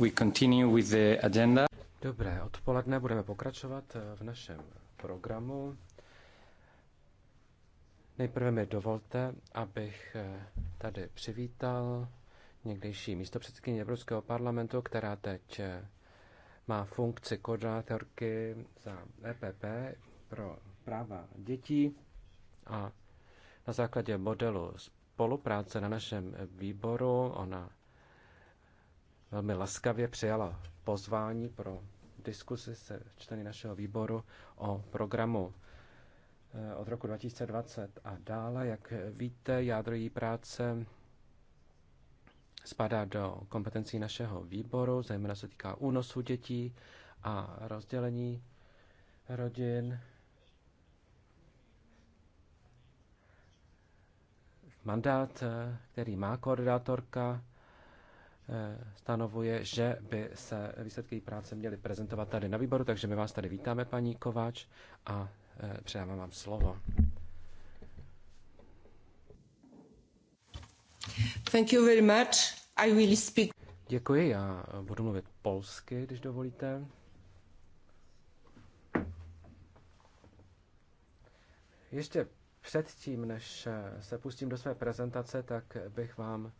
We continue with the agenda. Dobré odpoledne, budeme pokračovat eh, v našem programu. Nejprve mi dovolte, abych eh, tady přivítal někdejší místopředsedkyni Evropského parlamentu, která teď eh, má funkci koordinátorky za EPP pro práva dětí a na základě modelu spolupráce na našem výboru ona velmi laskavě přijala pozvání pro diskusi se členy našeho výboru o programu eh, od roku 2020 a dále. Jak víte, jádro její práce spadá do kompetencí našeho výboru, zejména se týká únosu dětí a rozdělení rodin. Mandát, eh, který má koordinátorka, Eh, stanovuje, že by se výsledky práce měly prezentovat tady na výboru, takže my vás tady vítáme, paní Kováč, a eh, předávám vám slovo. Thank you very much. I will speak. Děkuji, já budu mluvit polsky, když dovolíte. Ještě předtím, než eh, se pustím do své prezentace, tak bych vám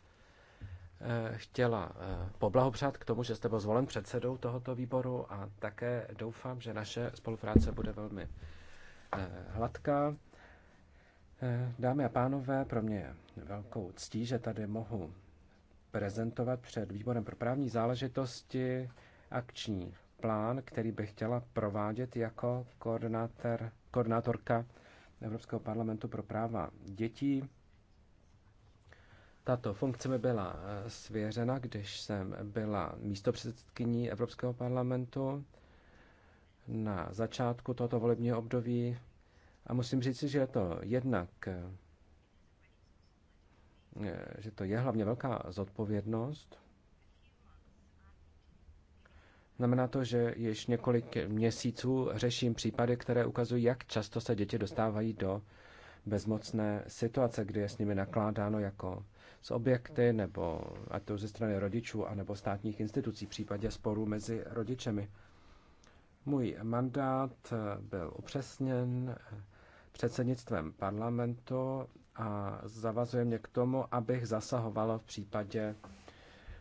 Eh, chtěla eh, poblahopřát k tomu, že jste byl zvolen předsedou tohoto výboru a také doufám, že naše spolupráce bude velmi eh, hladká. Dámy a pánové, pro mě je velkou ctí, že tady mohu prezentovat před výborem pro právní záležitosti akční plán, který bych chtěla provádět jako koordinátor, koordinátorka Evropského parlamentu pro práva dětí. Tato funkce mi byla eh, svěřena, když jsem byla místopředsedkyní Evropského parlamentu na začátku tohoto volebního období a musím říct, že je to jednak, eh, že to je hlavně velká zodpovědnost. Znamená to, že již několik měsíců řeším případy, které ukazují, jak často se děti dostávají do bezmocné situace, kdy je s nimi nakládáno jako s objekty, nebo ať to ze strany rodičů, anebo státních institucí v případě sporů mezi rodičemi. Můj mandát eh, byl upřesněn eh, předsednictvem parlamentu a zavazuje mě k tomu, abych zasahovala v případě,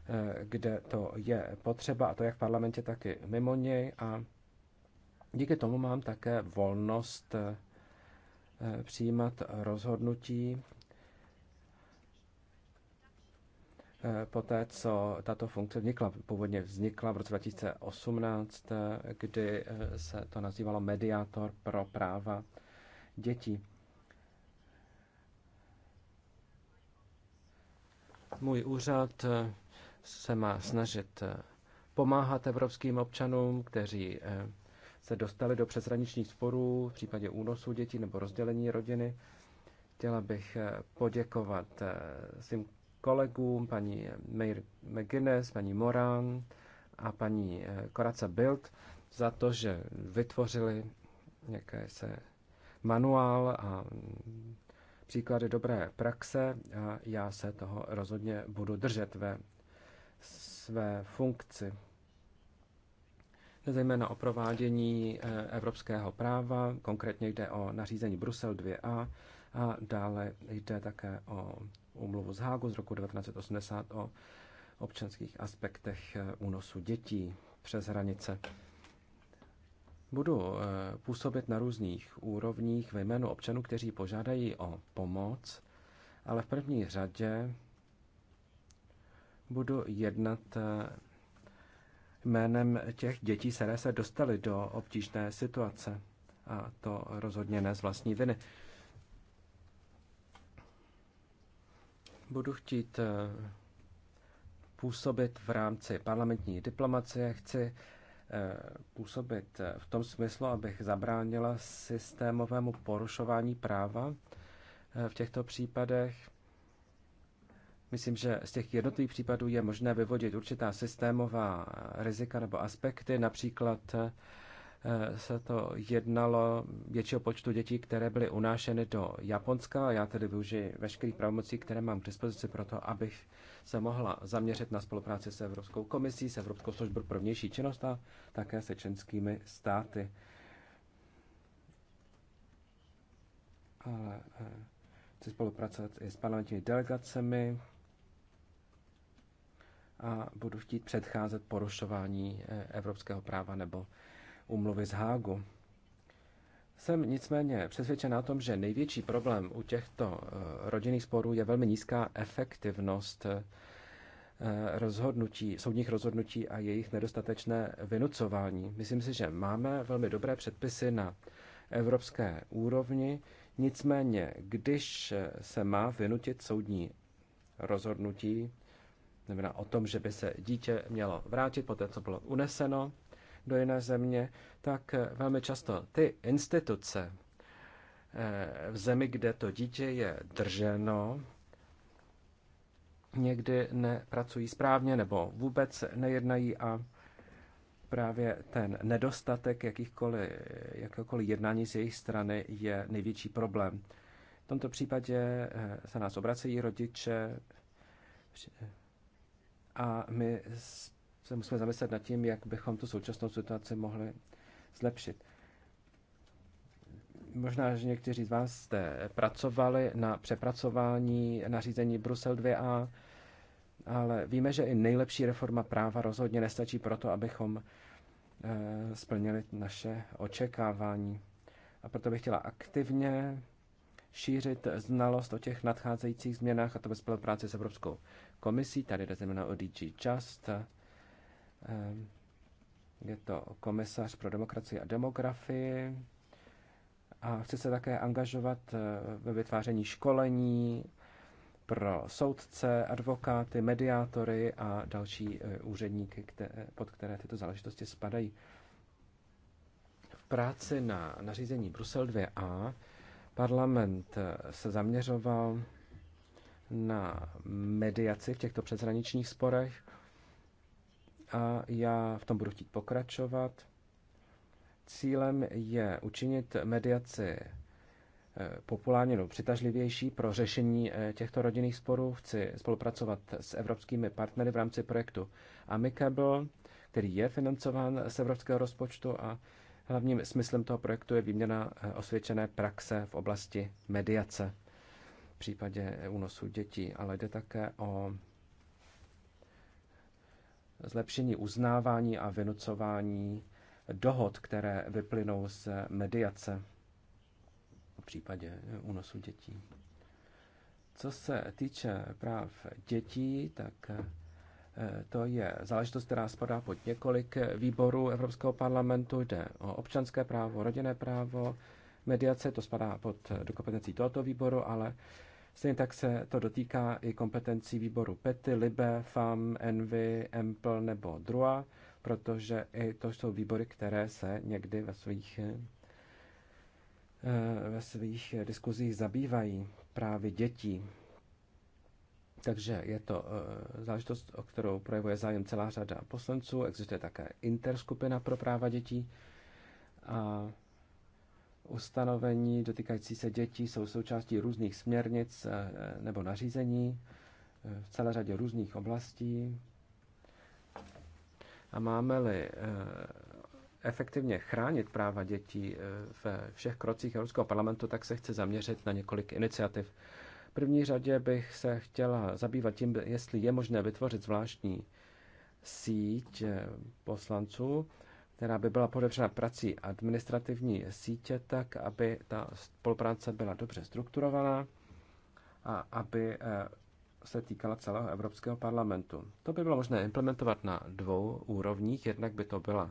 eh, kde to je potřeba, a to jak v parlamentě, tak i mimo něj. A díky tomu mám také volnost přijímat rozhodnutí, Eh, poté, co tato funkce vznikla, původně vznikla v roce 2018, eh, kdy eh, se to nazývalo mediátor pro práva dětí. Můj úřad se má snažit pomáhat evropským občanům, kteří se dostali do přeshraničních sporů v případě únosu dětí nebo rozdělení rodiny. Chtěla bych poděkovat svým kolegům, paní Mayr McGuinness, paní Moran a paní Koraca eh, Bild za to, že vytvořili se manuál a mm, příklady dobré praxe a já se toho rozhodně budu držet ve své funkci. Zejména o provádění eh, evropského práva, konkrétně jde o nařízení Brusel 2a a dále jde také o úmluvu z Hágu z roku 1980 o občanských aspektech eh, únosu dětí přes hranice. Budu eh, působit na různých úrovních ve jménu občanů, kteří požádají o pomoc, ale v první řadě budu jednat eh, jménem těch dětí, které se dostaly do obtížné situace. A to rozhodně ne z vlastní viny. budu chtít eh, působit v rámci parlamentní diplomacie. Chci eh, působit eh, v tom smyslu, abych zabránila systémovému porušování práva v těchto případech. Myslím, že z těch jednotlivých případů je možné vyvodit určitá systémová rizika nebo aspekty, například Eh, se to jednalo většího počtu dětí, které byly unášeny do Japonska. Já tedy využiji veškerých pravomocí, které mám k dispozici pro to, abych se mohla zaměřit na spolupráci s Evropskou komisí, s Evropskou službou pro vnější činnost a také se členskými státy. Ale eh, chci spolupracovat i s parlamentními delegacemi a budu chtít předcházet porušování eh, evropského práva nebo úmluvy z Hágu. Jsem nicméně přesvědčen o tom, že největší problém u těchto eh, rodinných sporů je velmi nízká efektivnost eh, rozhodnutí, soudních rozhodnutí a jejich nedostatečné vynucování. Myslím si, že máme velmi dobré předpisy na evropské úrovni, nicméně, když eh, se má vynutit soudní rozhodnutí, znamená o tom, že by se dítě mělo vrátit po té, co bylo uneseno, do jiné země, tak eh, velmi často ty instituce eh, v zemi, kde to dítě je drženo, někdy nepracují správně nebo vůbec nejednají a právě ten nedostatek jakýchkoliv, jakéhokoliv jednání z jejich strany je největší problém. V tomto případě eh, se nás obracejí rodiče a my se musíme zamyslet nad tím, jak bychom tu současnou situaci mohli zlepšit. Možná, že někteří z vás jste pracovali na přepracování nařízení Brusel 2a, ale víme, že i nejlepší reforma práva rozhodně nestačí proto, abychom eh, splnili naše očekávání. A proto bych chtěla aktivně šířit znalost o těch nadcházejících změnách, a to ve spolupráci s Evropskou komisí. Tady jde zejména o DG Just, Ehm, je to komisař pro demokracii a demografii a chce se také angažovat eh, ve vytváření školení pro soudce, advokáty, mediátory a další eh, úředníky, pod které tyto záležitosti spadají. V práci na nařízení Brusel 2a parlament eh, se zaměřoval na mediaci v těchto přeshraničních sporech a já v tom budu chtít pokračovat. Cílem je učinit mediaci eh, populárně nebo přitažlivější pro řešení eh, těchto rodinných sporů. Chci spolupracovat s evropskými partnery v rámci projektu Amicable, který je financován z evropského rozpočtu a hlavním smyslem toho projektu je výměna eh, osvědčené praxe v oblasti mediace v případě únosu dětí, ale jde také o zlepšení uznávání a vynucování dohod, které vyplynou z mediace v případě unosu dětí. Co se týče práv dětí, tak eh, to je záležitost, která spadá pod několik výborů Evropského parlamentu. Jde o občanské právo, rodinné právo, mediace, to spadá pod do tohoto výboru, ale Stejně tak se to dotýká i kompetencí výboru PETY, LIBE, FAM, ENVY, EMPL nebo DRUA, protože i to jsou výbory, které se někdy ve svých, eh, ve svých diskuzích zabývají právě dětí. Takže je to eh, záležitost, o kterou projevuje zájem celá řada poslanců. Existuje také interskupina pro práva dětí. A Ustanovení dotýkající se dětí jsou součástí různých směrnic eh, nebo nařízení eh, v celé řadě různých oblastí. A máme-li eh, efektivně chránit práva dětí ve všech krocích Evropského parlamentu, tak se chce zaměřit na několik iniciativ. V první řadě bych se chtěla zabývat tím, jestli je možné vytvořit zvláštní síť poslanců která by byla podepřena prací administrativní sítě tak, aby ta spolupráce byla dobře strukturovaná a aby eh, se týkala celého Evropského parlamentu. To by bylo možné implementovat na dvou úrovních. Jednak by to byla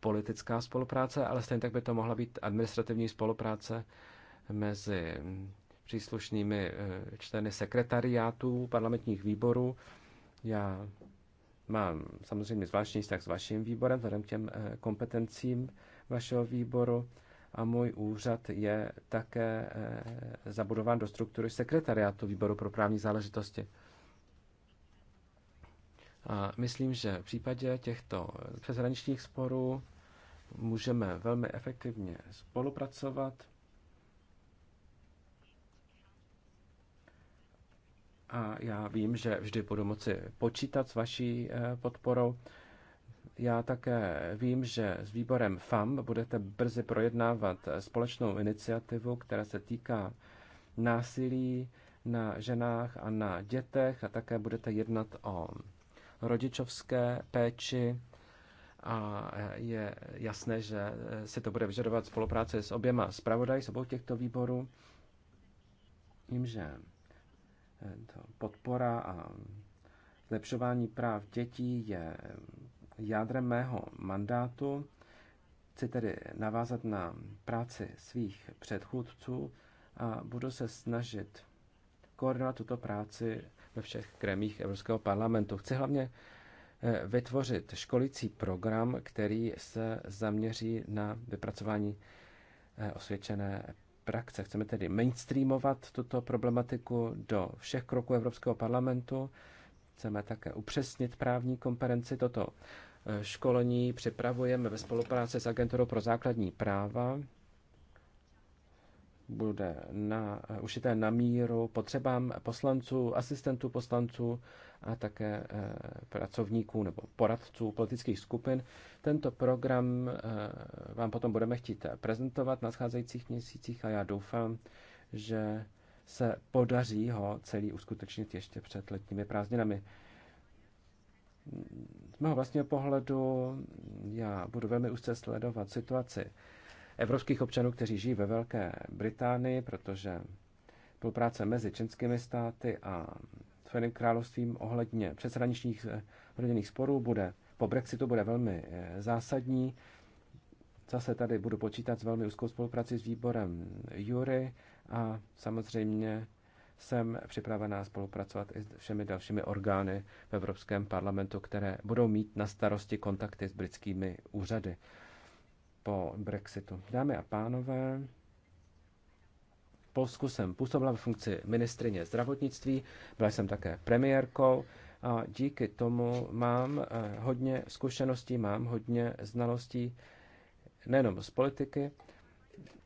politická spolupráce, ale stejně tak by to mohla být administrativní spolupráce mezi příslušnými eh, členy sekretariátů parlamentních výborů. Já Mám samozřejmě zvláštní vztah s vaším výborem, vzhledem k těm eh, kompetencím vašeho výboru a můj úřad je také eh, zabudován do struktury sekretariátu výboru pro právní záležitosti. A myslím, že v případě těchto eh, přeshraničních sporů můžeme velmi efektivně spolupracovat. a já vím, že vždy budu moci počítat s vaší eh, podporou. Já také vím, že s výborem FAM budete brzy projednávat eh, společnou iniciativu, která se týká násilí na ženách a na dětech a také budete jednat o rodičovské péči a eh, je jasné, že si to bude vyžadovat spolupráce s oběma zpravodaji, s obou těchto výborů. Vím, že to podpora a zlepšování práv dětí je jádrem mého mandátu. Chci tedy navázat na práci svých předchůdců a budu se snažit koordinovat tuto práci ve všech kremích Evropského parlamentu. Chci hlavně eh, vytvořit školicí program, který se zaměří na vypracování eh, osvědčené praxe. Chceme tedy mainstreamovat tuto problematiku do všech kroků Evropského parlamentu. Chceme také upřesnit právní konferenci. Toto eh, školení připravujeme ve spolupráci s Agenturou pro základní práva bude na, ušité na míru potřebám poslanců, asistentů poslanců a také eh, pracovníků nebo poradců politických skupin. Tento program eh, vám potom budeme chtít prezentovat na scházejících měsících a já doufám, že se podaří ho celý uskutečnit ještě před letními prázdninami. Z mého vlastního pohledu já budu velmi úzce sledovat situaci evropských občanů, kteří žijí ve Velké Británii, protože spolupráce mezi českými státy a Spojeným královstvím ohledně předsedaničních eh, rodinných sporů bude po Brexitu bude velmi eh, zásadní. Zase tady budu počítat s velmi úzkou spolupráci s výborem Jury a samozřejmě jsem připravená spolupracovat i s všemi dalšími orgány v Evropském parlamentu, které budou mít na starosti kontakty s britskými úřady po Brexitu. Dámy a pánové, v Polsku jsem působila ve funkci ministrině zdravotnictví, byla jsem také premiérkou a díky tomu mám eh, hodně zkušeností, mám hodně znalostí nejenom z politiky,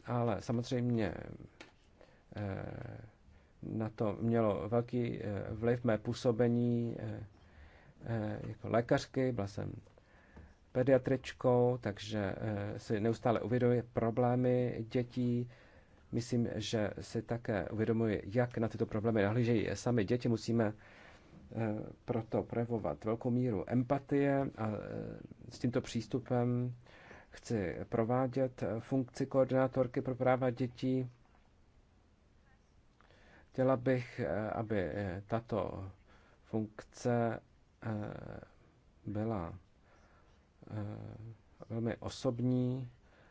ale samozřejmě eh, na to mělo velký eh, vliv mé působení jako lékařky, byla jsem pediatričkou, takže eh, si neustále uvědomuje problémy dětí. Myslím, že si také uvědomuje, jak na tyto problémy nahlížejí sami děti. Musíme eh, proto projevovat velkou míru empatie a eh, s tímto přístupem chci provádět funkci koordinátorky pro práva dětí. Chtěla bych, aby tato funkce byla Eh, velmi osobní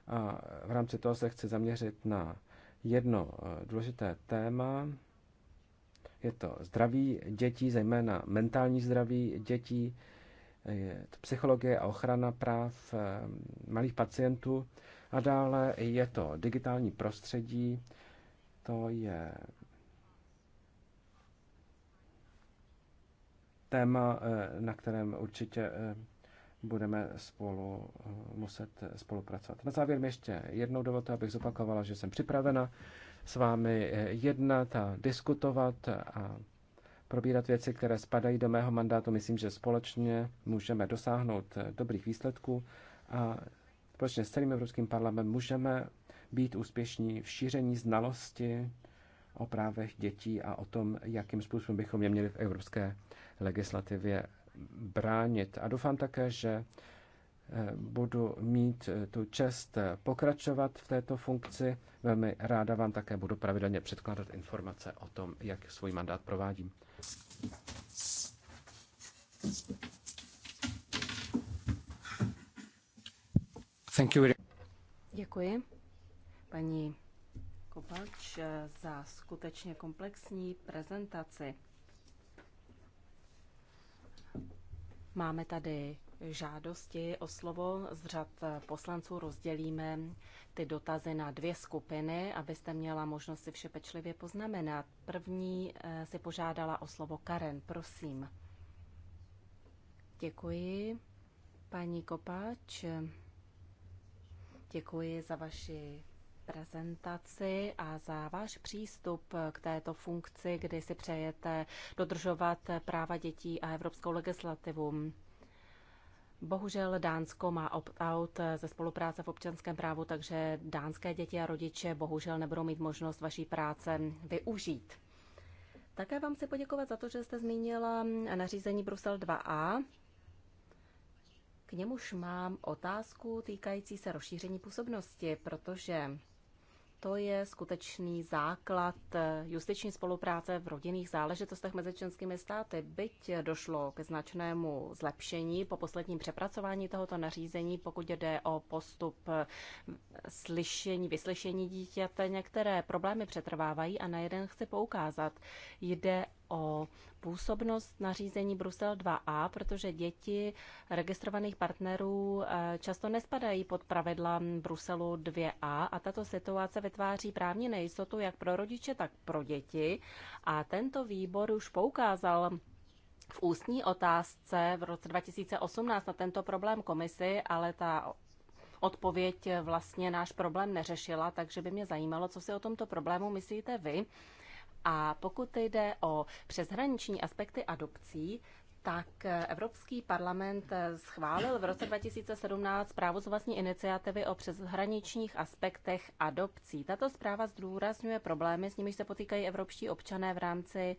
a v rámci toho se chci zaměřit na jedno eh, důležité téma. Je to zdraví dětí, zejména mentální zdraví dětí, psychologie a ochrana práv eh, malých pacientů. A dále je to digitální prostředí, to je téma, na kterém určitě budeme spolu eh, muset spolupracovat. Na závěr mi ještě jednou dovolte, abych zopakovala, že jsem připravena s vámi eh, jednat a diskutovat a probírat věci, které spadají do mého mandátu. Myslím, že společně můžeme dosáhnout eh, dobrých výsledků a společně s celým Evropským parlamentem můžeme být úspěšní v šíření znalosti o právech dětí a o tom, jakým způsobem bychom je měli v evropské legislativě bránit. A doufám také, že eh, budu mít eh, tu čest eh, pokračovat v této funkci. Velmi ráda vám také budu pravidelně předkládat informace o tom, jak svůj mandát provádím. Thank you. Děkuji, paní Kopalč, za skutečně komplexní prezentaci. Máme tady žádosti o slovo z řad poslanců. Rozdělíme ty dotazy na dvě skupiny, abyste měla možnost si vše pečlivě poznamenat. První eh, si požádala o slovo Karen, prosím. Děkuji. Paní Kopáč, děkuji za vaši prezentaci a za váš přístup k této funkci, kdy si přejete dodržovat práva dětí a evropskou legislativu. Bohužel Dánsko má opt-out ze spolupráce v občanském právu, takže dánské děti a rodiče bohužel nebudou mít možnost vaší práce využít. Také vám chci poděkovat za to, že jste zmínila nařízení Brusel 2a. K němuž mám otázku týkající se rozšíření působnosti, protože to je skutečný základ justiční spolupráce v rodinných záležitostech mezi členskými státy. Byť došlo ke značnému zlepšení po posledním přepracování tohoto nařízení, pokud jde o postup slyšení, vyslyšení dítěte, některé problémy přetrvávají a na jeden chci poukázat. Jde o působnost nařízení Brusel 2a, protože děti registrovaných partnerů eh, často nespadají pod pravidla Bruselu 2a a tato situace vytváří právní nejistotu jak pro rodiče, tak pro děti. A tento výbor už poukázal v ústní otázce v roce 2018 na tento problém komisy, ale ta odpověď vlastně náš problém neřešila, takže by mě zajímalo, co si o tomto problému myslíte vy a pokud jde o přeshraniční aspekty adopcí, tak Evropský parlament schválil v roce 2017 zprávu z vlastní iniciativy o přeshraničních aspektech adopcí. Tato zpráva zdůrazňuje problémy, s nimiž se potýkají evropští občané v rámci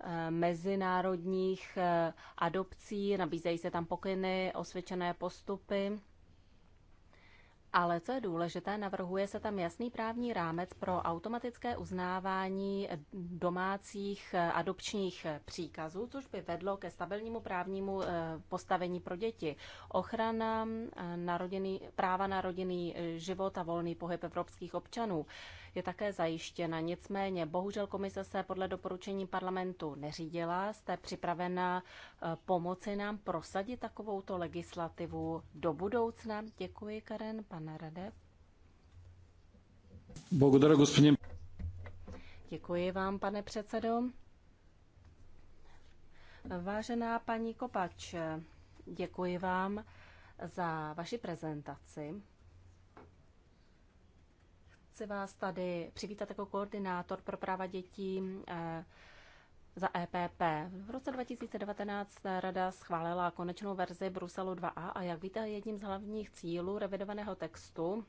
eh, mezinárodních eh, adopcí. Nabízejí se tam pokyny, osvědčené postupy ale co je důležité, navrhuje se tam jasný právní rámec pro automatické uznávání domácích adopčních příkazů, což by vedlo ke stabilnímu právnímu eh, postavení pro děti. Ochrana eh, na rodiny, práva na rodinný život a volný pohyb evropských občanů je také zajištěna. Nicméně, bohužel komise se podle doporučení parlamentu neřídila. Jste připravena eh, pomoci nám prosadit takovouto legislativu do budoucna? Děkuji, Karen, pane Rade. Děkuji vám, pane předsedo. Vážená paní Kopač, děkuji vám za vaši prezentaci chci vás tady přivítat jako koordinátor pro práva dětí eh, za EPP. V roce 2019 Rada schválila konečnou verzi Bruselu 2a a jak víte, jedním z hlavních cílů revidovaného textu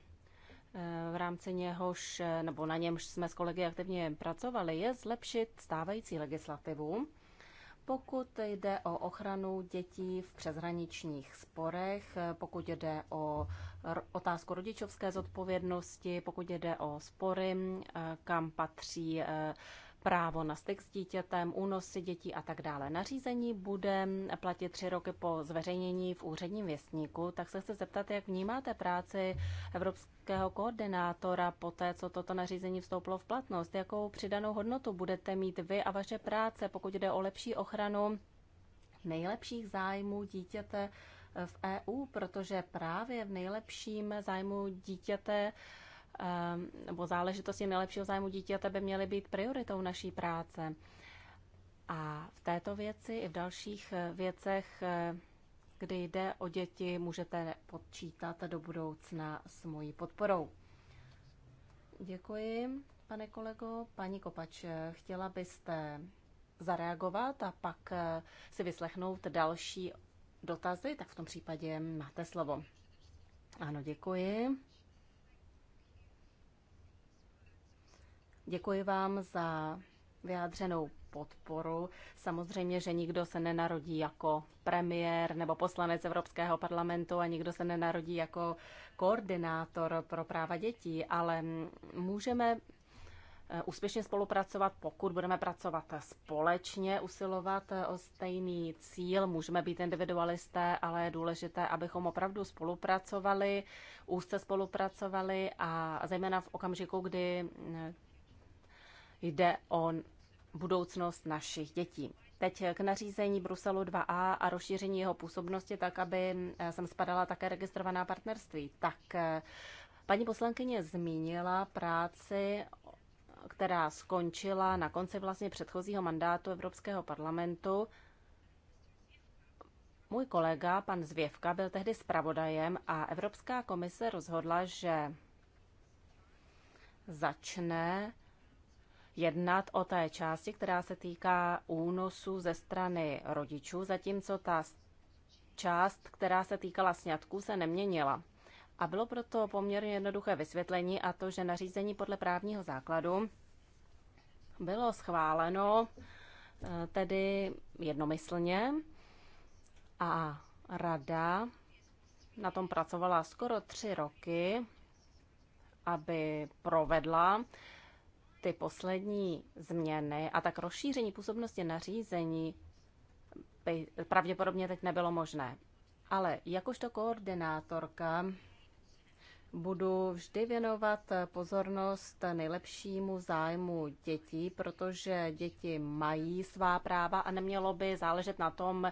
eh, v rámci něhož, eh, nebo na němž jsme s kolegy aktivně pracovali, je zlepšit stávající legislativu pokud jde o ochranu dětí v přeshraničních sporech, pokud jde o otázku rodičovské zodpovědnosti, pokud jde o spory, eh, kam patří eh, právo na styk s dítětem, únosy dětí a tak dále. Nařízení bude platit tři roky po zveřejnění v úředním věstníku, tak se chci zeptat, jak vnímáte práci evropského koordinátora po té, co toto nařízení vstoupilo v platnost. Jakou přidanou hodnotu budete mít vy a vaše práce, pokud jde o lepší ochranu nejlepších zájmů dítěte v EU, protože právě v nejlepším zájmu dítěte Eh, nebo záležitosti nejlepšího zájmu dítěte by měly být prioritou naší práce. A v této věci i v dalších eh, věcech, eh, kdy jde o děti, můžete počítat do budoucna s mojí podporou. Děkuji, pane kolego. Paní Kopač, chtěla byste zareagovat a pak si vyslechnout další dotazy? Tak v tom případě máte slovo. Ano, děkuji. Děkuji vám za vyjádřenou podporu. Samozřejmě, že nikdo se nenarodí jako premiér nebo poslanec Evropského parlamentu a nikdo se nenarodí jako koordinátor pro práva dětí, ale můžeme eh, úspěšně spolupracovat, pokud budeme pracovat společně, usilovat o stejný cíl. Můžeme být individualisté, ale je důležité, abychom opravdu spolupracovali, úzce spolupracovali a zejména v okamžiku, kdy jde o budoucnost našich dětí. Teď k nařízení Bruselu 2a a rozšíření jeho působnosti tak, aby eh, sem spadala také registrovaná partnerství. Tak eh, paní poslankyně zmínila práci která skončila na konci vlastně předchozího mandátu Evropského parlamentu. Můj kolega, pan Zvěvka, byl tehdy zpravodajem a Evropská komise rozhodla, že začne jednat o té části, která se týká únosu ze strany rodičů, zatímco ta část, která se týkala sňatků, se neměnila. A bylo proto poměrně jednoduché vysvětlení a to, že nařízení podle právního základu bylo schváleno eh, tedy jednomyslně a rada na tom pracovala skoro tři roky, aby provedla ty poslední změny a tak rozšíření působnosti nařízení by pravděpodobně teď nebylo možné. Ale jakožto koordinátorka budu vždy věnovat pozornost nejlepšímu zájmu dětí, protože děti mají svá práva a nemělo by záležet na tom,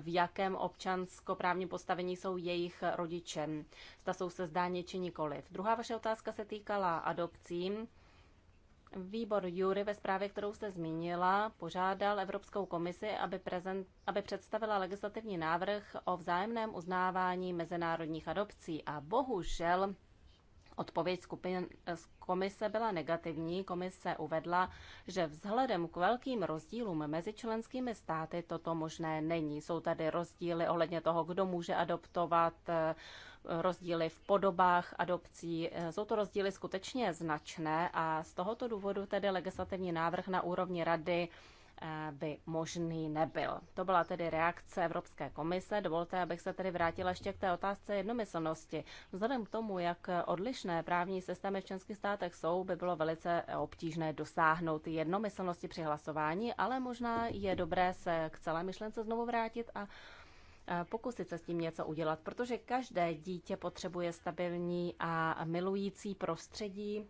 v jakém občanskoprávním postavení jsou jejich rodičem. Zda jsou se zdáně či nikoliv. Druhá vaše otázka se týkala adopcí. Výbor Jury ve zprávě, kterou jste zmínila, požádal Evropskou komisi, aby, prezent, aby představila legislativní návrh o vzájemném uznávání mezinárodních adopcí. A bohužel odpověď skupin, eh, komise byla negativní. Komise uvedla, že vzhledem k velkým rozdílům mezi členskými státy toto možné není. Jsou tady rozdíly ohledně toho, kdo může adoptovat, eh, rozdíly v podobách adopcí. Eh, jsou to rozdíly skutečně značné a z tohoto důvodu tedy legislativní návrh na úrovni rady by možný nebyl. To byla tedy reakce Evropské komise. Dovolte, abych se tedy vrátila ještě k té otázce jednomyslnosti. Vzhledem k tomu, jak odlišné právní systémy v členských státech jsou, by bylo velice obtížné dosáhnout jednomyslnosti při hlasování, ale možná je dobré se k celé myšlence znovu vrátit a pokusit se s tím něco udělat, protože každé dítě potřebuje stabilní a milující prostředí,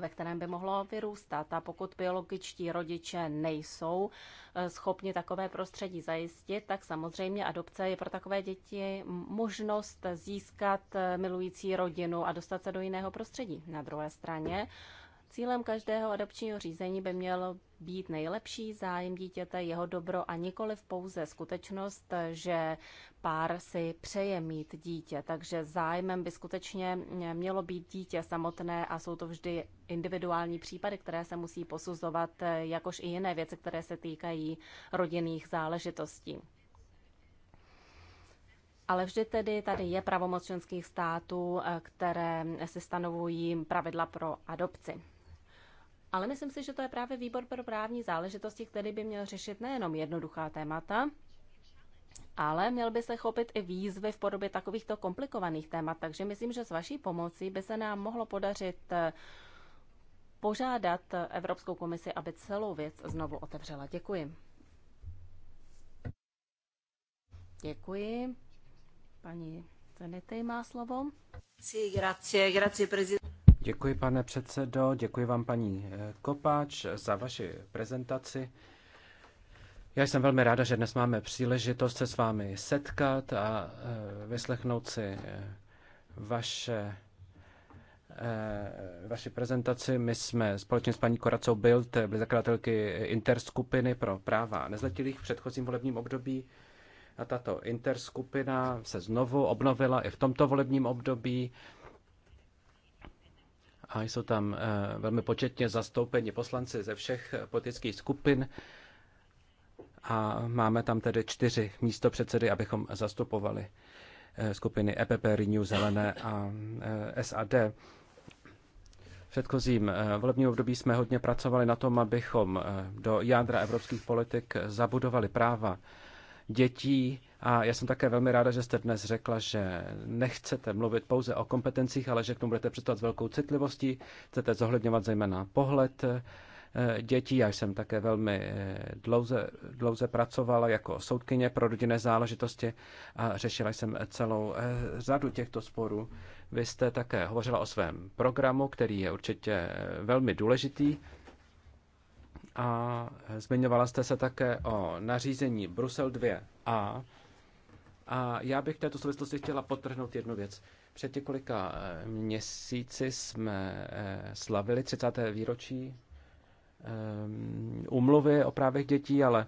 ve kterém by mohlo vyrůstat. A pokud biologičtí rodiče nejsou eh, schopni takové prostředí zajistit, tak samozřejmě adopce je pro takové děti možnost získat eh, milující rodinu a dostat se do jiného prostředí. Na druhé straně, Cílem každého adopčního řízení by mělo být nejlepší zájem dítěte, jeho dobro a nikoli v pouze skutečnost, že pár si přeje mít dítě. Takže zájmem by skutečně mělo být dítě samotné a jsou to vždy individuální případy, které se musí posuzovat, jakož i jiné věci, které se týkají rodinných záležitostí. Ale vždy tedy tady je pravomoc členských států, které se stanovují pravidla pro adopci. Ale myslím si, že to je právě výbor pro právní záležitosti, který by měl řešit nejenom jednoduchá témata, ale měl by se chopit i výzvy v podobě takovýchto komplikovaných témat. Takže myslím, že s vaší pomocí by se nám mohlo podařit eh, požádat Evropskou komisi, aby celou věc znovu otevřela. Děkuji. Děkuji. Paní Zenity má slovo. Sí, grazie, grazie, prezident. Děkuji, pane předsedo, děkuji vám, paní eh, Kopáč, za vaši prezentaci. Já jsem velmi ráda, že dnes máme příležitost se s vámi setkat a eh, vyslechnout si eh, vaše, vaši prezentaci. My jsme společně s paní Koracou Bild byli zakladatelky interskupiny pro práva nezletilých v předchozím volebním období. A tato interskupina se znovu obnovila i v tomto volebním období a jsou tam eh, velmi početně zastoupeni poslanci ze všech politických skupin a máme tam tedy čtyři místo předsedy, abychom zastupovali eh, skupiny EPP, Renew, Zelené a eh, SAD. V předchozím volebním období jsme hodně pracovali na tom, abychom do jádra evropských politik zabudovali práva dětí, a já jsem také velmi ráda, že jste dnes řekla, že nechcete mluvit pouze o kompetencích, ale že k tomu budete přistupovat s velkou citlivostí, chcete zohledňovat zejména pohled eh, dětí. Já jsem také velmi eh, dlouze, dlouze pracovala jako soudkyně pro rodinné záležitosti a řešila jsem celou eh, řadu těchto sporů. Vy jste také hovořila o svém programu, který je určitě velmi důležitý. A zmiňovala jste se také o nařízení Brusel 2a, a já bych v této souvislosti chtěla potrhnout jednu věc. Před několika eh, měsíci jsme eh, slavili 30. výročí umluvy ehm, o právech dětí, ale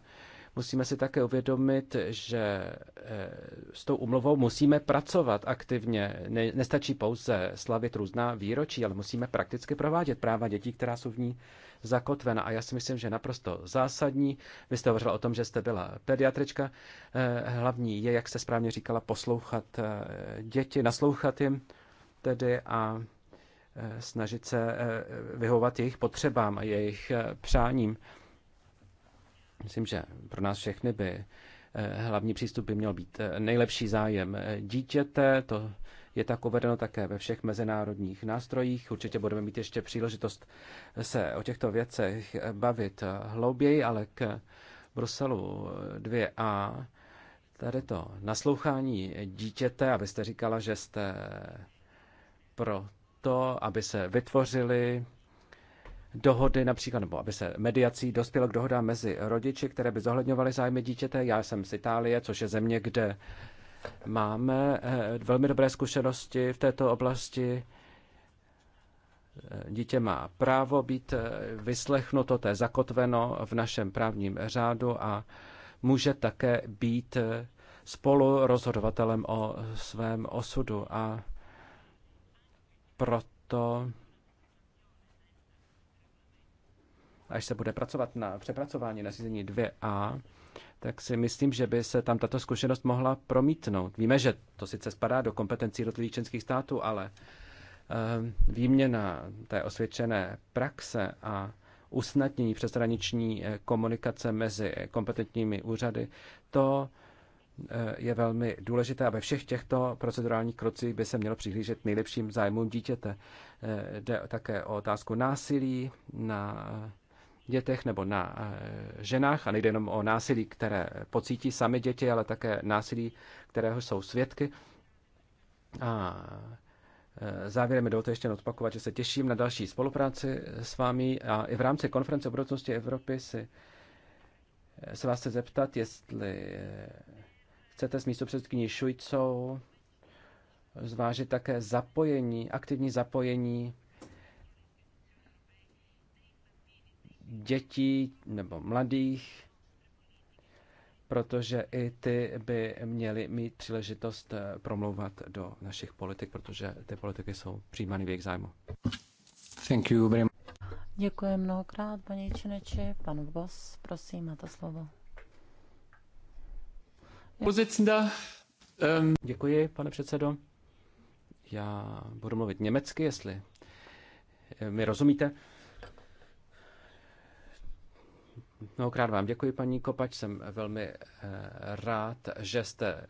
musíme si také uvědomit, že eh, s tou umluvou musíme pracovat aktivně. Ne, nestačí pouze slavit různá výročí, ale musíme prakticky provádět práva dětí, která jsou v ní zakotvena. A já si myslím, že naprosto zásadní. Vy jste hovořila o tom, že jste byla pediatrička. Eh, hlavní je, jak jste správně říkala, poslouchat eh, děti, naslouchat jim tedy a eh, snažit se vyhovat jejich potřebám a jejich přáním. Myslím, že pro nás všechny by hlavní přístup by měl být nejlepší zájem dítěte, to je tak uvedeno také ve všech mezinárodních nástrojích. Určitě budeme mít ještě příležitost se o těchto věcech bavit hlouběji, ale k Bruselu 2a tady to naslouchání dítěte, abyste říkala, že jste pro to, aby se vytvořily dohody například, nebo aby se mediací dospělo k dohodám mezi rodiči, které by zohledňovaly zájmy dítěte. Já jsem z Itálie, což je země, kde Máme eh, velmi dobré zkušenosti v této oblasti. Eh, dítě má právo být eh, vyslechnuto, to je zakotveno v našem právním řádu a může také být spolu rozhodovatelem o svém osudu a proto až se bude pracovat na přepracování nařízení 2a, tak si myslím, že by se tam tato zkušenost mohla promítnout. Víme, že to sice spadá do kompetencí jednotlivých členských států, ale ehm, výměna té osvědčené praxe a usnadnění přeshraniční eh, komunikace mezi kompetentními úřady, to eh, je velmi důležité a ve všech těchto procedurálních krocích by se mělo přihlížet nejlepším zájmům dítěte. Eh, jde také o otázku násilí na dětech nebo na eh, ženách, a nejde jenom o násilí, které pocítí sami děti, ale také násilí, kterého jsou svědky. A eh, závěrem mi dovolte ještě odpakovat, že se těším na další spolupráci s vámi a i v rámci konference o budoucnosti Evropy si eh, se vás chci zeptat, jestli chcete s místo předsedkyní Šujcou zvážit také zapojení, aktivní zapojení dětí nebo mladých, protože i ty by měly mít příležitost eh, promlouvat do našich politik, protože ty politiky jsou přijímány v jejich zájmu. Thank you very much. Děkuji mnohokrát, paní Čineči. Pan Vos, prosím, máte slovo. Ehm, Děkuji, pane předsedo. Já budu mluvit německy, jestli mi rozumíte. Mnohokrát vám děkuji, paní Kopač. Jsem velmi eh, rád, že jste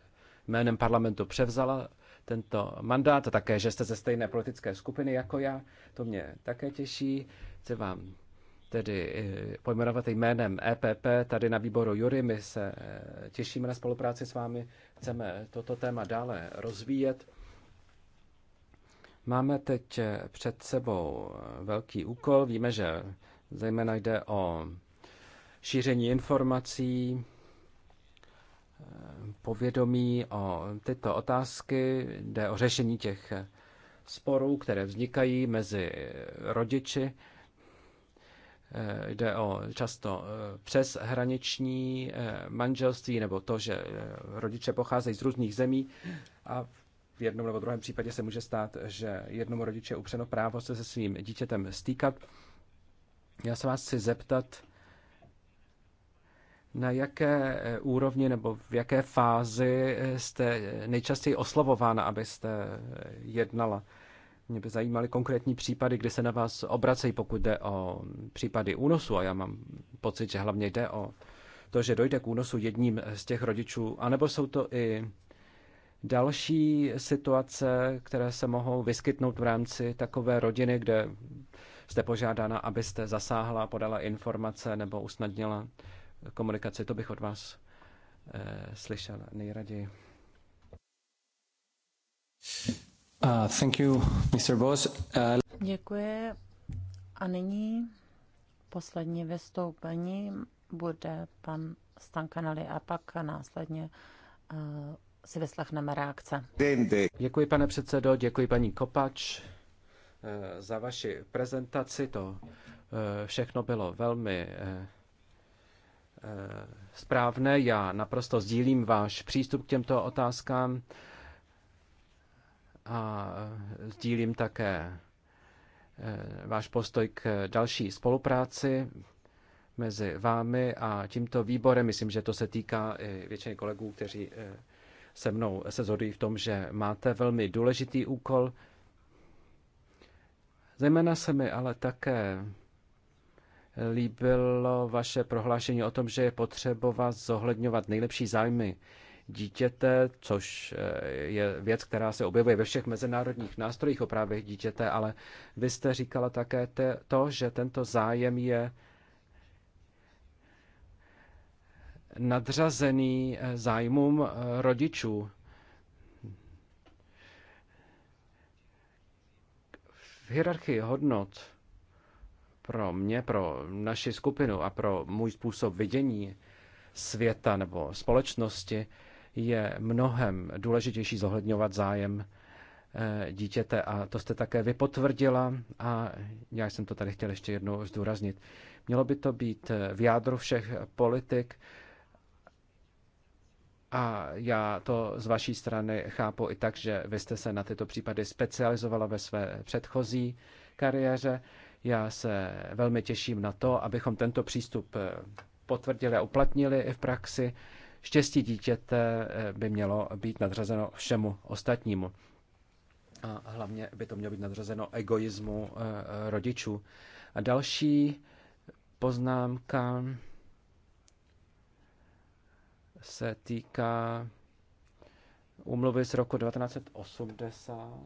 jménem parlamentu převzala tento mandát a také, že jste ze stejné politické skupiny jako já. To mě také těší. Chci vám tedy eh, pojmenovat jménem EPP tady na výboru Jury. My se eh, těšíme na spolupráci s vámi. Chceme toto téma dále rozvíjet. Máme teď před sebou velký úkol. Víme, že zejména jde o šíření informací, povědomí o tyto otázky, jde o řešení těch sporů, které vznikají mezi rodiči. Jde o často přeshraniční manželství nebo to, že rodiče pocházejí z různých zemí a v jednom nebo druhém případě se může stát, že jednomu rodiče je upřeno právo se se svým dítětem stýkat. Já se vás chci zeptat, na jaké eh, úrovni nebo v jaké fázi eh, jste eh, nejčastěji oslovována, abyste jednala? Mě by zajímaly konkrétní případy, kdy se na vás obracejí, pokud jde o případy únosu. A já mám pocit, že hlavně jde o to, že dojde k únosu jedním z těch rodičů. A nebo jsou to i další situace, které se mohou vyskytnout v rámci takové rodiny, kde jste požádána, abyste zasáhla, podala informace nebo usnadnila komunikaci. To bych od vás eh, slyšel nejraději. Uh, thank you, Mr. Boss. Uh... Děkuji. A nyní poslední vystoupení bude pan Stankanali a pak následně uh, si vyslechneme reakce. Děkuji, pane předsedo, děkuji paní Kopač eh, za vaši prezentaci. To všechno bylo velmi Eh, správné. Já naprosto sdílím váš přístup k těmto otázkám a eh, sdílím také eh, váš postoj k další spolupráci mezi vámi a tímto výborem. Myslím, že to se týká i většiny kolegů, kteří se mnou se zhodují v tom, že máte velmi důležitý úkol. Zejména se mi ale také líbilo vaše prohlášení o tom, že je potřeba zohledňovat nejlepší zájmy dítěte, což eh, je věc, která se objevuje ve všech mezinárodních nástrojích o právech dítěte, ale vy jste říkala také te, to, že tento zájem je nadřazený eh, zájmům eh, rodičů. V hierarchii hodnot pro mě, pro naši skupinu a pro můj způsob vidění světa nebo společnosti je mnohem důležitější zohledňovat zájem eh, dítěte a to jste také vypotvrdila a já jsem to tady chtěl ještě jednou zdůraznit. Mělo by to být eh, v jádru všech politik a já to z vaší strany chápu i tak, že vy jste se na tyto případy specializovala ve své předchozí kariéře já se velmi těším na to, abychom tento přístup eh, potvrdili a uplatnili i v praxi. Štěstí dítěte eh, by mělo být nadřazeno všemu ostatnímu. A hlavně by to mělo být nadřazeno egoismu eh, rodičů. A další poznámka se týká úmluvy z roku 1980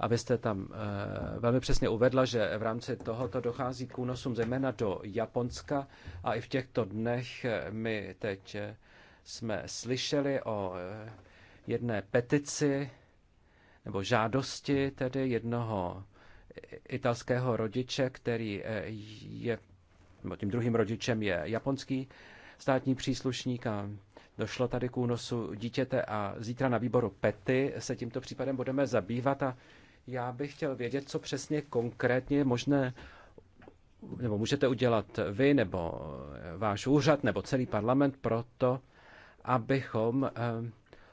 abyste tam eh, velmi přesně uvedla, že v rámci tohoto dochází k únosům zejména do Japonska a i v těchto dnech eh, my teď eh, jsme slyšeli o jedné petici nebo žádosti tedy jednoho italského rodiče, který je, nebo tím druhým rodičem je japonský státní příslušník a došlo tady k únosu dítěte a zítra na výboru PETY se tímto případem budeme zabývat a já bych chtěl vědět, co přesně konkrétně je možné nebo můžete udělat vy, nebo eh, váš úřad, nebo celý parlament pro to, abychom eh,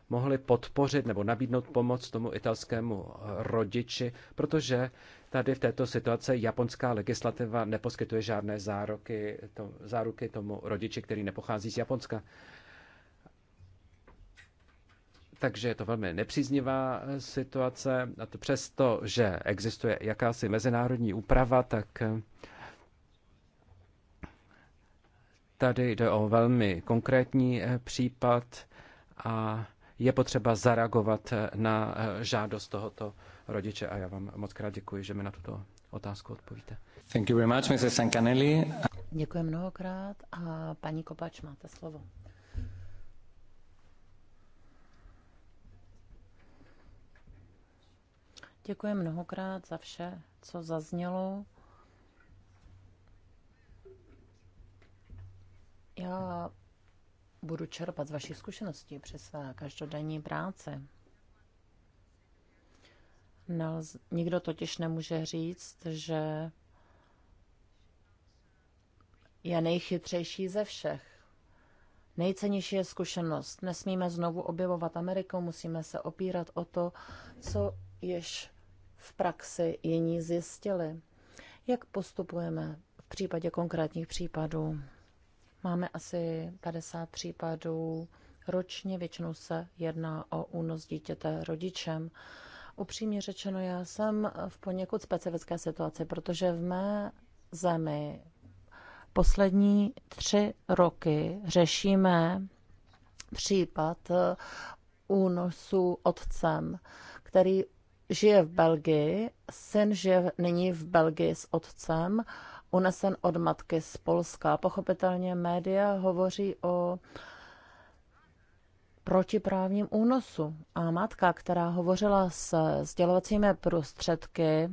mohli podpořit nebo nabídnout pomoc tomu italskému eh, rodiči, protože tady v této situaci japonská legislativa neposkytuje žádné záruky, to, záruky tomu rodiči, který nepochází z Japonska takže je to velmi nepříznivá eh, situace. A to přesto, že existuje jakási mezinárodní úprava, tak eh, tady jde o velmi konkrétní eh, případ a je potřeba zareagovat na žádost tohoto rodiče. A já vám moc krát děkuji, že mi na tuto otázku odpovíte. Thank you very much, Mrs. Děkuji mnohokrát a paní Kopač, máte slovo. Děkuji mnohokrát za vše, co zaznělo. Já budu čerpat z vašich zkušeností při své každodenní práci. Nelz, nikdo totiž nemůže říct, že je nejchytřejší ze všech. Nejcennější je zkušenost. Nesmíme znovu objevovat Ameriku, musíme se opírat o to, co již v praxi jiní zjistili. Jak postupujeme v případě konkrétních případů? Máme asi 50 případů ročně, většinou se jedná o únos dítěte rodičem. Upřímně řečeno, já jsem v poněkud specifické situaci, protože v mé zemi poslední tři roky řešíme případ únosu otcem, který žije v Belgii, syn žije nyní v Belgii s otcem, unesen od matky z Polska. Pochopitelně média hovoří o protiprávním únosu. A matka, která hovořila s sdělovacími prostředky,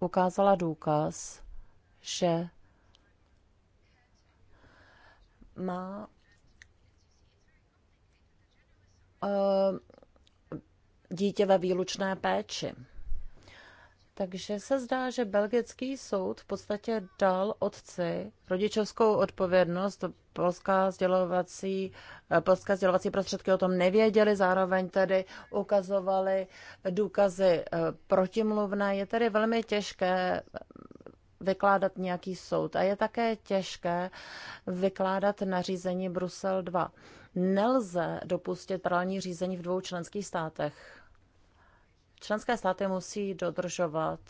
ukázala důkaz, že má eh, dítě ve výlučné péči. Takže se zdá, že belgický soud v podstatě dal otci rodičovskou odpovědnost. Polská sdělovací, eh, polská sdělovací prostředky o tom nevěděli, zároveň tedy ukazovali důkazy eh, protimluvné. Je tedy velmi těžké eh, vykládat nějaký soud a je také těžké vykládat nařízení Brusel 2. Nelze dopustit paralelní řízení v dvou členských státech Členské státy musí dodržovat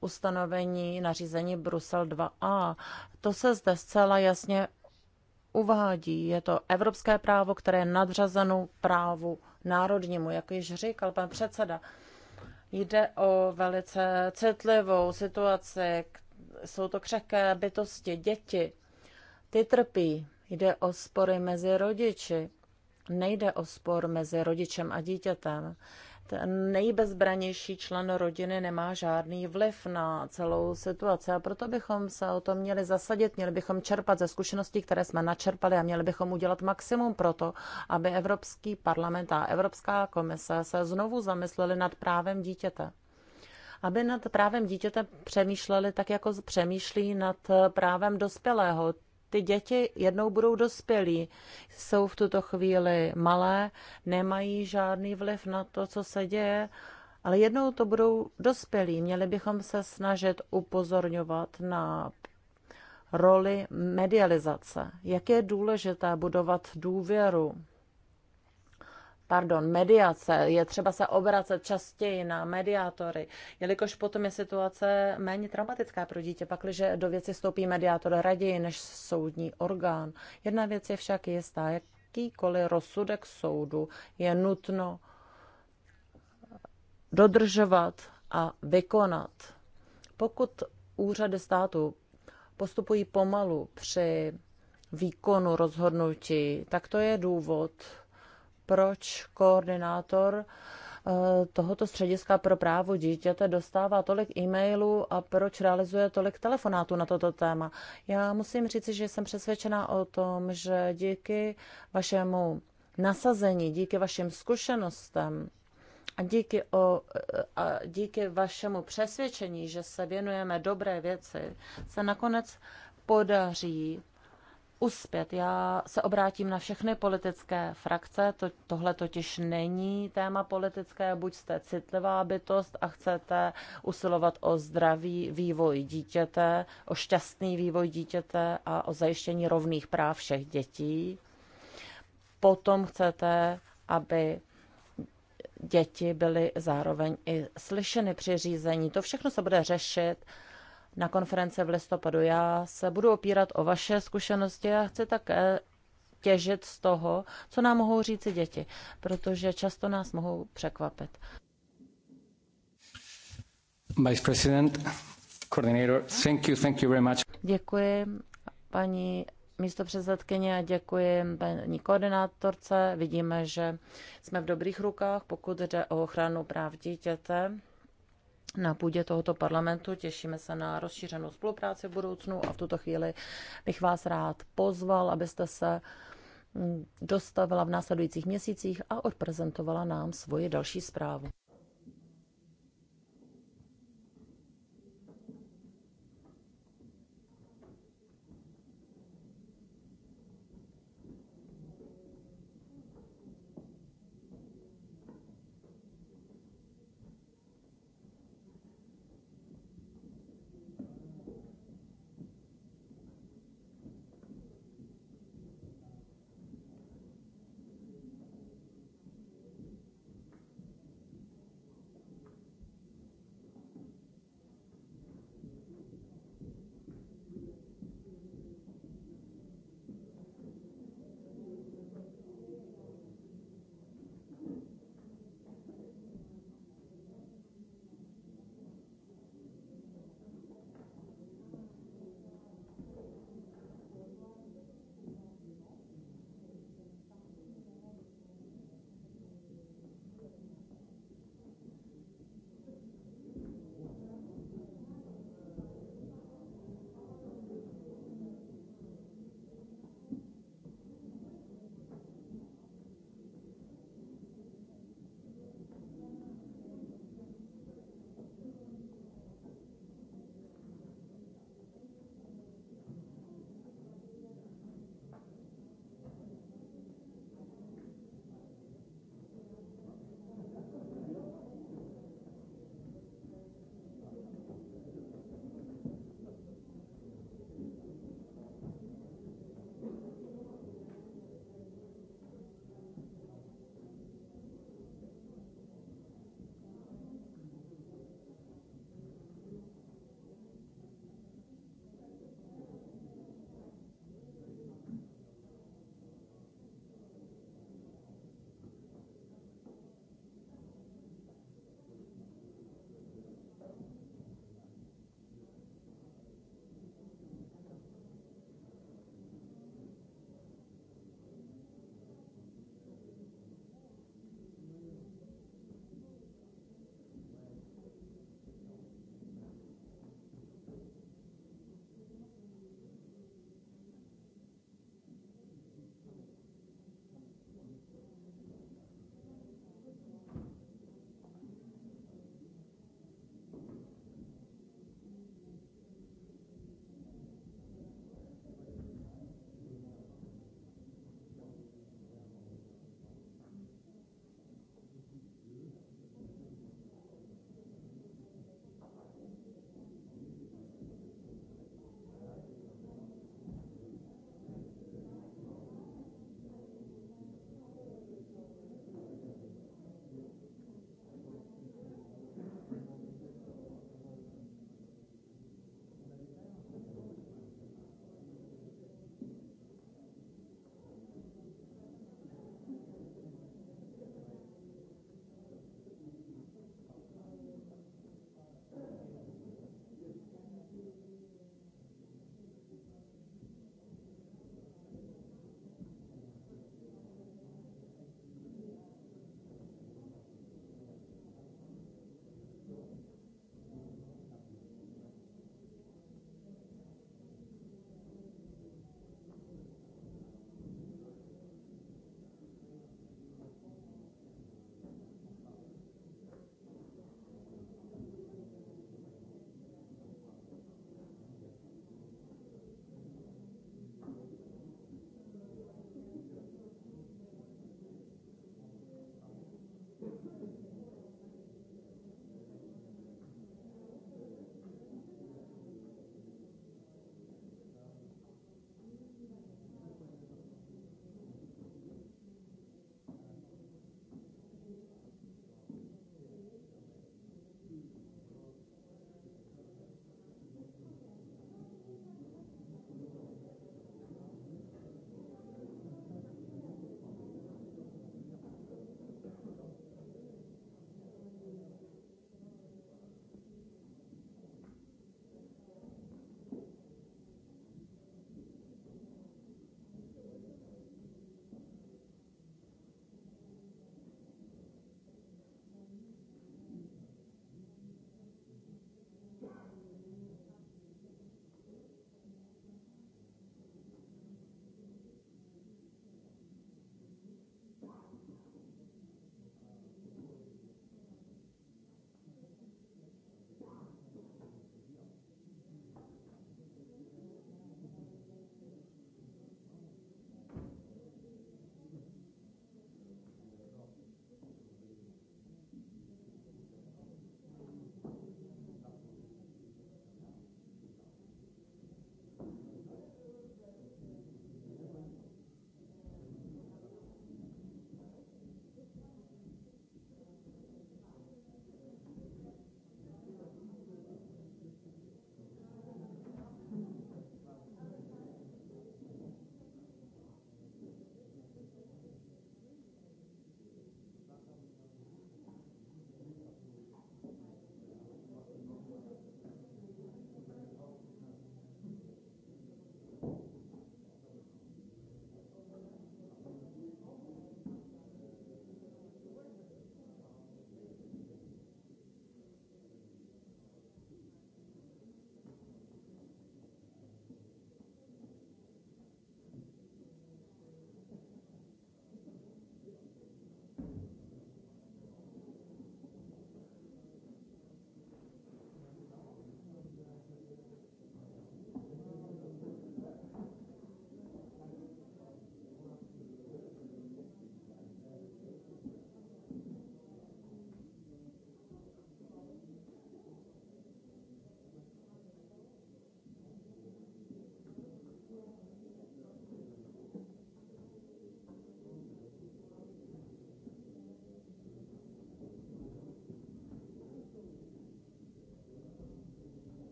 ustanovení nařízení Brusel 2a. To se zde zcela jasně uvádí. Je to evropské právo, které je nadřazeno právu národnímu, jak již říkal pan předseda. Jde o velice citlivou situaci, jsou to křehké bytosti, děti. Ty trpí. Jde o spory mezi rodiči. Nejde o spor mezi rodičem a dítětem nejbezbranější člen rodiny nemá žádný vliv na celou situaci a proto bychom se o to měli zasadit, měli bychom čerpat ze zkušeností, které jsme načerpali a měli bychom udělat maximum pro to, aby Evropský parlament a Evropská komise se znovu zamysleli nad právem dítěte aby nad právem dítěte přemýšleli tak, jako přemýšlí nad právem dospělého ty děti jednou budou dospělí. Jsou v tuto chvíli malé, nemají žádný vliv na to, co se děje, ale jednou to budou dospělí. Měli bychom se snažit upozorňovat na roli medializace. Jak je důležité budovat důvěru pardon, mediace. Je třeba se obracet častěji na mediátory, jelikož potom je situace méně traumatická pro dítě, pakliže do věci vstoupí mediátor raději než soudní orgán. Jedna věc je však jistá, jakýkoliv rozsudek soudu je nutno dodržovat a vykonat. Pokud úřady státu postupují pomalu při výkonu rozhodnutí, tak to je důvod, proč koordinátor eh, tohoto střediska pro právo dítěte dostává tolik e-mailů a proč realizuje tolik telefonátů na toto téma. Já musím říct, že jsem přesvědčená o tom, že díky vašemu nasazení, díky vašim zkušenostem a díky, o, eh, a díky vašemu přesvědčení, že se věnujeme dobré věci, se nakonec podaří uspět. Já se obrátím na všechny politické frakce, to, tohle totiž není téma politické, buď jste citlivá bytost a chcete usilovat o zdravý vývoj dítěte, o šťastný vývoj dítěte a o zajištění rovných práv všech dětí. Potom chcete, aby děti byly zároveň i slyšeny při řízení. To všechno se bude řešit na konferenci v listopadu. Já se budu opírat o vaše zkušenosti a chci také těžit z toho, co nám mohou říci děti, protože často nás mohou překvapit. Vice President, Coordinator, thank you, thank you very much. Děkuji, paní místo předsedkyně a děkuji paní koordinátorce. Vidíme, že jsme v dobrých rukách, pokud jde o ochranu práv dítěte na půdě tohoto parlamentu. Těšíme se na rozšířenou spolupráci v budoucnu a v tuto chvíli bych vás rád pozval, abyste se mm, dostavila v následujících měsících a odprezentovala nám svoji další zprávu.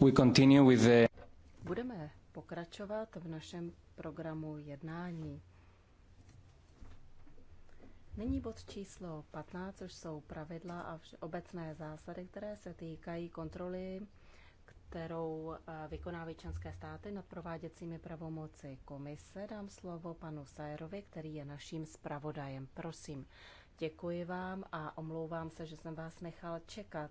We continue with the... Budeme pokračovat v našem programu jednání. Nyní bod číslo 15, což jsou pravidla a obecné zásady, které se týkají kontroly, kterou eh, vykonávají členské státy nad prováděcími pravomoci komise. Dám slovo panu Sajerovi, který je naším zpravodajem. Prosím, děkuji vám a omlouvám se, že jsem vás nechal čekat.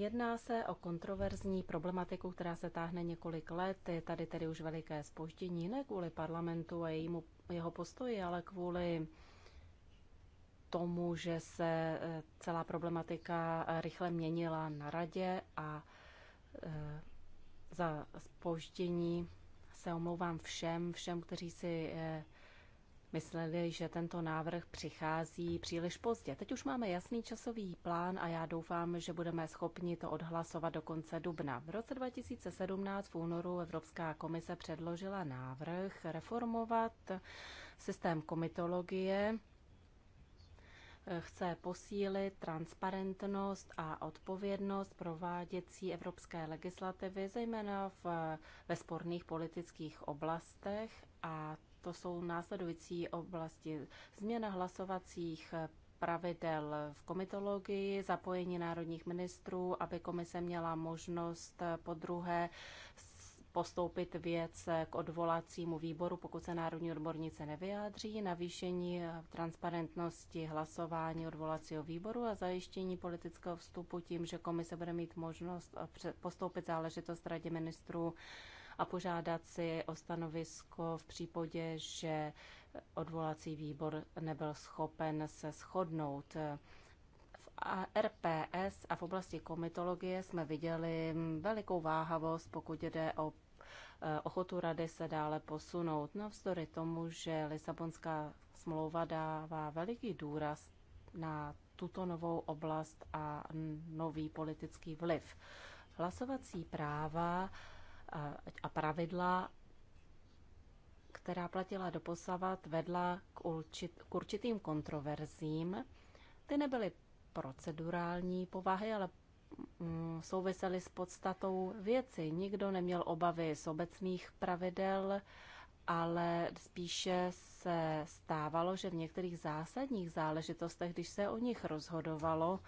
Jedná se o kontroverzní problematiku, která se táhne několik let. Je tady tedy už veliké spoždění, ne kvůli parlamentu a jejímu, jeho postoji, ale kvůli tomu, že se eh, celá problematika eh, rychle měnila na radě a eh, za spoždění se omlouvám všem, všem, kteří si mysleli, že tento návrh přichází příliš pozdě. Teď už máme jasný časový plán a já doufám, že budeme schopni to odhlasovat do konce dubna. V roce 2017 v únoru Evropská komise předložila návrh reformovat systém komitologie, chce posílit transparentnost a odpovědnost prováděcí evropské legislativy, zejména v, ve sporných politických oblastech a to jsou následující oblasti. Změna hlasovacích pravidel v komitologii, zapojení národních ministrů, aby komise měla možnost po druhé postoupit věc k odvolacímu výboru, pokud se národní odbornice nevyjádří, navýšení transparentnosti hlasování odvolacího výboru a zajištění politického vstupu tím, že komise bude mít možnost postoupit záležitost radě ministrů a požádat si o stanovisko v případě, že odvolací výbor nebyl schopen se shodnout. v RPS a v oblasti komitologie jsme viděli velikou váhavost, pokud jde o eh, ochotu rady se dále posunout. Navzdory tomu, že Lisabonská smlouva dává veliký důraz na tuto novou oblast a nový politický vliv. Hlasovací práva a pravidla, která platila posavat, vedla k, určit, k určitým kontroverzím. Ty nebyly procedurální povahy, ale mm, souvisely s podstatou věci. Nikdo neměl obavy z obecných pravidel, ale spíše se stávalo, že v některých zásadních záležitostech, když se o nich rozhodovalo,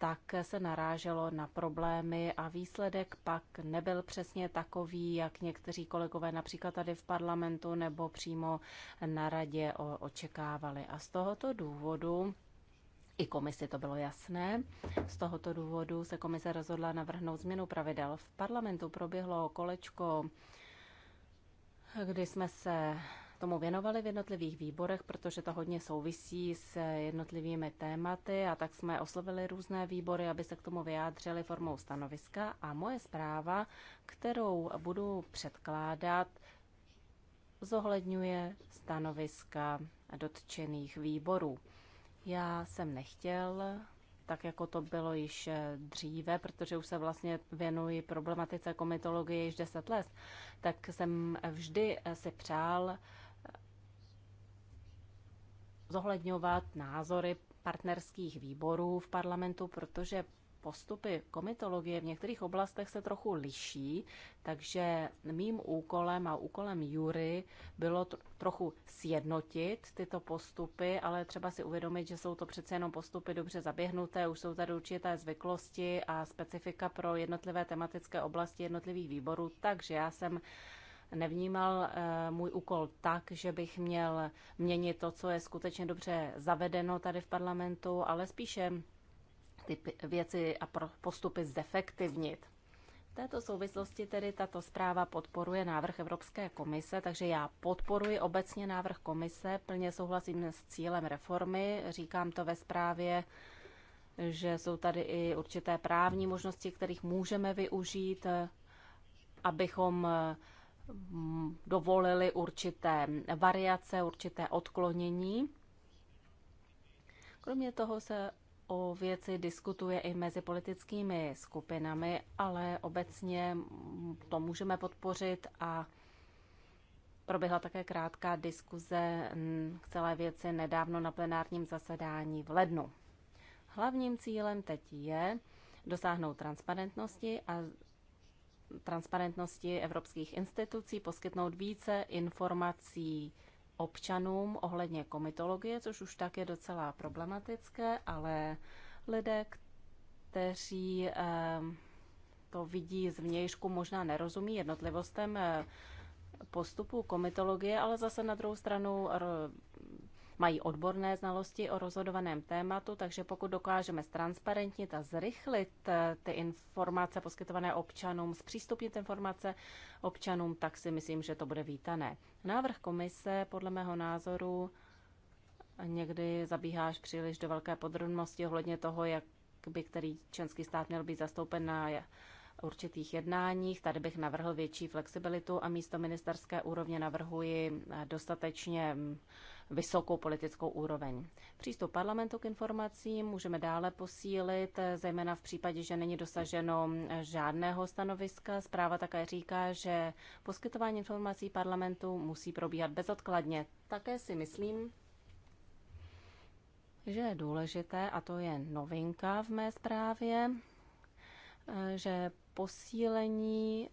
tak se naráželo na problémy a výsledek pak nebyl přesně takový, jak někteří kolegové například tady v parlamentu nebo přímo na radě očekávali. A z tohoto důvodu i komisi to bylo jasné. Z tohoto důvodu se komise rozhodla navrhnout změnu pravidel. V parlamentu proběhlo kolečko, kdy jsme se tomu věnovali v jednotlivých výborech, protože to hodně souvisí s jednotlivými tématy a tak jsme oslovili různé výbory, aby se k tomu vyjádřili formou stanoviska a moje zpráva, kterou budu předkládat, zohledňuje stanoviska dotčených výborů. Já jsem nechtěl tak jako to bylo již dříve, protože už se vlastně věnuji problematice komitologie již 10 let, tak jsem vždy si přál zohledňovat názory partnerských výborů v parlamentu, protože postupy komitologie v některých oblastech se trochu liší, takže mým úkolem a úkolem jury bylo trochu sjednotit tyto postupy, ale třeba si uvědomit, že jsou to přece jenom postupy dobře zaběhnuté, už jsou tady určité zvyklosti a specifika pro jednotlivé tematické oblasti jednotlivých výborů, takže já jsem nevnímal eh, můj úkol tak, že bych měl měnit to, co je skutečně dobře zavedeno tady v parlamentu, ale spíše ty věci a postupy zefektivnit. V této souvislosti tedy tato zpráva podporuje návrh Evropské komise, takže já podporuji obecně návrh komise, plně souhlasím s cílem reformy, říkám to ve zprávě, že jsou tady i určité právní možnosti, kterých můžeme využít, eh, abychom eh, Mm, dovolili určité variace, určité odklonění. Kromě toho se o věci diskutuje i mezi politickými skupinami, ale obecně to můžeme podpořit a proběhla také krátká diskuze k celé věci nedávno na plenárním zasedání v lednu. Hlavním cílem teď je dosáhnout transparentnosti a transparentnosti evropských institucí, poskytnout více informací občanům ohledně komitologie, což už tak je docela problematické, ale lidé, kteří eh, to vidí zvnějšku, možná nerozumí jednotlivostem eh, postupu komitologie, ale zase na druhou stranu mají odborné znalosti o rozhodovaném tématu, takže pokud dokážeme ztransparentnit a zrychlit eh, ty informace poskytované občanům, zpřístupnit informace občanům, tak si myslím, že to bude vítané. Návrh komise podle mého názoru někdy zabíháš příliš do velké podrobnosti ohledně toho, jak by který členský stát měl být zastoupen na určitých jednáních. Tady bych navrhl větší flexibilitu a místo ministerské úrovně navrhuji dostatečně vysokou politickou úroveň. Přístup parlamentu k informacím můžeme dále posílit, zejména v případě, že není dosaženo žádného stanoviska. Zpráva také říká, že poskytování informací parlamentu musí probíhat bezodkladně. Také si myslím, že je důležité, a to je novinka v mé zprávě, že posílení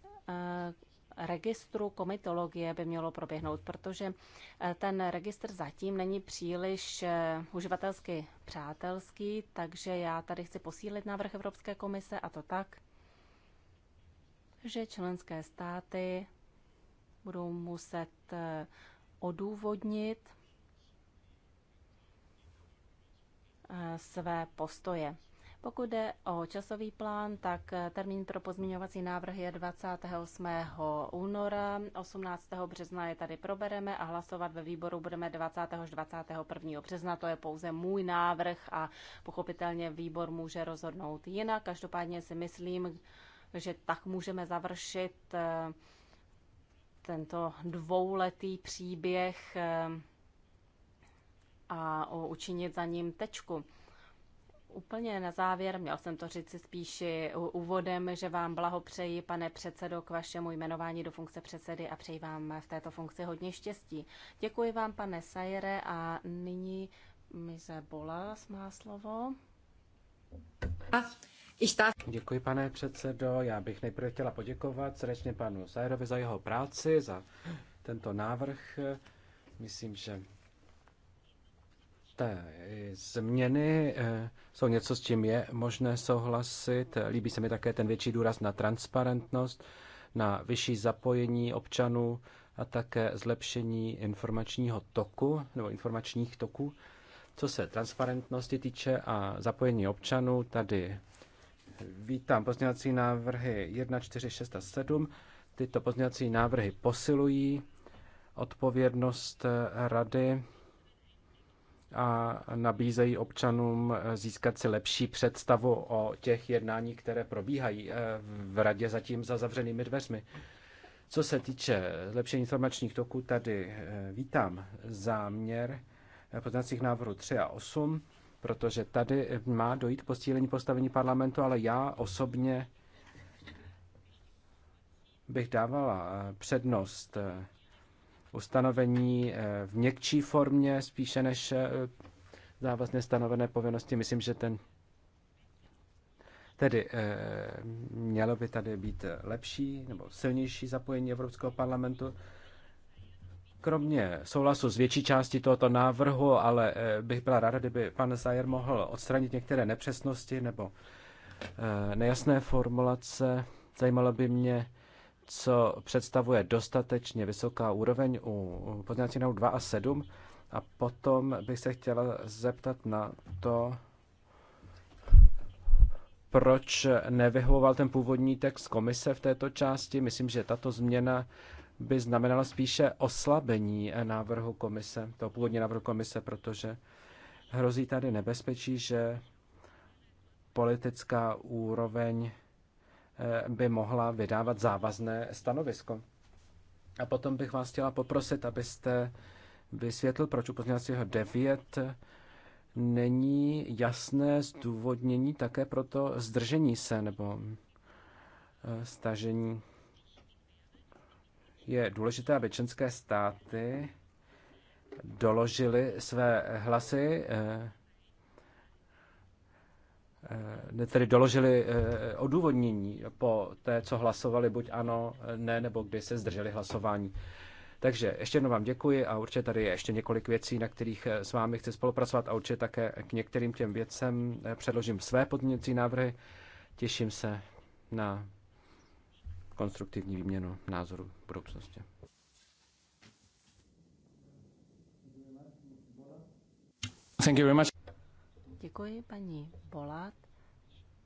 registru komitologie by mělo proběhnout, protože eh, ten registr zatím není příliš eh, uživatelsky přátelský, takže já tady chci posílit návrh Evropské komise a to tak, že členské státy budou muset eh, odůvodnit své postoje. Pokud jde o časový plán, tak eh, termín pro pozměňovací návrh je 28. února, 18. března je tady probereme a hlasovat ve výboru budeme 20. až 21. března. To je pouze můj návrh a pochopitelně výbor může rozhodnout jinak. Každopádně si myslím, že tak můžeme završit eh, tento dvouletý příběh eh, a učinit za ním tečku úplně na závěr, měl jsem to říct si spíš úvodem, že vám blahopřeji, pane předsedo, k vašemu jmenování do funkce předsedy a přeji vám v této funkci hodně štěstí. Děkuji vám, pane Sajere, a nyní Mize Bolas má slovo. Děkuji, pane předsedo. Já bych nejprve chtěla poděkovat srdečně panu Sajerovi za jeho práci, za tento návrh. Myslím, že té změny eh, jsou něco, s čím je možné souhlasit. Líbí se mi také ten větší důraz na transparentnost, na vyšší zapojení občanů a také zlepšení informačního toku nebo informačních toků. Co se transparentnosti týče a zapojení občanů, tady vítám pozměňovací návrhy 1, 4, 6 a 7. Tyto pozměňovací návrhy posilují odpovědnost eh, rady a nabízejí občanům získat si lepší představu o těch jednání, které probíhají eh, v radě zatím za zavřenými dveřmi. Co se týče zlepšení informačních toků, tady eh, vítám záměr eh, poznacích návrhů 3 a 8, protože tady má dojít k posílení postavení parlamentu, ale já osobně bych dávala přednost ustanovení eh, v měkčí formě, spíše než eh, závazně stanovené povinnosti. Myslím, že ten Tedy eh, mělo by tady být lepší nebo silnější zapojení Evropského parlamentu. Kromě souhlasu z větší části tohoto návrhu, ale bych byla ráda, kdyby pan Zajer mohl odstranit některé nepřesnosti nebo nejasné formulace. Zajímalo by mě, co představuje dostatečně vysoká úroveň u pozměňovacích návrhů 2 a 7. A potom bych se chtěla zeptat na to, proč nevyhovoval ten původní text komise v této části. Myslím, že tato změna by znamenala spíše oslabení návrhu komise, toho původně návrhu komise, protože hrozí tady nebezpečí, že politická úroveň Eh, by mohla vydávat závazné stanovisko. A potom bych vás chtěla poprosit, abyste vysvětlil, proč u pozměňovacího 9 není jasné zdůvodnění také pro to zdržení se nebo eh, stažení. Je důležité, aby členské státy doložily své hlasy eh, tedy doložili eh, odůvodnění po té, co hlasovali buď ano, ne, nebo kdy se zdrželi hlasování. Takže ještě jednou vám děkuji a určitě tady je ještě několik věcí, na kterých eh, s vámi chci spolupracovat a určitě také k některým těm věcem eh, předložím své podměnící návrhy. Těším se na konstruktivní výměnu názorů v budoucnosti. Thank you very much. Děkuji, paní Bolat.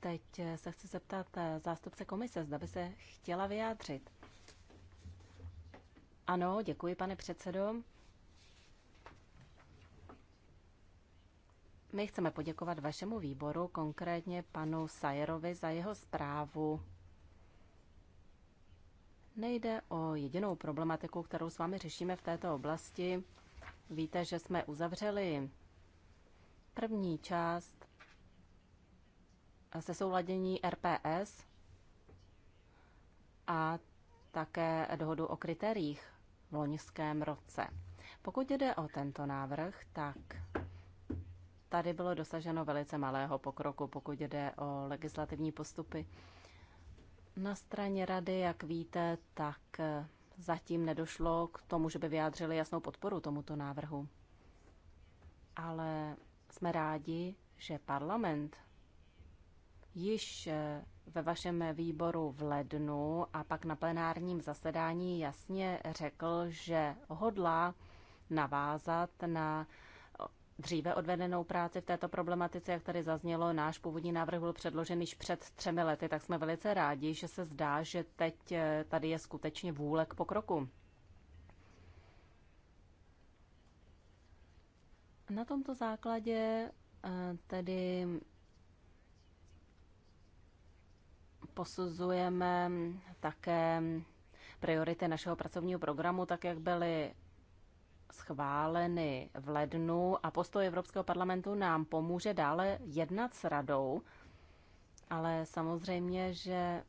Teď eh, se chci zeptat eh, zástupce komise, zda by se chtěla vyjádřit. Ano, děkuji, pane předsedo. My chceme poděkovat vašemu výboru, konkrétně panu Sajerovi, za jeho zprávu. Nejde o jedinou problematiku, kterou s vámi řešíme v této oblasti. Víte, že jsme uzavřeli První část se souladění RPS a také dohodu o kritériích v loňském roce. Pokud jde o tento návrh, tak tady bylo dosaženo velice malého pokroku, pokud jde o legislativní postupy. Na straně rady, jak víte, tak zatím nedošlo k tomu, že by vyjádřili jasnou podporu tomuto návrhu. Ale jsme rádi, že parlament již eh, ve vašem výboru v lednu a pak na plenárním zasedání jasně řekl, že hodlá navázat na dříve odvedenou práci v této problematice, jak tady zaznělo, náš původní návrh byl předložen již před třemi lety, tak jsme velice rádi, že se zdá, že teď eh, tady je skutečně vůle k pokroku. Na tomto základě eh, tedy posuzujeme také priority našeho pracovního programu, tak jak byly schváleny v lednu a postoj Evropského parlamentu nám pomůže dále jednat s radou, ale samozřejmě, že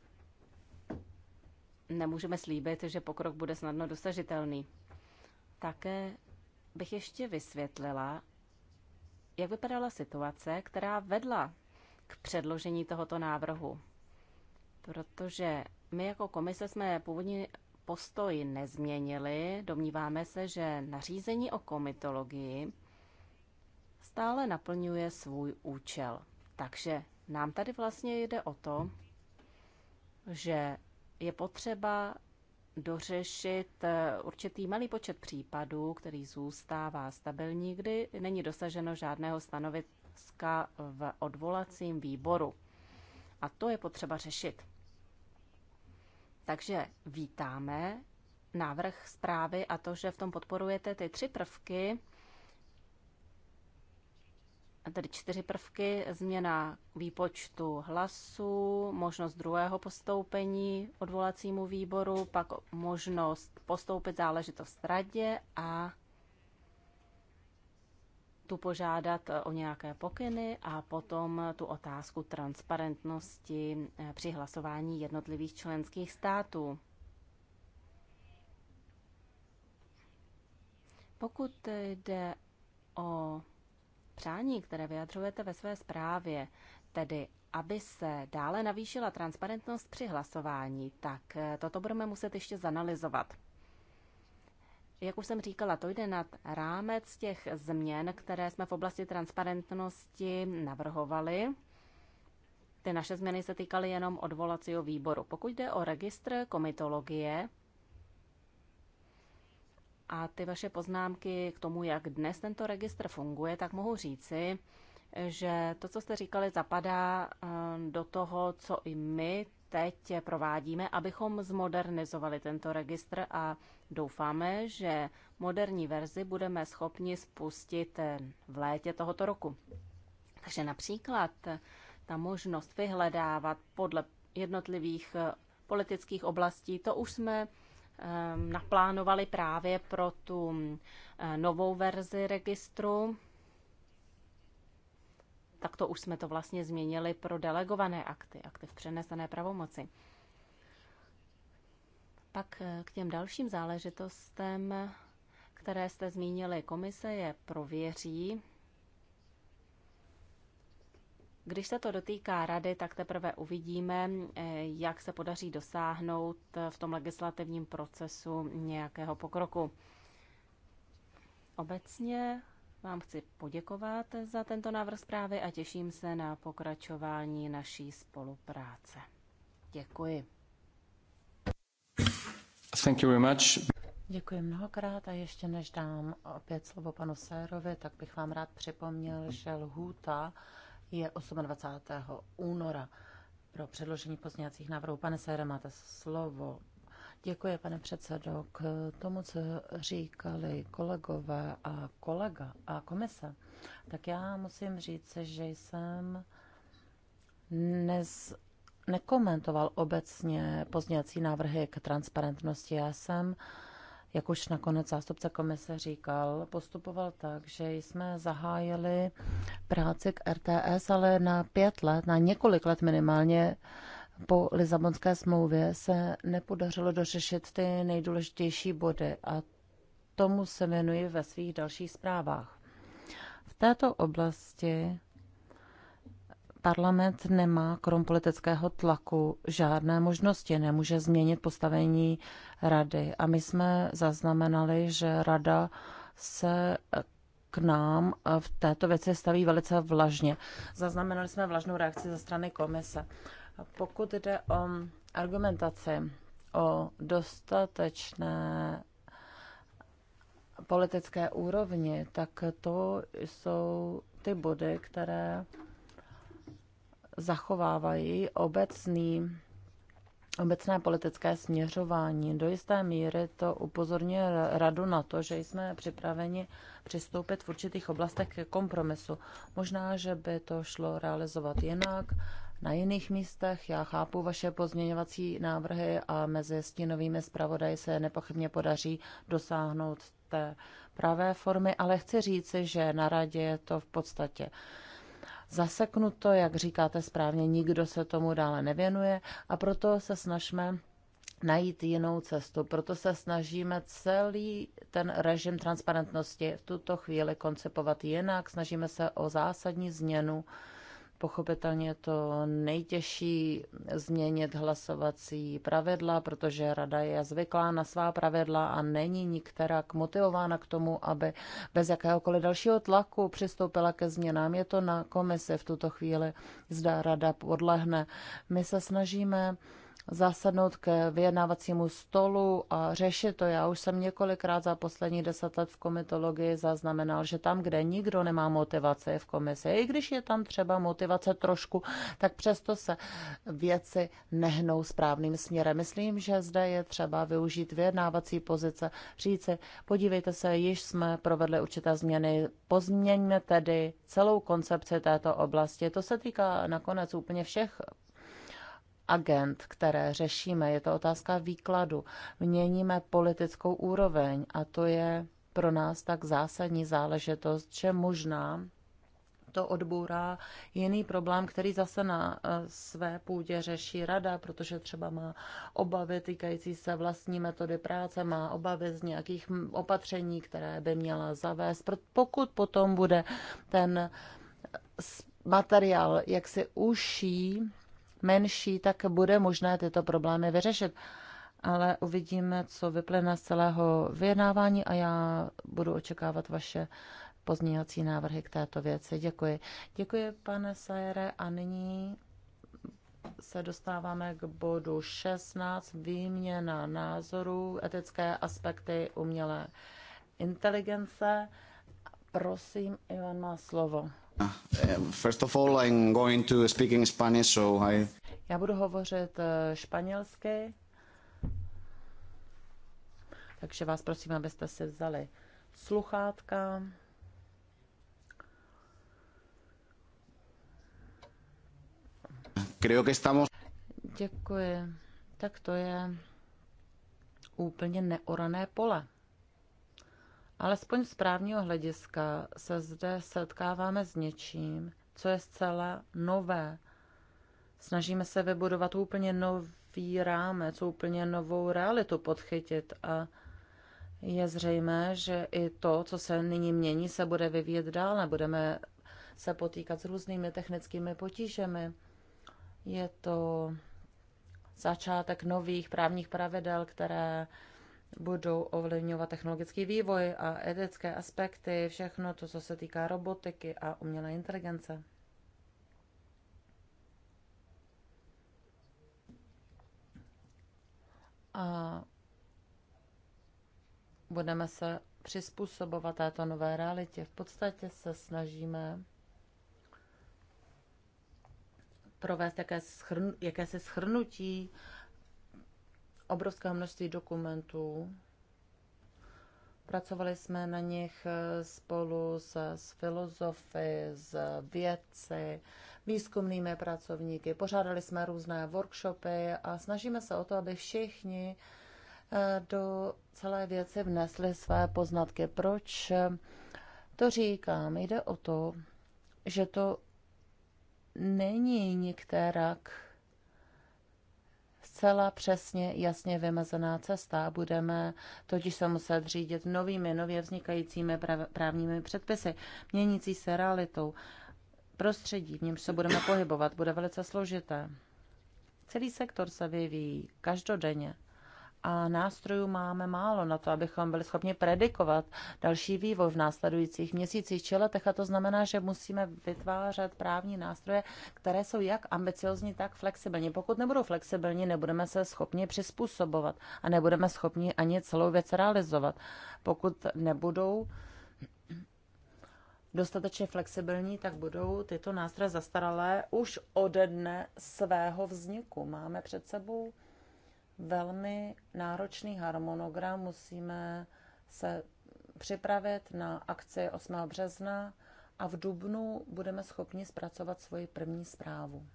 nemůžeme slíbit, že pokrok bude snadno dosažitelný. Také bych ještě vysvětlila, jak vypadala situace, která vedla k předložení tohoto návrhu. Protože my jako komise jsme původní postoj nezměnili, domníváme se, že nařízení o komitologii stále naplňuje svůj účel. Takže nám tady vlastně jde o to, že je potřeba dořešit eh, určitý malý počet případů, který zůstává stabilní, kdy není dosaženo žádného stanoviska v odvolacím výboru. A to je potřeba řešit. Takže vítáme návrh zprávy a to, že v tom podporujete ty tři prvky, tedy čtyři prvky. Změna výpočtu hlasů, možnost druhého postoupení odvolacímu výboru, pak možnost postoupit záležitost radě a tu požádat o nějaké pokyny a potom tu otázku transparentnosti eh, při hlasování jednotlivých členských států. Pokud jde o přání, které vyjadřujete ve své zprávě, tedy aby se dále navýšila transparentnost při hlasování, tak eh, toto budeme muset ještě zanalizovat. Jak už jsem říkala, to jde nad rámec těch změn, které jsme v oblasti transparentnosti navrhovali. Ty naše změny se týkaly jenom odvolacího výboru. Pokud jde o registr komitologie, a ty vaše poznámky k tomu, jak dnes tento registr funguje, tak mohu říci, že to, co jste říkali, zapadá eh, do toho, co i my teď provádíme, abychom zmodernizovali tento registr a doufáme, že moderní verzi budeme schopni spustit eh, v létě tohoto roku. Takže například eh, ta možnost vyhledávat podle jednotlivých politických oblastí, to už jsme Ehm, naplánovali právě pro tu eh, novou verzi registru. Tak to už jsme to vlastně změnili pro delegované akty, akty v přenesené pravomoci. Pak eh, k těm dalším záležitostem, které jste zmínili, komise je prověří když se to dotýká rady, tak teprve uvidíme, eh, jak se podaří dosáhnout eh, v tom legislativním procesu nějakého pokroku. Obecně vám chci poděkovat za tento návrh zprávy a těším se na pokračování naší spolupráce. Děkuji. Thank you very much. Děkuji mnohokrát a ještě než dám opět slovo panu Sérovi, tak bych vám rád připomněl, že lhůta je 28. února pro předložení pozměňovacích návrhů. Pane Sére, máte slovo. Děkuji, pane předsedo. K tomu, co říkali kolegové a kolega a komise, tak já musím říct, že jsem nez, nekomentoval obecně pozměňovací návrhy k transparentnosti. Já jsem uh, jak už nakonec zástupce komise říkal, postupoval tak, že jsme zahájili práci k RTS, ale na pět let, na několik let minimálně po Lizabonské smlouvě se nepodařilo dořešit ty nejdůležitější body a tomu se věnuji ve svých dalších zprávách. V této oblasti parlament nemá krom politického tlaku žádné možnosti, nemůže změnit postavení rady. A my jsme zaznamenali, že rada se k nám v této věci staví velice vlažně. Zaznamenali jsme vlažnou reakci ze strany komise. Pokud jde o argumentaci o dostatečné politické úrovni, tak to jsou ty body, které zachovávají obecný obecné politické směřování. Do jisté míry to upozorňuje radu na to, že jsme připraveni přistoupit v určitých oblastech ke kompromisu. Možná, že by to šlo realizovat jinak, na jiných místech. Já chápu vaše pozměňovací návrhy a mezi stínovými zpravodaji se nepochybně podaří dosáhnout té pravé formy, ale chci říci, že na radě je to v podstatě zaseknuto, jak říkáte správně, nikdo se tomu dále nevěnuje a proto se snažíme najít jinou cestu. Proto se snažíme celý ten režim transparentnosti v tuto chvíli koncipovat jinak. Snažíme se o zásadní změnu pochopitelně to nejtěžší změnit hlasovací pravidla, protože rada je zvyklá na svá pravidla a není nikterak motivována k tomu, aby bez jakéhokoliv dalšího tlaku přistoupila ke změnám. Je to na komisi v tuto chvíli, zda rada podlehne. My se snažíme zasednout k vyjednávacímu stolu a řešit to. Já už jsem několikrát za poslední deset let v komitologii zaznamenal, že tam, kde nikdo nemá motivace, je v komisi. I když je tam třeba motivace trošku, tak přesto se věci nehnou správným směrem. Myslím, že zde je třeba využít vyjednávací pozice, říci, podívejte se, již jsme provedli určité změny, pozměňme tedy celou koncepci této oblasti. To se týká nakonec úplně všech agent, které řešíme. Je to otázka výkladu. Měníme politickou úroveň a to je pro nás tak zásadní záležitost, že možná to odbourá jiný problém, který zase na eh, své půdě řeší rada, protože třeba má obavy týkající se vlastní metody práce, má obavy z nějakých opatření, které by měla zavést. Pokud potom bude ten materiál jaksi uší menší, tak bude možné tyto problémy vyřešit. Ale uvidíme, co vyplyne z celého vyjednávání a já budu očekávat vaše pozměňovací návrhy k této věci. Děkuji. Děkuji, pane Sajere. A nyní se dostáváme k bodu 16, výměna názorů, etické aspekty umělé inteligence. Prosím, Ivan má slovo. Ah, eh, first of all, I'm going to speak in Spanish, so I... Já budu hovořit eh, španělsky, takže vás prosím, abyste si vzali sluchátka. Creo que estamos... Děkuji. Tak to je úplně neorané pole. Alespoň z právního hlediska se zde setkáváme s něčím, co je zcela nové. Snažíme se vybudovat úplně nový rámec, úplně novou realitu podchytit a je zřejmé, že i to, co se nyní mění, se bude vyvíjet dál. Budeme se potýkat s různými technickými potížemi. Je to začátek nových právních pravidel, které budou ovlivňovat technologický vývoj a etické aspekty, všechno to, co se týká robotiky a umělé inteligence. A budeme se přizpůsobovat této nové realitě. V podstatě se snažíme provést jaké schrn, jakési schrnutí obrovského množství dokumentů. Pracovali jsme na nich eh, spolu s, s filozofy, s vědci, výzkumnými pracovníky. Pořádali jsme různé workshopy a snažíme se o to, aby všichni eh, do celé věci vnesli své poznatky. Proč eh, to říkám? Jde o to, že to není některak zcela přesně, jasně vymezená cesta. Budeme totiž se muset řídit novými, nově vznikajícími právními předpisy, měnící se realitou. Prostředí, v němž se budeme pohybovat, bude velice složité. Celý sektor se vyvíjí každodenně a nástrojů máme málo na to, abychom byli schopni predikovat další vývoj v následujících měsících či letech. A to znamená, že musíme vytvářet právní nástroje, které jsou jak ambiciozní, tak flexibilní. Pokud nebudou flexibilní, nebudeme se schopni přizpůsobovat a nebudeme schopni ani celou věc realizovat. Pokud nebudou dostatečně flexibilní, tak budou tyto nástroje zastaralé už ode dne svého vzniku. Máme před sebou velmi náročný harmonogram. Musíme se připravit na akci 8. března a v dubnu budeme schopni zpracovat svoji první zprávu.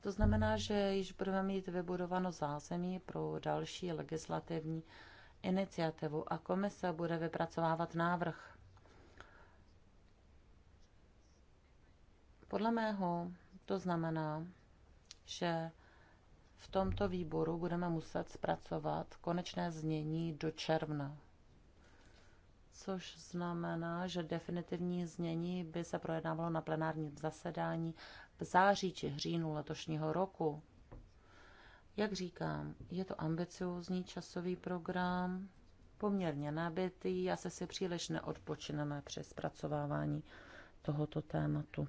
To znamená, že již budeme mít vybudováno zázemí pro další legislativní iniciativu a komise bude vypracovávat návrh. Podle mého to znamená, že v tomto výboru budeme muset zpracovat konečné znění do června. Což znamená, že definitivní znění by se projednávalo na plenárním zasedání v září či říjnu letošního roku. Jak říkám, je to ambiciózní časový program, poměrně nabitý, asi si příliš neodpočineme při zpracovávání tohoto tématu.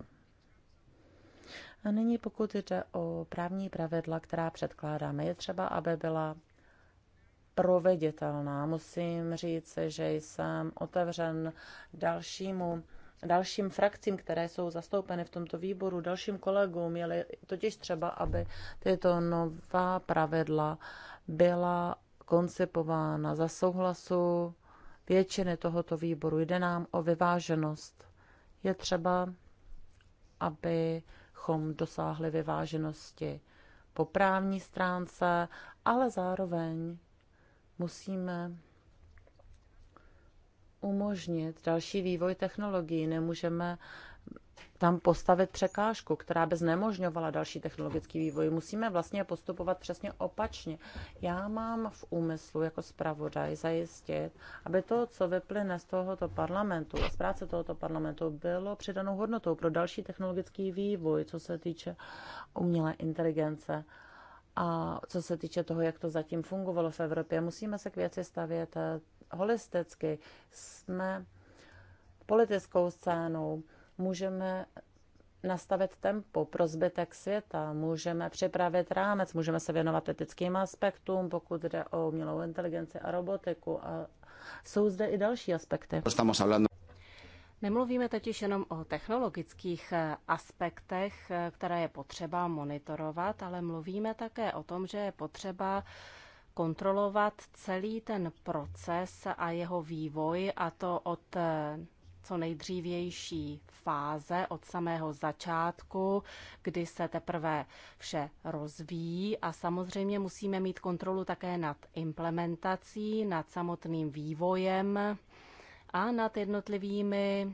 A nyní pokud jde o právní pravidla, která předkládáme, je třeba, aby byla proveditelná. Musím říct, že jsem otevřen dalšímu dalším frakcím, které jsou zastoupeny v tomto výboru, dalším kolegům, měli totiž třeba, aby tyto nová pravidla byla koncipována za souhlasu většiny tohoto výboru. Jde nám o vyváženost. Je třeba, aby abychom dosáhli vyváženosti po právní stránce, ale zároveň musíme umožnit další vývoj technologií. Nemůžeme tam postavit překážku, která by znemožňovala další technologický vývoj. Musíme vlastně postupovat přesně opačně. Já mám v úmyslu jako zpravodaj zajistit, aby to, co vyplyne z tohoto parlamentu a z práce tohoto parlamentu, bylo přidanou hodnotou pro další technologický vývoj, co se týče umělé inteligence. A co se týče toho, jak to zatím fungovalo v Evropě, musíme se k věci stavět eh, holisticky. Jsme politickou scénou, můžeme nastavit tempo pro zbytek světa, můžeme připravit rámec, můžeme se věnovat etickým aspektům, pokud jde o umělou inteligenci a robotiku a jsou zde i další aspekty. Nemluvíme totiž jenom o technologických eh, aspektech, eh, které je potřeba monitorovat, ale mluvíme také o tom, že je potřeba kontrolovat celý ten proces a jeho vývoj, a to od eh, co nejdřívější fáze od samého začátku, kdy se teprve vše rozvíjí a samozřejmě musíme mít kontrolu také nad implementací, nad samotným vývojem a nad jednotlivými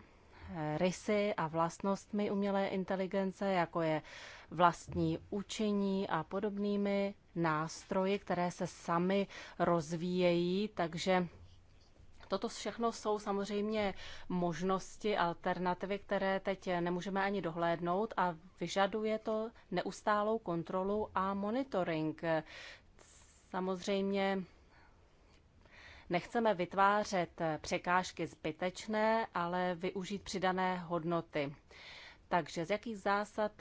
eh, rysy a vlastnostmi umělé inteligence, jako je vlastní učení a podobnými nástroji, které se sami rozvíjejí, takže Toto všechno jsou samozřejmě možnosti, alternativy, které teď nemůžeme ani dohlédnout a vyžaduje to neustálou kontrolu a monitoring. Samozřejmě nechceme vytvářet překážky zbytečné, ale využít přidané hodnoty. Takže z jakých zásad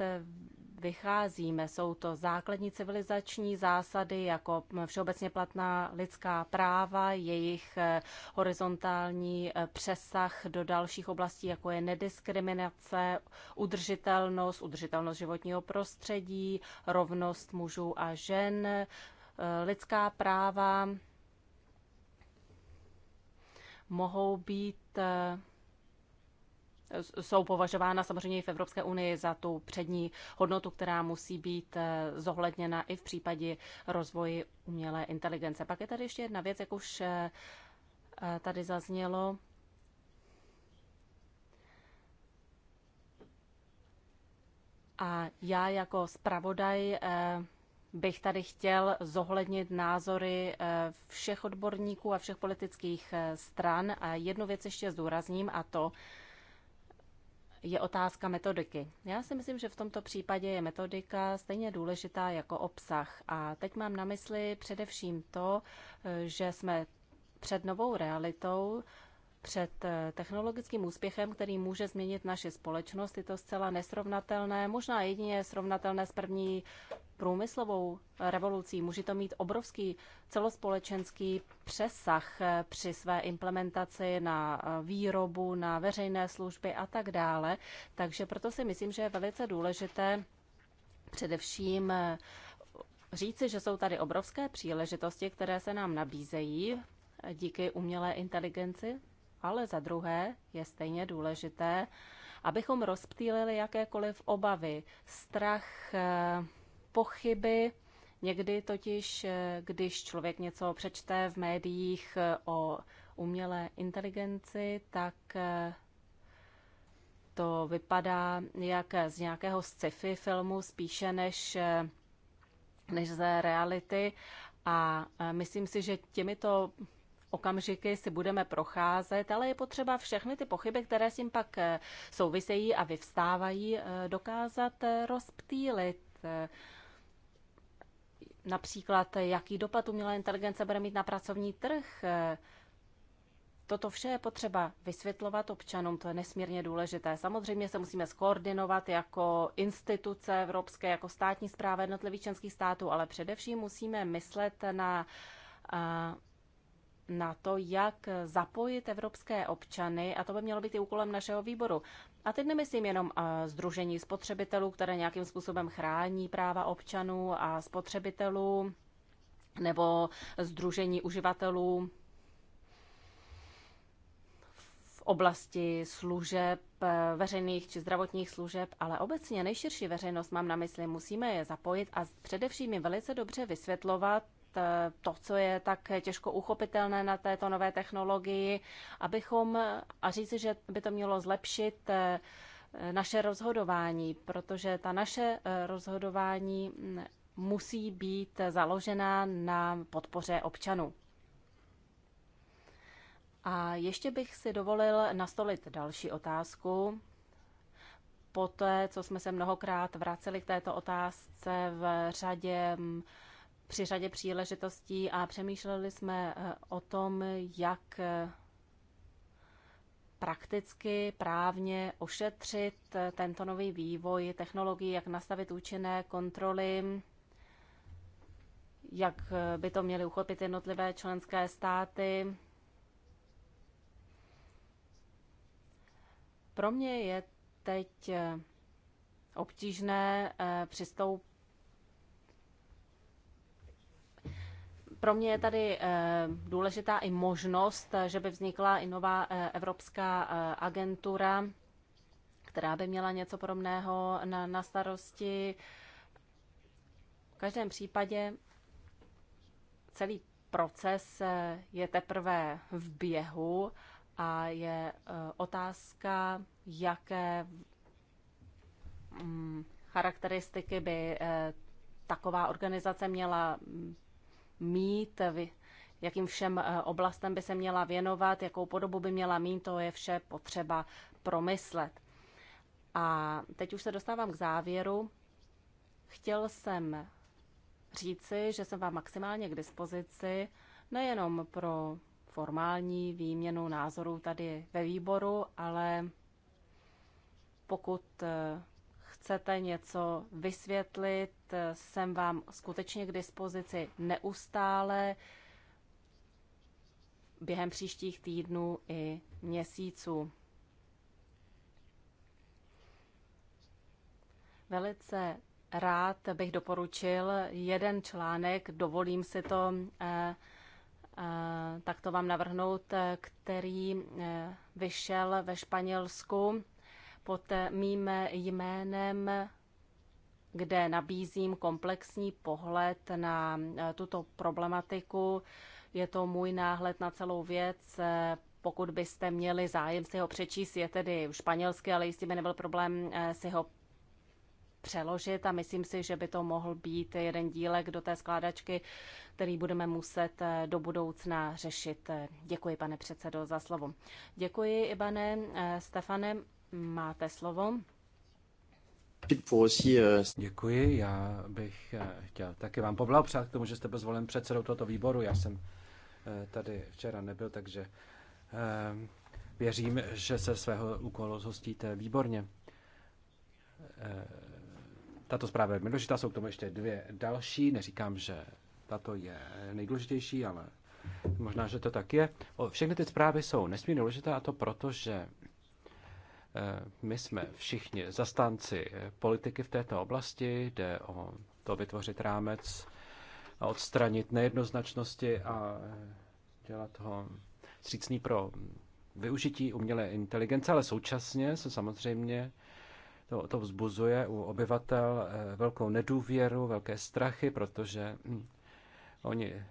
vycházíme. Jsou to základní civilizační zásady, jako všeobecně platná lidská práva, jejich eh, horizontální eh, přesah do dalších oblastí, jako je nediskriminace, udržitelnost, udržitelnost životního prostředí, rovnost mužů a žen, eh, lidská práva mohou být jsou považována samozřejmě i v Evropské unii za tu přední hodnotu, která musí být eh, zohledněna i v případě rozvoji umělé inteligence. Pak je tady ještě jedna věc, jak už eh, eh, tady zaznělo. A já jako zpravodaj bych tady chtěl zohlednit názory všech odborníků a všech politických stran. A jednu věc ještě zdůrazním a to, je otázka metodiky. Já si myslím, že v tomto případě je metodika stejně důležitá jako obsah. A teď mám na mysli především to, že jsme před novou realitou, před eh, technologickým úspěchem, který může změnit naši společnost. Je to zcela nesrovnatelné, možná jedině srovnatelné s první průmyslovou revolucí. Může to mít obrovský celospolečenský přesah eh, při své implementaci na eh, výrobu, na veřejné služby a tak dále. Takže proto si myslím, že je velice důležité především eh, říci, že jsou tady obrovské příležitosti, které se nám nabízejí díky umělé inteligenci, ale za druhé je stejně důležité, abychom rozptýlili jakékoliv obavy, strach, pochyby. Někdy totiž, eh, když člověk něco přečte v médiích eh, o umělé inteligenci, tak eh, to vypadá jak z nějakého sci-fi filmu spíše než, než ze reality. A myslím si, že těmito okamžiky si budeme procházet, ale je potřeba všechny ty pochyby, které s tím pak souvisejí a vyvstávají, dokázat rozptýlit například jaký dopad umělá inteligence bude mít na pracovní trh. Toto vše je potřeba vysvětlovat občanům, to je nesmírně důležité. Samozřejmě se musíme skoordinovat jako instituce evropské, jako státní zpráva jednotlivých členských států, ale především musíme myslet na, na to, jak zapojit evropské občany, a to by mělo být i úkolem našeho výboru. A teď nemyslím jenom združení spotřebitelů, které nějakým způsobem chrání práva občanů a spotřebitelů, nebo združení uživatelů v oblasti služeb, e, veřejných či zdravotních služeb, ale obecně nejširší veřejnost mám na mysli, musíme je zapojit a především jim velice dobře vysvětlovat, Eh, to, co je tak těžko uchopitelné na této nové technologii, abychom a říci, že by to mělo zlepšit eh, naše rozhodování, protože ta naše eh, rozhodování mm, musí být založena na podpoře občanů. A ještě bych si dovolil nastolit další otázku. Poté, co jsme se mnohokrát vraceli k této otázce v řadě mm, při řadě příležitostí a přemýšleli jsme eh, o tom, jak eh, prakticky, právně ošetřit eh, tento nový vývoj technologií, jak nastavit účinné kontroly, jak by to měly uchopit jednotlivé členské státy. Pro mě je teď obtížné přistoupit Pro mě je tady eh, důležitá i možnost, eh, že by vznikla i nová eh, evropská agentura, která by měla něco podobného na, na starosti. V každém případě celý proces je teprve v běhu a je otázka, jaké mm, charakteristiky by taková organizace měla mm, mít, jakým všem eh, oblastem by se měla věnovat, jakou podobu by měla mít, to je vše potřeba promyslet. A teď už se dostávám k závěru. Chtěl jsem říci, že jsem vám maximálně k dispozici nejenom pro formální výměnu názorů tady ve výboru, ale pokud eh, chcete něco vysvětlit, jsem vám skutečně k dispozici neustále během příštích týdnů i měsíců. Velice rád bych doporučil jeden článek, dovolím si to eh, eh, tak to vám navrhnout, eh, který vyšel ve Španělsku pod mým jménem, kde nabízím komplexní pohled na eh, tuto problematiku. Je to můj náhled na celou věc. Eh, pokud byste měli zájem si ho přečíst, je tedy španělsky, ale jistě by nebyl problém eh, si ho přeložit a myslím si, že by to mohl být jeden dílek do té skládačky, který budeme muset do budoucna řešit. Děkuji, pane předsedo, za slovo. Děkuji, Ibane, Stefane. Máte slovo. Děkuji, já bych eh, chtěl taky vám poblahopřát k tomu, že jste byl zvolen předsedou tohoto výboru. Já jsem eh, tady včera nebyl, takže eh, věřím, že se svého úkolu zhostíte výborně. Tato zpráva je důležitá, jsou k tomu ještě dvě další. Neříkám, že tato je nejdůležitější, ale možná, že to tak je. Všechny ty zprávy jsou nesmírně důležité a to proto, že Eh, my jsme všichni zastánci eh, politiky v této oblasti, jde o to vytvořit rámec a odstranit nejednoznačnosti a eh, dělat ho střícný pro využití umělé inteligence, ale současně se samozřejmě to, to vzbuzuje u obyvatel velkou nedůvěru, velké strachy, protože hm, oni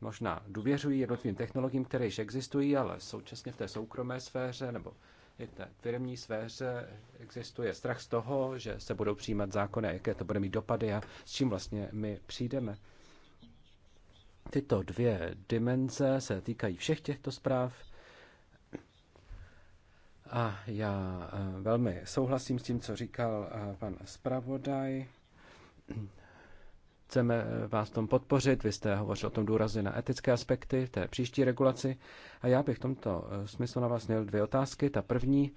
možná důvěřují jednotlivým technologiím, které již existují, ale současně v té soukromé sféře nebo i té firmní sféře existuje strach z toho, že se budou přijímat zákony, jaké to bude mít dopady a s čím vlastně my přijdeme. Tyto dvě dimenze se týkají všech těchto zpráv a já eh, velmi souhlasím s tím, co říkal eh, pan zpravodaj. Chceme eh, vás tom podpořit, vy jste hovořil o tom důrazně na etické aspekty v té příští regulaci a já bych v tomto eh, smyslu na vás měl dvě otázky. Ta první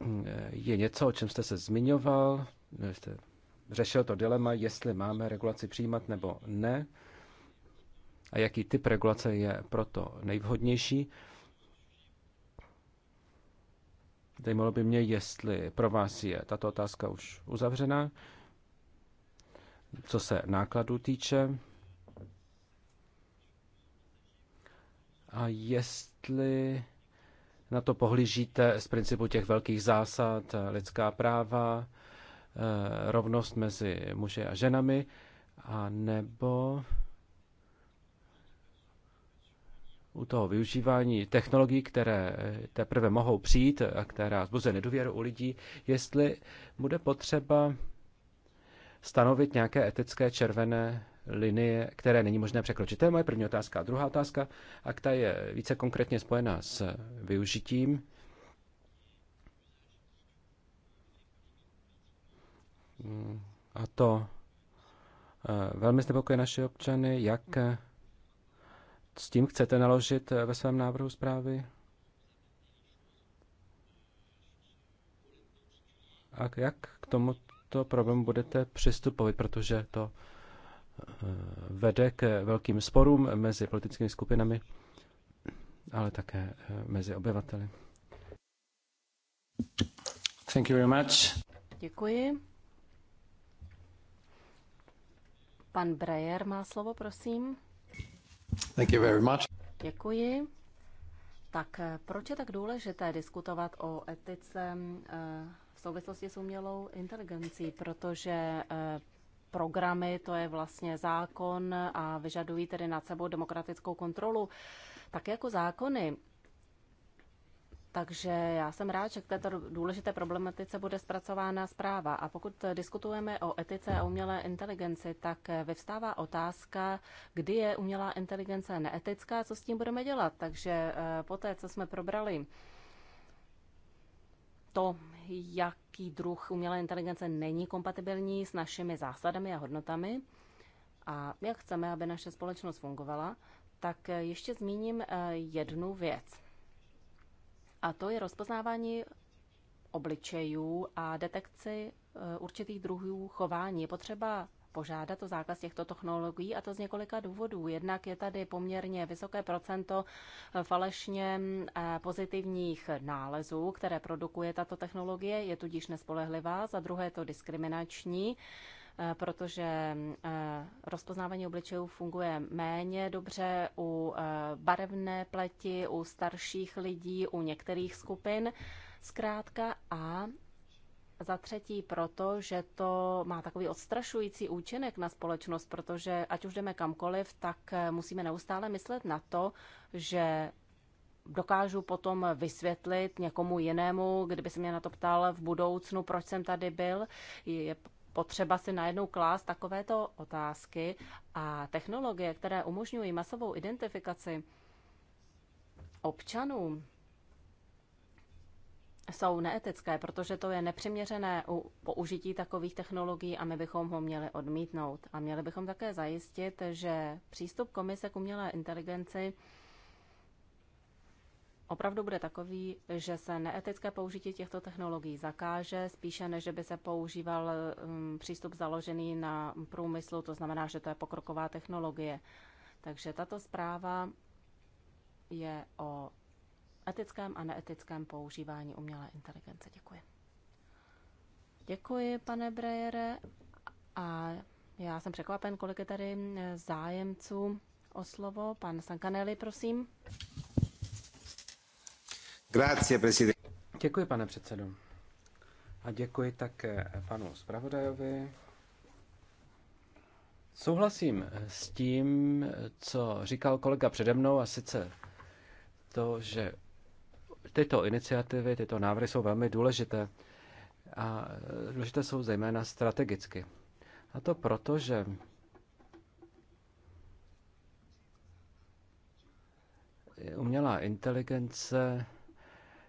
mm, eh, je něco, o čem jste se zmiňoval, jste řešil to dilema, jestli máme regulaci přijímat nebo ne a jaký typ regulace je proto nejvhodnější. Zajímalo by mě, jestli pro vás je tato otázka už uzavřená. Co se nákladu týče, a jestli na to pohlížíte z principu těch velkých zásad, lidská práva, eh, rovnost mezi muži a ženami, a nebo u toho využívání technologií, které teprve mohou přijít a která zbuze nedůvěru u lidí, jestli bude potřeba stanovit nějaké etické červené linie, které není možné překročit. To je moje první otázka. A druhá otázka, a ta je více konkrétně spojená s využitím a to eh, velmi znepokojuje naše občany, jak eh, s tím chcete naložit eh, ve svém návrhu zprávy? A jak k tomu tomuto problému budete přistupovat, protože to eh, vede k velkým sporům mezi politickými skupinami, ale také eh, mezi obyvateli. Thank you very much. Děkuji. Pan Breyer má slovo, prosím. Thank you very much. Děkuji. Tak eh, proč je tak důležité diskutovat o etice souvislosti s umělou inteligencí, protože eh, programy, to je vlastně zákon a vyžadují tedy nad sebou demokratickou kontrolu, tak jako zákony. Takže já jsem rád, že k této důležité problematice bude zpracována zpráva. A pokud diskutujeme o etice a umělé inteligenci, tak vyvstává otázka, kdy je umělá inteligence neetická, co s tím budeme dělat. Takže eh, po té, co jsme probrali to, jaký druh umělé inteligence není kompatibilní s našimi zásadami a hodnotami a jak chceme, aby naše společnost fungovala, tak ještě zmíním eh, jednu věc. A to je rozpoznávání obličejů a detekci eh, určitých druhů chování. Je potřeba požádat o zákaz těchto technologií a to z několika důvodů. Jednak je tady poměrně vysoké procento eh, falešně eh, pozitivních nálezů, které produkuje tato technologie, je tudíž nespolehlivá, za druhé je to diskriminační eh, protože rozpoznávání obličejů funguje méně dobře u barevné pleti, u starších lidí, u některých skupin zkrátka a za třetí proto, že to má takový odstrašující účinek na společnost, protože ať už jdeme kamkoliv, tak eh, musíme neustále myslet na to, že dokážu potom vysvětlit někomu jinému, kdyby se mě na to ptal v budoucnu, proč jsem tady byl. Je potřeba si najednou klást takovéto otázky a technologie, které umožňují masovou identifikaci občanů, jsou neetické, protože to je nepřiměřené u použití takových technologií a my bychom ho měli odmítnout. A měli bychom také zajistit, že přístup komise k umělé inteligenci opravdu bude takový, že se neetické použití těchto technologií zakáže, spíše než by se používal mm, přístup založený na průmyslu, to znamená, že to je pokroková technologie. Takže tato zpráva je o etickém a neetickém používání umělé inteligence. Děkuji. Děkuji, pane Brejere. A já jsem překvapen, kolik je tady eh, zájemců o slovo. Pan Sankanelli, prosím. Grazie, prezident. Děkuji, pane předsedo. A děkuji také panu zpravodajovi. Souhlasím eh, s tím, co říkal kolega přede mnou, a sice to, že tyto iniciativy, tyto návrhy jsou velmi důležité. A důležité jsou zejména strategicky. A to proto, že umělá inteligence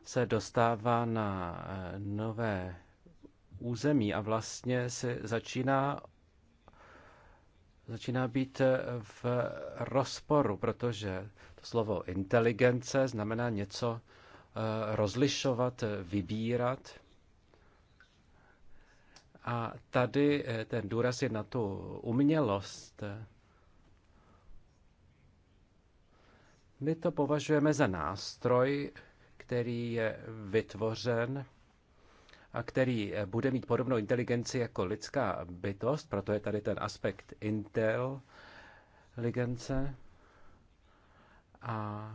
se dostává na eh, nové území a vlastně se začíná začíná být eh, v rozporu, protože to slovo inteligence znamená něco Eh, rozlišovat, eh, vybírat. A tady eh, ten důraz je na tu umělost. My to považujeme za nástroj, který je vytvořen a který bude mít podobnou inteligenci jako lidská bytost, proto je tady ten aspekt intel, inteligence. A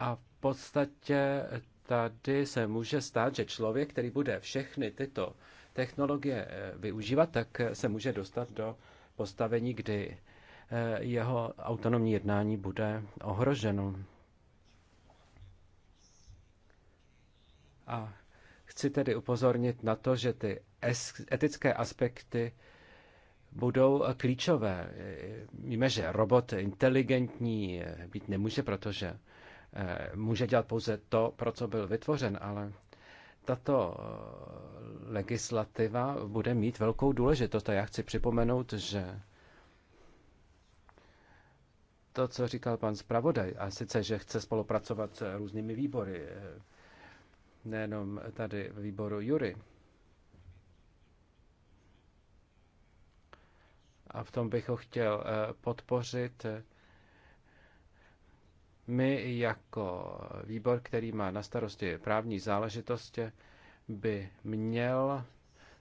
A v podstatě tady se může stát, že člověk, který bude všechny tyto technologie eh, využívat, tak eh, se může dostat do postavení, kdy eh, jeho autonomní jednání bude ohroženo. A chci tedy upozornit na to, že ty etické aspekty budou klíčové. Víme, že robot inteligentní být nemůže, protože Eh, může dělat pouze to, pro co byl vytvořen, ale tato eh, legislativa bude mít velkou důležitost. A já chci připomenout, že to, co říkal pan zpravodaj, a sice, že chce spolupracovat s různými výbory, eh, nejenom tady výboru Jury. A v tom bych ho chtěl podpořit. My jako výbor, který má na starosti právní záležitosti, by měl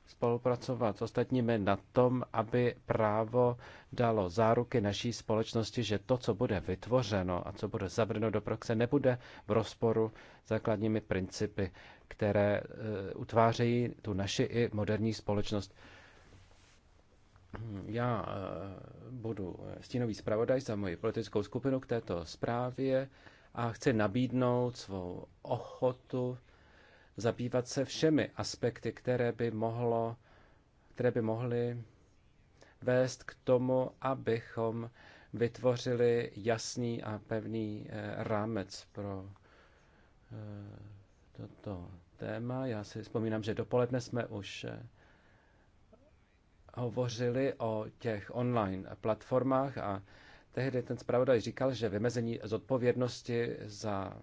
spolupracovat s ostatními na tom, aby právo dalo záruky naší společnosti, že to, co bude vytvořeno a co bude zabrno do praxe, nebude v rozporu s základními principy, které eh, utvářejí tu naši i moderní společnost. Já eh, budu eh, stínový zpravodaj za moji politickou skupinu k této zprávě a chci nabídnout svou ochotu zabývat se všemi aspekty, které by, mohlo, které by mohly vést k tomu, abychom vytvořili jasný a pevný eh, rámec pro toto téma. Já si vzpomínám, že dopoledne jsme už hovořili o těch online platformách a tehdy ten zpravodaj říkal, že vymezení zodpovědnosti za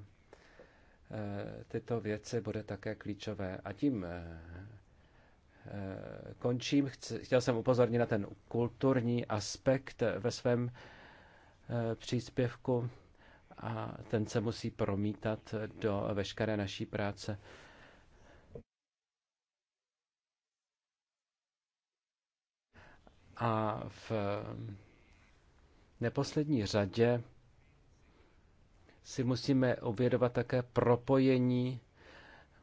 eh, tyto věci bude také klíčové. A tím eh, eh, končím. Chtěl jsem upozornit na ten kulturní aspekt ve svém příspěvku a ten se musí promítat do veškeré naší práce. A v neposlední řadě si musíme uvědovat také propojení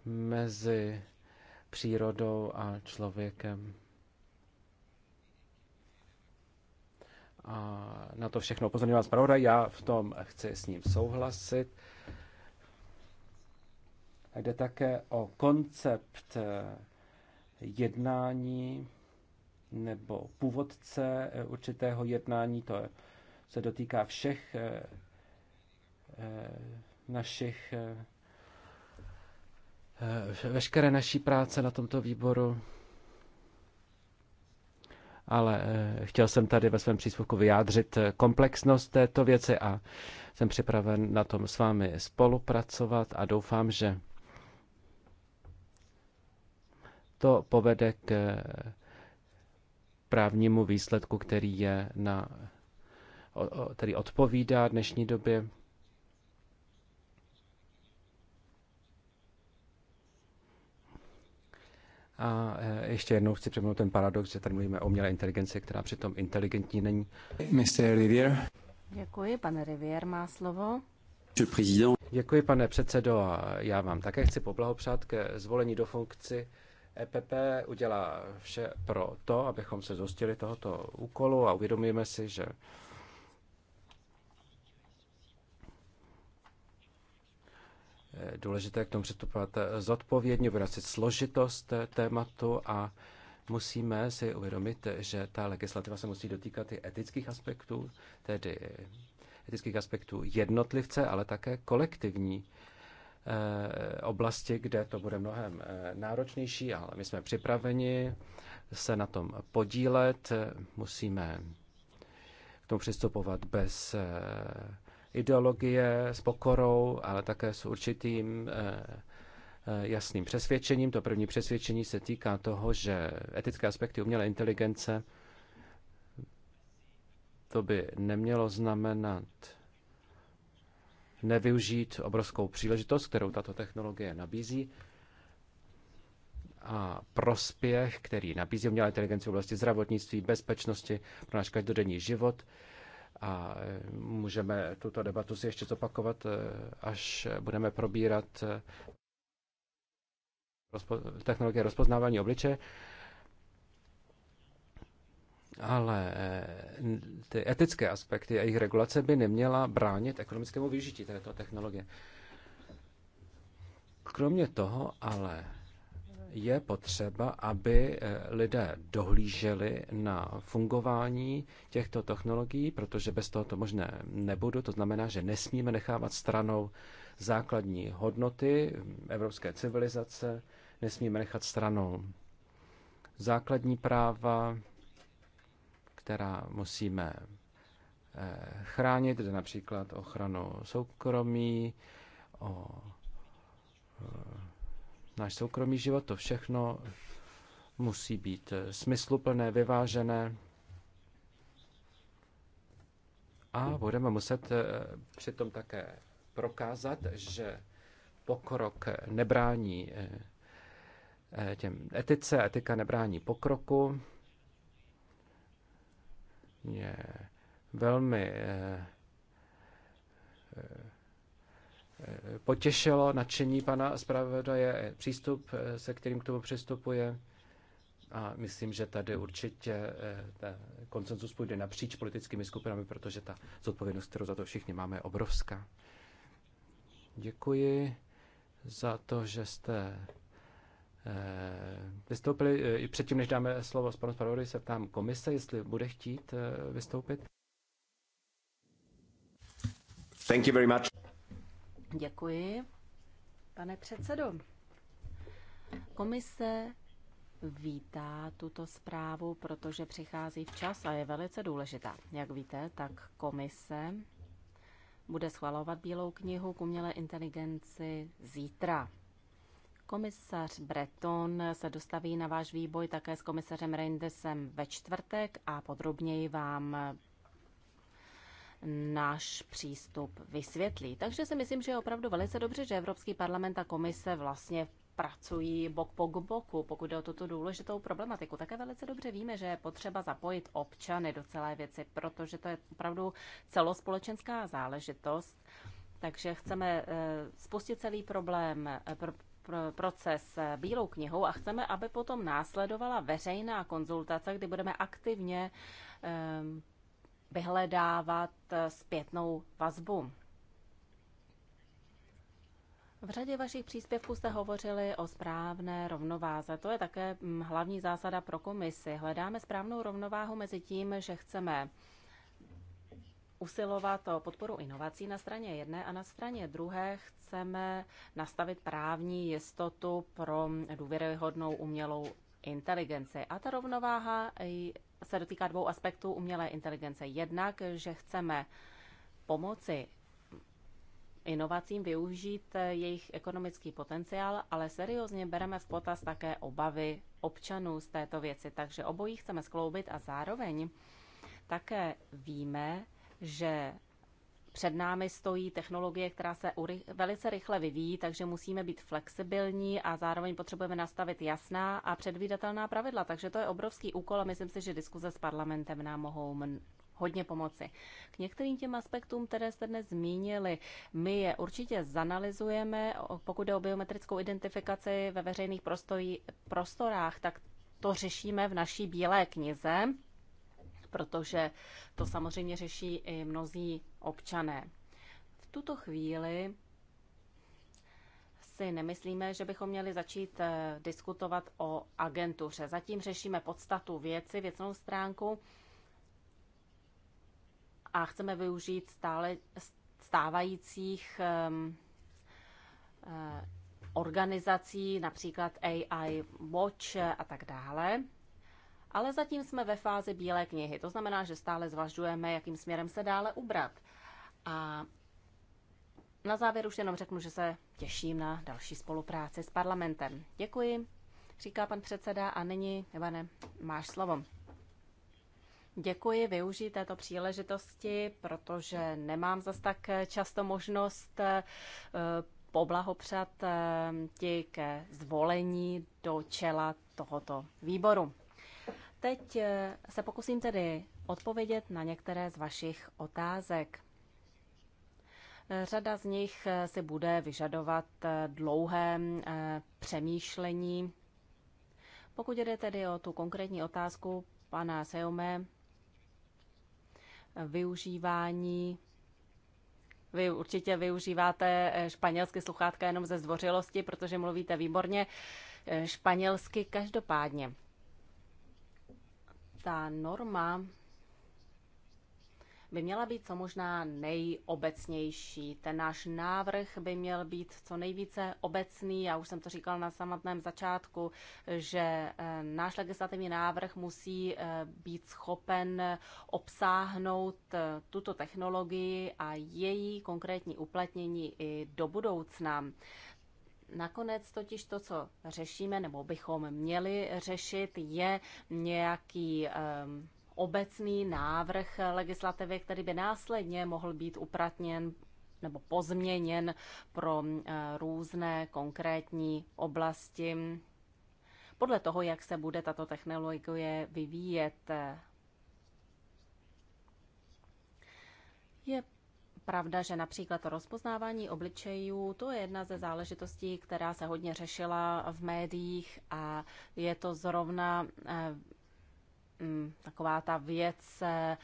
mezi přírodou a člověkem. A na to všechno upozorňuje vás pravda, já v tom chci s ním souhlasit. Jde také o koncept eh, jednání nebo původce eh, určitého jednání, to se dotýká všech eh, eh, našich veškeré naší práce na tomto výboru. Ale chtěl jsem tady ve svém příspěvku vyjádřit komplexnost této věci a jsem připraven na tom s vámi spolupracovat a doufám, že to povede k právnímu výsledku, který je na, který odpovídá dnešní době. A eh, ještě jednou chci přemnout ten paradox, že tady mluvíme o umělé inteligenci, která přitom inteligentní není. Mr. Rivier. Děkuji, pane Rivier má slovo. Děkuji, pane předsedo, a já vám také chci poblahopřát ke zvolení do funkci EPP udělá vše pro to, abychom se zhostili tohoto úkolu a uvědomíme si, že důležité k tomu přistupovat zodpovědně, vyrazit složitost tématu a musíme si uvědomit, že ta legislativa se musí dotýkat i etických aspektů, tedy etických aspektů jednotlivce, ale také kolektivní Eh, oblasti, kde to bude mnohem eh, náročnější, ale my jsme připraveni se na tom podílet. Musíme k tomu přistupovat bez eh, ideologie, s pokorou, ale také s určitým jasným přesvědčením. To první přesvědčení se týká toho, že etické aspekty umělé inteligence to by nemělo znamenat nevyužít obrovskou příležitost, kterou tato technologie nabízí a prospěch, který nabízí umělá inteligence v oblasti zdravotnictví, bezpečnosti pro náš každodenní život. A eh, můžeme tuto debatu si ještě zopakovat, eh, až budeme probírat eh, technologie rozpoznávání obliče. Ale eh, ty etické aspekty a jejich regulace by neměla bránit ekonomickému využití této technologie. Kromě toho ale je potřeba, aby eh, lidé dohlíželi na fungování těchto technologií, protože bez toho to možné nebudu. To znamená, že nesmíme nechávat stranou základní hodnoty evropské civilizace, nesmíme nechat stranou základní práva, která musíme eh, chránit, jde například ochranu soukromí, o eh, náš soukromý život, to všechno musí být eh, smysluplné, vyvážené a budeme muset přitom také prokázat, že pokrok nebrání těm etice, etika nebrání pokroku, mě velmi eh, eh, potěšilo nadšení pana zpravodaje, eh, přístup, se kterým k tomu přistupuje. A myslím, že tady určitě ten koncensus půjde napříč politickými skupinami, protože ta zodpovědnost, kterou za to všichni máme, je obrovská. Děkuji za to, že jste Eh, vystoupili. Eh, I předtím, než dáme slovo s panu Sparody, se ptám komise, jestli bude chtít eh, vystoupit. Thank you very much. Děkuji, pane předsedo. Komise vítá tuto zprávu, protože přichází včas a je velice důležitá. Jak víte, tak komise bude schvalovat Bílou knihu k umělé inteligenci zítra. Komisař Breton se dostaví na váš výboj také s komisařem Reindesem ve čtvrtek a podrobněji vám náš přístup vysvětlí. Takže si myslím, že je opravdu velice dobře, že Evropský parlament a komise vlastně pracují bok po boku, pokud jde o tuto důležitou problematiku. Také velice dobře víme, že je potřeba zapojit občany do celé věci, protože to je opravdu celospolečenská záležitost. Takže chceme eh, spustit celý problém, eh, proces eh, Bílou knihou a chceme, aby potom následovala veřejná konzultace, kdy budeme aktivně ehm, vyhledávat eh, zpětnou vazbu. V řadě vašich příspěvků jste hovořili o správné rovnováze. To je také mm, hlavní zásada pro komisi. Hledáme správnou rovnováhu mezi tím, že chceme usilovat o podporu inovací na straně jedné a na straně druhé chceme nastavit právní jistotu pro důvěryhodnou umělou inteligenci. A ta rovnováha se dotýká dvou aspektů umělé inteligence. Jednak, že chceme pomoci inovacím využít jejich ekonomický potenciál, ale seriózně bereme v potaz také obavy občanů z této věci. Takže obojí chceme skloubit a zároveň také víme, že před námi stojí technologie, která se velice rychle vyvíjí, takže musíme být flexibilní a zároveň potřebujeme nastavit jasná a předvídatelná pravidla. Takže to je obrovský úkol a myslím si, že diskuze s parlamentem nám mohou hodně pomoci. K některým těm aspektům, které jste dnes zmínili, my je určitě zanalizujeme. Pokud jde o biometrickou identifikaci ve veřejných prostorách, tak to řešíme v naší bílé knize protože to samozřejmě řeší i mnozí občané. V tuto chvíli si nemyslíme, že bychom měli začít eh, diskutovat o agentuře. Zatím řešíme podstatu věci, věcnou stránku a chceme využít stále stávajících ehm, eh, organizací, například AI Watch a tak dále ale zatím jsme ve fázi bílé knihy. To znamená, že stále zvažujeme, jakým směrem se dále ubrat. A na závěr už jenom řeknu, že se těším na další spolupráci s parlamentem. Děkuji, říká pan předseda a nyní, Ivane, máš slovo. Děkuji, využij této příležitosti, protože nemám zas tak často možnost eh, poblahopřát eh, ti ke zvolení do čela tohoto výboru. Teď eh, se pokusím tedy odpovědět na některé z vašich otázek. Eh, řada z nich eh, si bude vyžadovat dlouhé přemýšlení. Pokud jde tedy o tu konkrétní otázku pana Seome, využívání vy určitě využíváte španělsky sluchátka jenom ze zdvořilosti, protože mluvíte výborně španělsky každopádně ta norma by měla být co možná nejobecnější. Ten náš návrh by měl být co nejvíce obecný. Já už jsem to říkal na samotném začátku, že eh, náš legislativní návrh musí eh, být schopen obsáhnout eh, tuto technologii a její konkrétní uplatnění i do budoucna. Nakonec totiž to, co řešíme nebo bychom měli řešit, je nějaký um, obecný návrh legislativy, který by následně mohl být upratněn nebo pozměněn pro různé konkrétní oblasti podle toho, jak se bude tato technologie vyvíjet. Je pravda, že například rozpoznávání obličejů, to je jedna ze záležitostí, která se hodně řešila v médiích a je to zrovna eh, mm, taková ta věc, eh,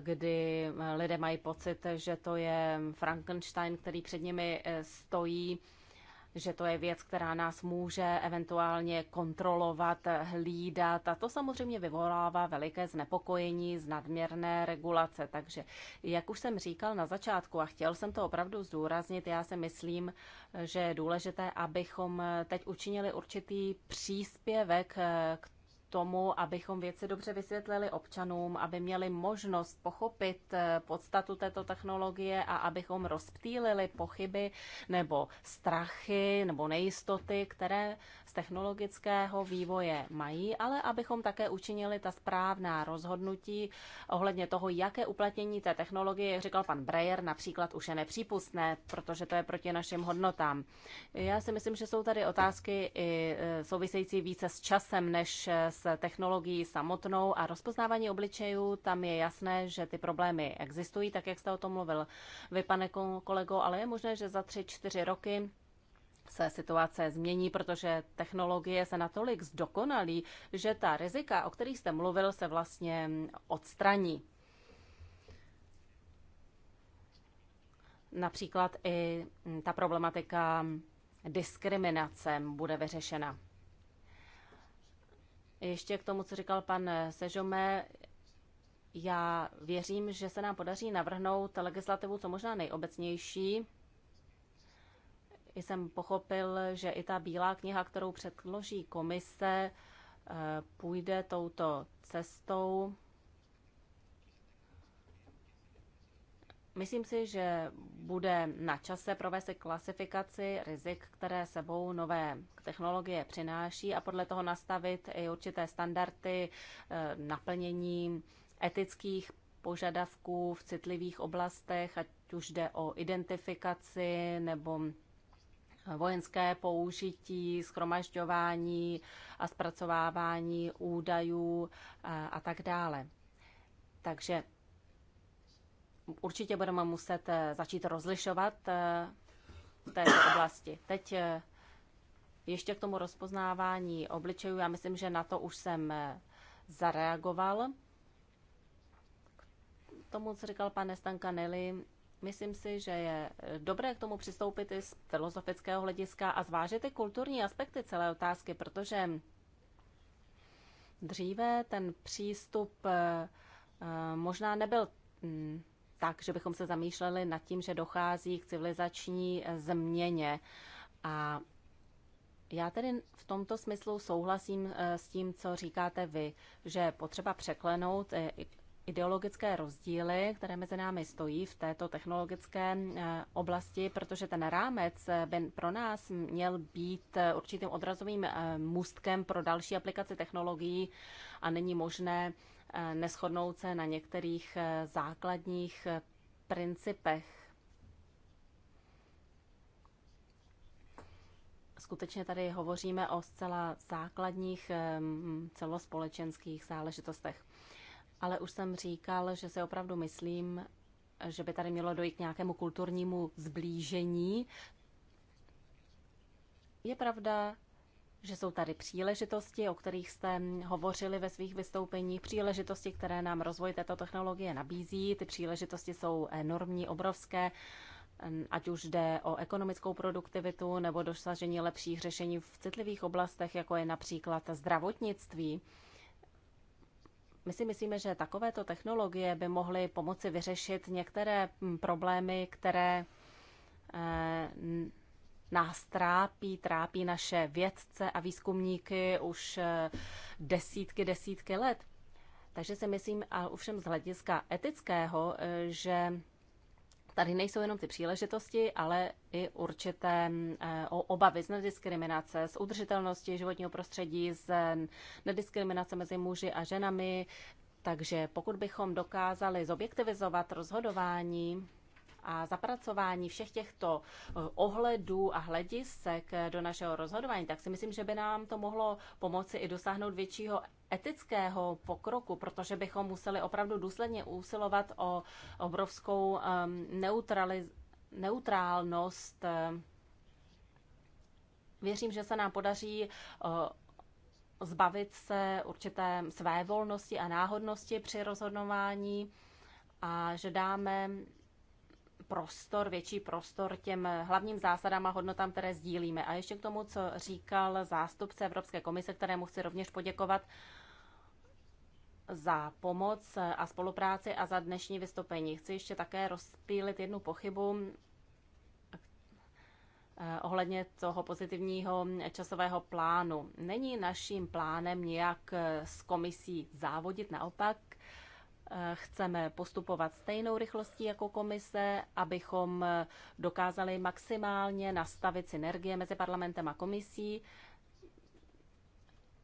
kdy lidé mají pocit, že to je Frankenstein, který před nimi eh, stojí že to je věc, která nás může eventuálně kontrolovat, hlídat a to samozřejmě vyvolává veliké znepokojení z nadměrné regulace. Takže, jak už jsem říkal na začátku a chtěl jsem to opravdu zdůraznit, já si myslím, že je důležité, abychom teď učinili určitý příspěvek k tomu, abychom věci dobře vysvětlili občanům, aby měli možnost pochopit eh, podstatu této technologie a abychom rozptýlili pochyby nebo strachy nebo nejistoty, které z technologického vývoje mají, ale abychom také učinili ta správná rozhodnutí ohledně toho, jaké uplatnění té technologie, jak říkal pan Breyer, například už je nepřípustné, protože to je proti našim hodnotám. Já si myslím, že jsou tady otázky i eh, související více s časem než eh, s technologií samotnou a rozpoznávání obličejů, tam je jasné, že ty problémy existují, tak jak jste o tom mluvil vy, pane kolego, ale je možné, že za tři, čtyři roky se situace změní, protože technologie se natolik zdokonalí, že ta rizika, o kterých jste mluvil, se vlastně odstraní. Například i ta problematika diskriminace bude vyřešena. Ještě k tomu, co říkal pan Sežome, já věřím, že se nám podaří navrhnout legislativu co možná nejobecnější. Jsem pochopil, že i ta bílá kniha, kterou předloží komise, eh, půjde touto cestou. Myslím si, že bude na čase provést klasifikaci rizik, které sebou nové technologie přináší a podle toho nastavit i určité standardy eh, naplnění etických požadavků v citlivých oblastech, ať už jde o identifikaci nebo eh, vojenské použití, schromažďování a zpracovávání údajů eh, a tak dále. Takže určitě budeme muset eh, začít rozlišovat eh, v této oblasti. Teď eh, ještě k tomu rozpoznávání obličejů, já myslím, že na to už jsem zareagoval. K tomu, co říkal pane Nelly, myslím si, že je dobré k tomu přistoupit i z filozofického hlediska a zvážit i kulturní aspekty celé otázky, protože dříve ten přístup možná nebyl mm, tak, že bychom se zamýšleli nad tím, že dochází k civilizační eh, změně. A já tedy v tomto smyslu souhlasím eh, s tím, co říkáte vy, že potřeba překlenout eh, ideologické rozdíly, které mezi námi stojí v této technologické oblasti, protože ten rámec by pro nás měl být určitým odrazovým můstkem pro další aplikaci technologií a není možné Eh, neschodnout se na některých eh, základních eh, principech. Skutečně tady hovoříme o zcela základních celospolečenských záležitostech. Ale už jsem říkal, že si opravdu myslím, že by tady mělo dojít k nějakému kulturnímu zblížení. Je pravda, že jsou tady příležitosti, o kterých jste hovořili ve svých vystoupeních, příležitosti, které nám rozvoj této technologie nabízí. Ty příležitosti jsou enormní, obrovské, ať už jde o ekonomickou produktivitu nebo dosažení lepších řešení v citlivých oblastech, jako je například zdravotnictví. My si myslíme, že takovéto technologie by mohly pomoci vyřešit některé problémy, které eh, nás trápí, trápí naše vědce a výzkumníky už eh, desítky, desítky let. Takže si myslím, a ovšem z hlediska etického, eh, že tady nejsou jenom ty příležitosti, ale i určité eh, obavy z nediskriminace, z udržitelnosti životního prostředí, z nediskriminace mezi muži a ženami. Takže pokud bychom dokázali zobjektivizovat rozhodování a zapracování všech těchto eh, ohledů a hledisek eh, do našeho rozhodování, tak si myslím, že by nám to mohlo pomoci i dosáhnout většího etického pokroku, protože bychom museli opravdu důsledně usilovat o obrovskou ehm, neutraliz- neutrálnost. Eh, věřím, že se nám podaří zbavit se určité své volnosti a náhodnosti při rozhodování a že dáme prostor, větší prostor těm hlavním zásadám a hodnotám, které sdílíme. A ještě k tomu, co říkal zástupce Evropské komise, kterému chci rovněž poděkovat za pomoc a spolupráci a za dnešní vystoupení. Chci ještě také rozpílit jednu pochybu eh, ohledně toho pozitivního časového plánu. Není naším plánem nějak s komisí závodit, naopak chceme postupovat stejnou rychlostí jako komise, abychom dokázali maximálně nastavit synergie mezi parlamentem a komisí.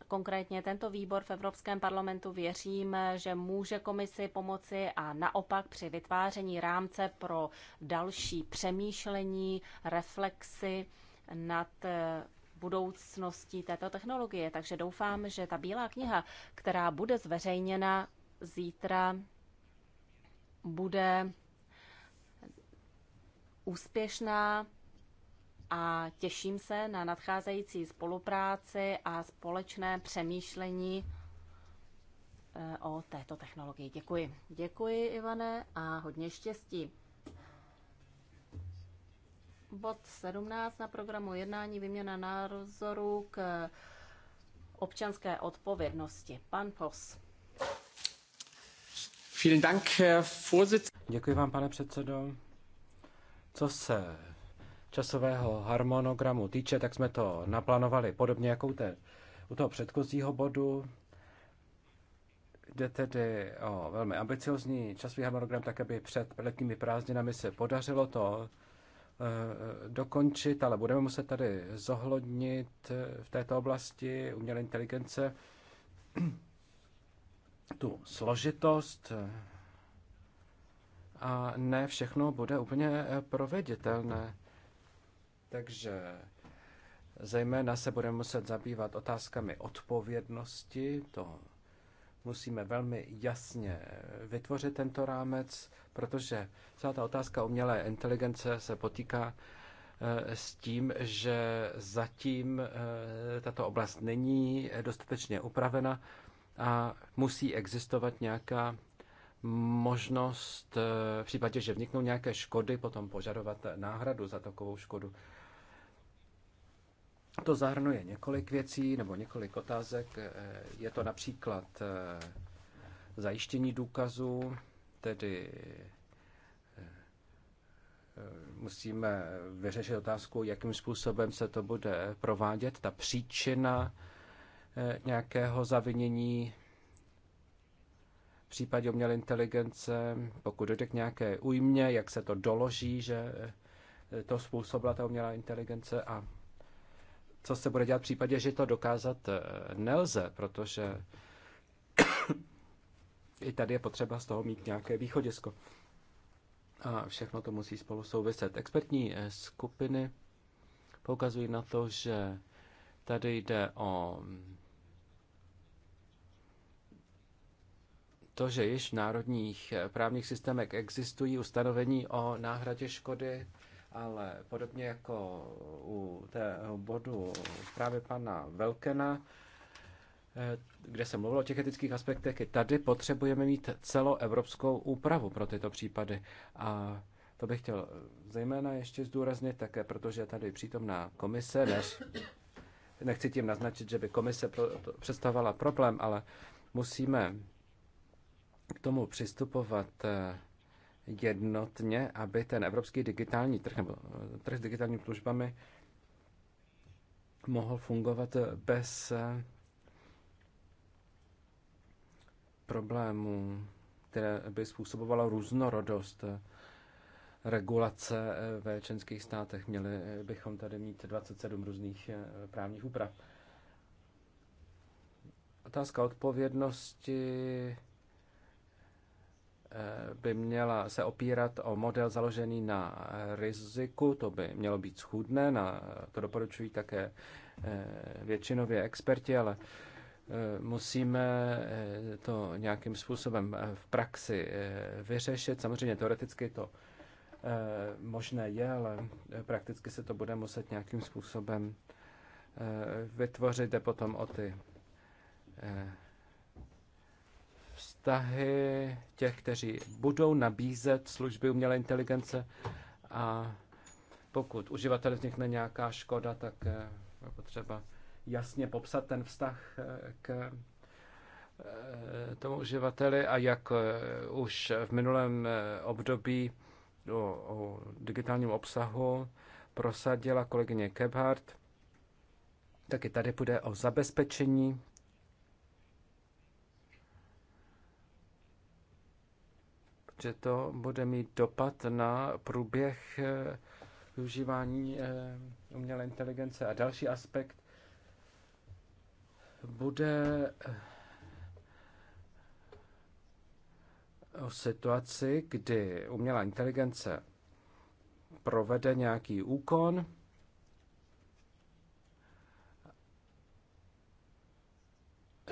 Konkrétně tento výbor v Evropském parlamentu věřím, že může komisi pomoci a naopak při vytváření rámce pro další přemýšlení, reflexy nad eh, budoucností této technologie. Takže doufám, že ta bílá kniha, která bude zveřejněna, zítra bude úspěšná a těším se na nadcházející spolupráci a společné přemýšlení eh, o této technologii. Děkuji. Děkuji, Ivane, a hodně štěstí. Bod 17 na programu jednání vyměna názoru k občanské odpovědnosti. Pan Pos. Děkuji vám, pane předsedo. Co se časového harmonogramu týče, tak jsme to naplánovali podobně jako u, té, u toho předchozího bodu. Jde tedy o velmi ambiciozní časový harmonogram, tak aby před letními prázdninami se podařilo to e, dokončit, ale budeme muset tady zohlodnit eh, v této oblasti umělé inteligence tu složitost eh, a ne všechno bude úplně eh, proveditelné. Takže zejména se budeme muset zabývat otázkami odpovědnosti, to musíme velmi jasně eh, vytvořit tento rámec, protože celá ta otázka umělé inteligence se potýká s tím, že zatím tato oblast není dostatečně upravena a musí existovat nějaká možnost eh, v případě, že vniknou nějaké škody, potom požadovat náhradu za takovou škodu. To zahrnuje několik věcí nebo několik otázek. Eh, je to například eh, zajištění důkazů, tedy musíme vyřešit otázku, jakým způsobem se to bude provádět. Ta příčina Eh, nějakého zavinění v případě umělé inteligence, pokud dojde k nějaké újmě, jak se to doloží, že eh, to způsobila ta umělá inteligence a co se bude dělat v případě, že to dokázat eh, nelze, protože i tady je potřeba z toho mít nějaké východisko. A všechno to musí spolu souviset. Expertní skupiny poukazují na to, že tady jde o to, že již v národních eh, právních systémech existují ustanovení o náhradě škody, ale podobně jako u tého bodu právě pana Velkena, eh, kde se mluvilo o těch etických aspektech, i tady potřebujeme mít celoevropskou úpravu pro tyto případy. A to bych chtěl eh, zejména ještě zdůraznit také, protože tady přítomná komise, než nechci tím naznačit, že by komise představovala problém, ale musíme k tomu přistupovat eh, jednotně, aby ten evropský digitální trh nebo eh, trh s digitálními službami mohl fungovat eh, bez problémů, které by způsobovalo různorodost regulace ve členských státech. Měli bychom tady mít 27 různých právních úprav. Otázka odpovědnosti by měla se opírat o model založený na riziku, to by mělo být schůdné, na, to doporučují také eh, většinově experti, ale eh, musíme eh, to nějakým způsobem v praxi vyřešit. Samozřejmě teoreticky to možné je, ale prakticky se to bude muset nějakým způsobem vytvořit, jde potom o ty vztahy těch, kteří budou nabízet služby umělé inteligence a pokud uživatel vznikne nějaká škoda, tak eh, je potřeba jasně popsat ten vztah eh, k eh, tomu uživateli a jak už v minulém období o, o digitálním obsahu prosadila kolegyně Kebhardt, tak i tady bude o zabezpečení že to bude mít dopad na průběh eh, využívání eh, umělé inteligence. A další aspekt bude eh, o situaci, kdy umělá inteligence provede nějaký úkon,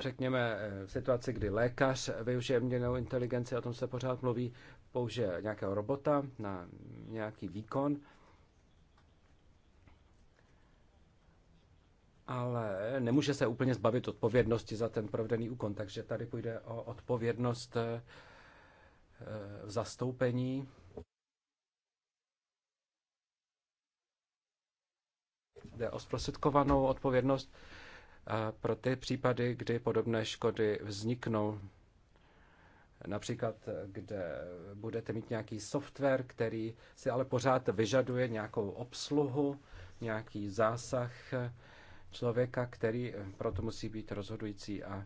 řekněme, eh, v situaci, kdy lékař využije měnou inteligenci, o tom se pořád mluví, použije nějakého robota na nějaký výkon, ale nemůže se úplně zbavit odpovědnosti za ten provedený úkon, takže tady půjde o odpovědnost eh, v zastoupení. Jde o zprostředkovanou odpovědnost a pro ty případy, kdy podobné škody vzniknou. Například, kde budete mít nějaký software, který si ale pořád vyžaduje nějakou obsluhu, nějaký zásah člověka, který proto musí být rozhodující. A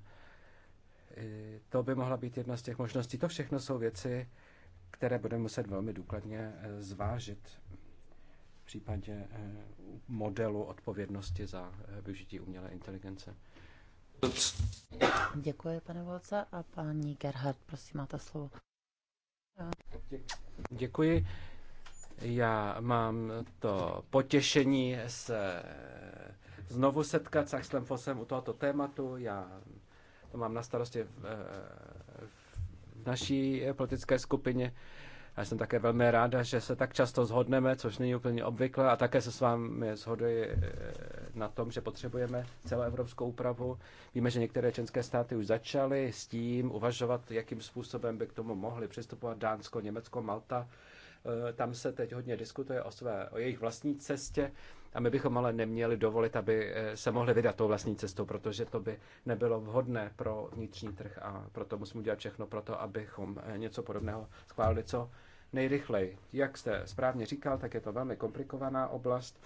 e, to by mohla být jedna z těch možností. To všechno jsou věci, které budeme muset velmi důkladně e, zvážit případě eh, modelu odpovědnosti za eh, využití umělé inteligence. Děkuji, pane Volce. A paní Gerhard, prosím, máte slovo. Děkuji. Já mám to potěšení se eh, znovu setkat s Axlem Fosem u tohoto tématu. Já to mám na starosti v, v naší politické skupině. Já jsem také velmi ráda, že se tak často zhodneme, což není úplně obvykle, a také se s vámi shoduji eh, na tom, že potřebujeme celou evropskou úpravu. Víme, že některé členské státy už začaly s tím uvažovat, jakým způsobem by k tomu mohli přistupovat Dánsko, Německo, Malta. Eh, tam se teď hodně diskutuje o, své, o jejich vlastní cestě a my bychom ale neměli dovolit, aby eh, se mohli vydat tou vlastní cestou, protože to by nebylo vhodné pro vnitřní trh a proto musíme udělat všechno pro to, abychom eh, něco podobného schválili co nejrychleji. Jak jste správně říkal, tak je to velmi komplikovaná oblast.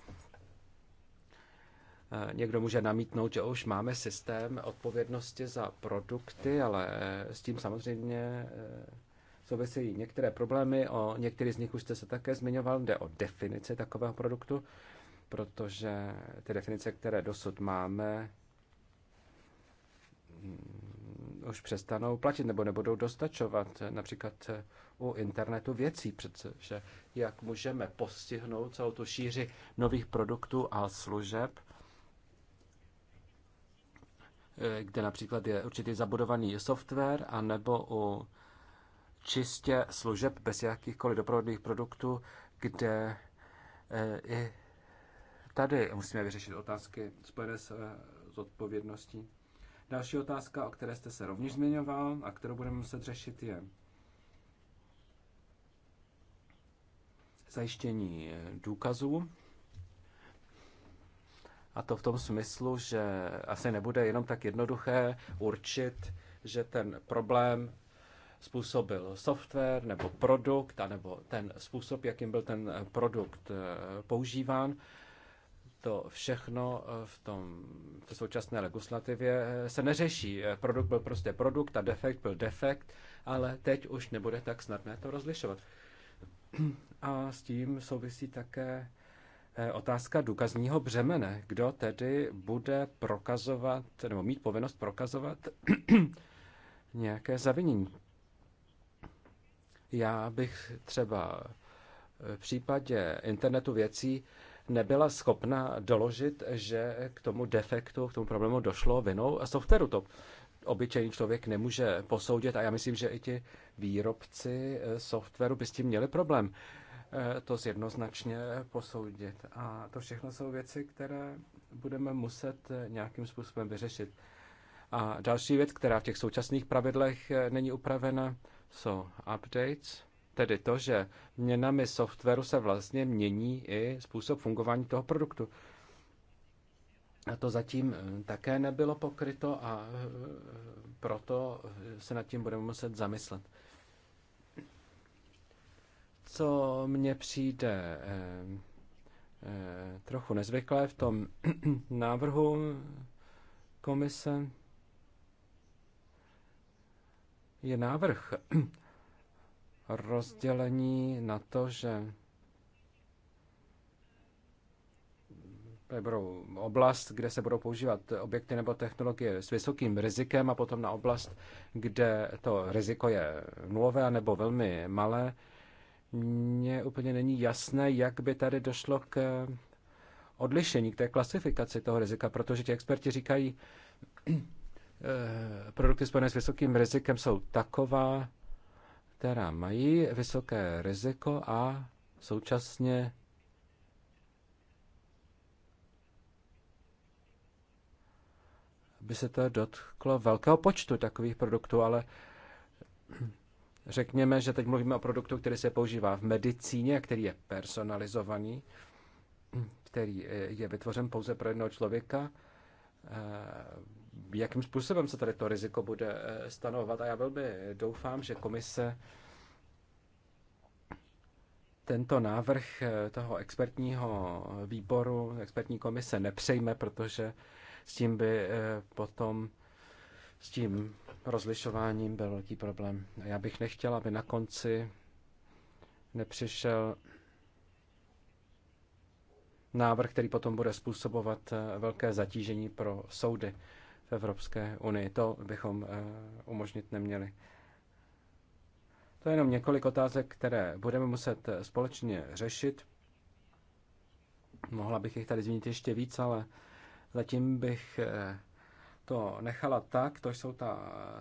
Eh, někdo může namítnout, že už máme systém odpovědnosti za produkty, ale s tím samozřejmě souvisejí některé problémy. O některých z nich už jste se také zmiňoval, jde o definici takového produktu protože ty definice, které dosud máme, mm, už přestanou platit nebo nebudou dostačovat. Například u internetu věcí přece, že jak můžeme postihnout celou tu šíři nových produktů a služeb, eh, kde například je určitý zabudovaný software, anebo u čistě služeb bez jakýchkoliv doprovodných produktů, kde eh, i Tady musíme vyřešit otázky spojené eh, s odpovědností. Další otázka, o které jste se rovněž zmiňoval a kterou budeme muset řešit, je zajištění eh, důkazů. A to v tom smyslu, že asi nebude jenom tak jednoduché určit, že ten problém způsobil software nebo produkt, anebo ten způsob, jakým byl ten eh, produkt používán to všechno eh, v, tom, v té současné legislativě eh, se neřeší. Eh, produkt byl prostě produkt a defekt byl defekt, ale teď už nebude tak snadné to rozlišovat. A s tím souvisí také otázka důkazního břemene. Kdo tedy bude prokazovat, nebo mít povinnost prokazovat nějaké zavinění? Já bych třeba v případě internetu věcí nebyla schopna doložit, že k tomu defektu, k tomu problému došlo vinou softwaru. To obyčejný člověk nemůže posoudit a já myslím, že i ti výrobci eh, softwaru by s tím měli problém eh, to zjednoznačně posoudit. A to všechno jsou věci, které budeme muset eh, nějakým způsobem vyřešit. A další věc, která v těch současných pravidlech není upravena, jsou updates. Tedy to, že měnami softwaru se vlastně mění i způsob fungování toho produktu. A to zatím eh, také nebylo pokryto a eh, proto eh, se nad tím budeme muset zamyslet. Co mně přijde trochu nezvyklé v tom návrhu komise, je návrh rozdělení na to, že budou oblast, kde se budou používat objekty nebo technologie s vysokým rizikem a potom na oblast, kde to riziko je nulové nebo velmi malé. Mně úplně není jasné, jak by tady došlo k odlišení, k té klasifikaci toho rizika, protože ti experti říkají, eh, produkty spojené s vysokým rizikem jsou taková, která mají vysoké riziko a současně by se to dotklo velkého počtu takových produktů, ale řekněme, že teď mluvíme o produktu, který se používá v medicíně, který je personalizovaný, který je vytvořen pouze pro jednoho člověka jakým způsobem se tady to riziko bude eh, stanovat. A já velmi doufám, že komise tento návrh eh, toho expertního výboru, expertní komise nepřejme, protože s tím by eh, potom s tím rozlišováním byl velký problém. A já bych nechtěla, aby na konci nepřišel návrh, který potom bude způsobovat velké zatížení pro soudy v Evropské unii. To bychom eh, umožnit neměli. To je jenom několik otázek, které budeme muset eh, společně řešit. Mohla bych jich tady zmínit ještě víc, ale zatím bych eh, to nechala tak. To jsou ta,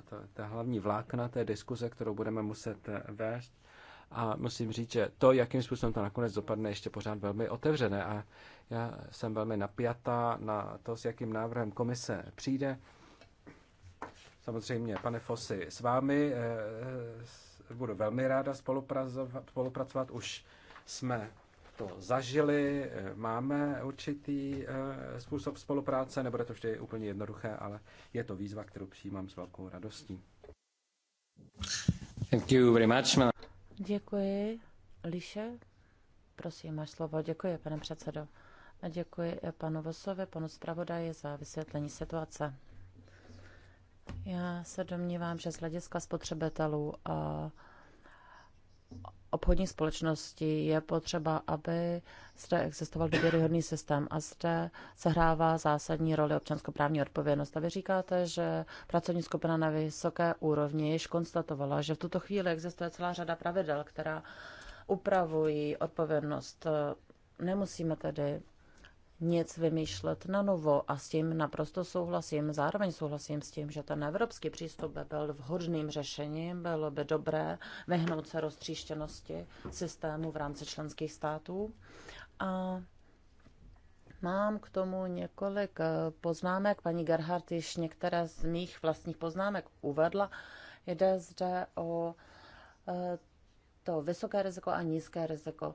ta, ta hlavní vlákna té diskuze, kterou budeme muset vést a musím říct, že to, jakým způsobem to nakonec dopadne, ještě pořád velmi otevřené a já jsem velmi napjatá na to, s jakým návrhem komise přijde. Samozřejmě, pane Fosy, s vámi eh, eh, budu velmi ráda spolupracovat. Už jsme to zažili, eh, máme určitý způsob spolupráce, nebude to vždy úplně jednoduché, ale je to výzva, kterou přijímám s velkou radostí. Thank you very much. Děkuji. Liše, prosím, máš slovo. Děkuji, pane předsedo. A děkuji panu Vosovi, panu zpravodaji za vysvětlení situace. Já se domnívám, že z hlediska spotřebitelů a obchodní společnosti je potřeba, aby zde existoval důvěryhodný systém a zde sehrává zásadní roli občanskoprávní odpovědnost. A vy říkáte, že pracovní skupina na vysoké úrovni již konstatovala, že v tuto chvíli existuje celá řada pravidel, která upravují odpovědnost. Nemusíme tedy nic vymýšlet na novo a s tím naprosto souhlasím. Zároveň souhlasím s tím, že ten evropský přístup by byl vhodným řešením, bylo by dobré vyhnout se roztříštěnosti systému v rámci členských států. A Mám k tomu několik eh, poznámek. Paní Gerhardt již některé z mých vlastních poznámek uvedla. Jde zde o eh, to vysoké riziko a nízké riziko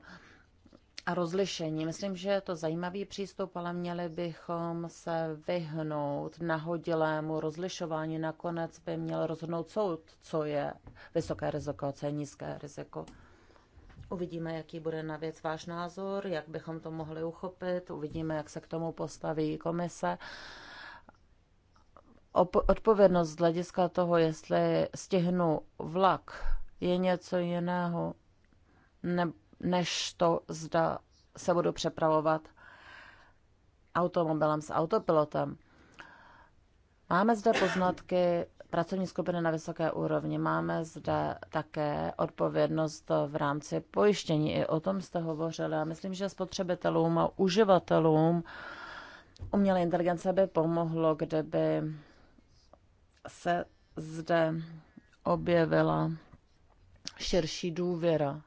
a rozlišení. Myslím, že je to zajímavý přístup, ale měli bychom se vyhnout nahodilému rozlišování. Nakonec by měl rozhodnout soud, co je vysoké riziko, co je nízké riziko. Uvidíme, jaký bude na věc váš názor, jak bychom to mohli uchopit, uvidíme, jak se k tomu postaví komise. Odpovědnost z hlediska toho, jestli stihnu vlak, je něco jiného, nebo než to, zda se budu přepravovat automobilem s autopilotem. Máme zde poznatky pracovní skupiny na vysoké úrovni. Máme zde také odpovědnost v rámci pojištění. I o tom jste hovořili. A myslím, že spotřebitelům a uživatelům umělé inteligence by pomohlo, kdyby se zde objevila širší důvěra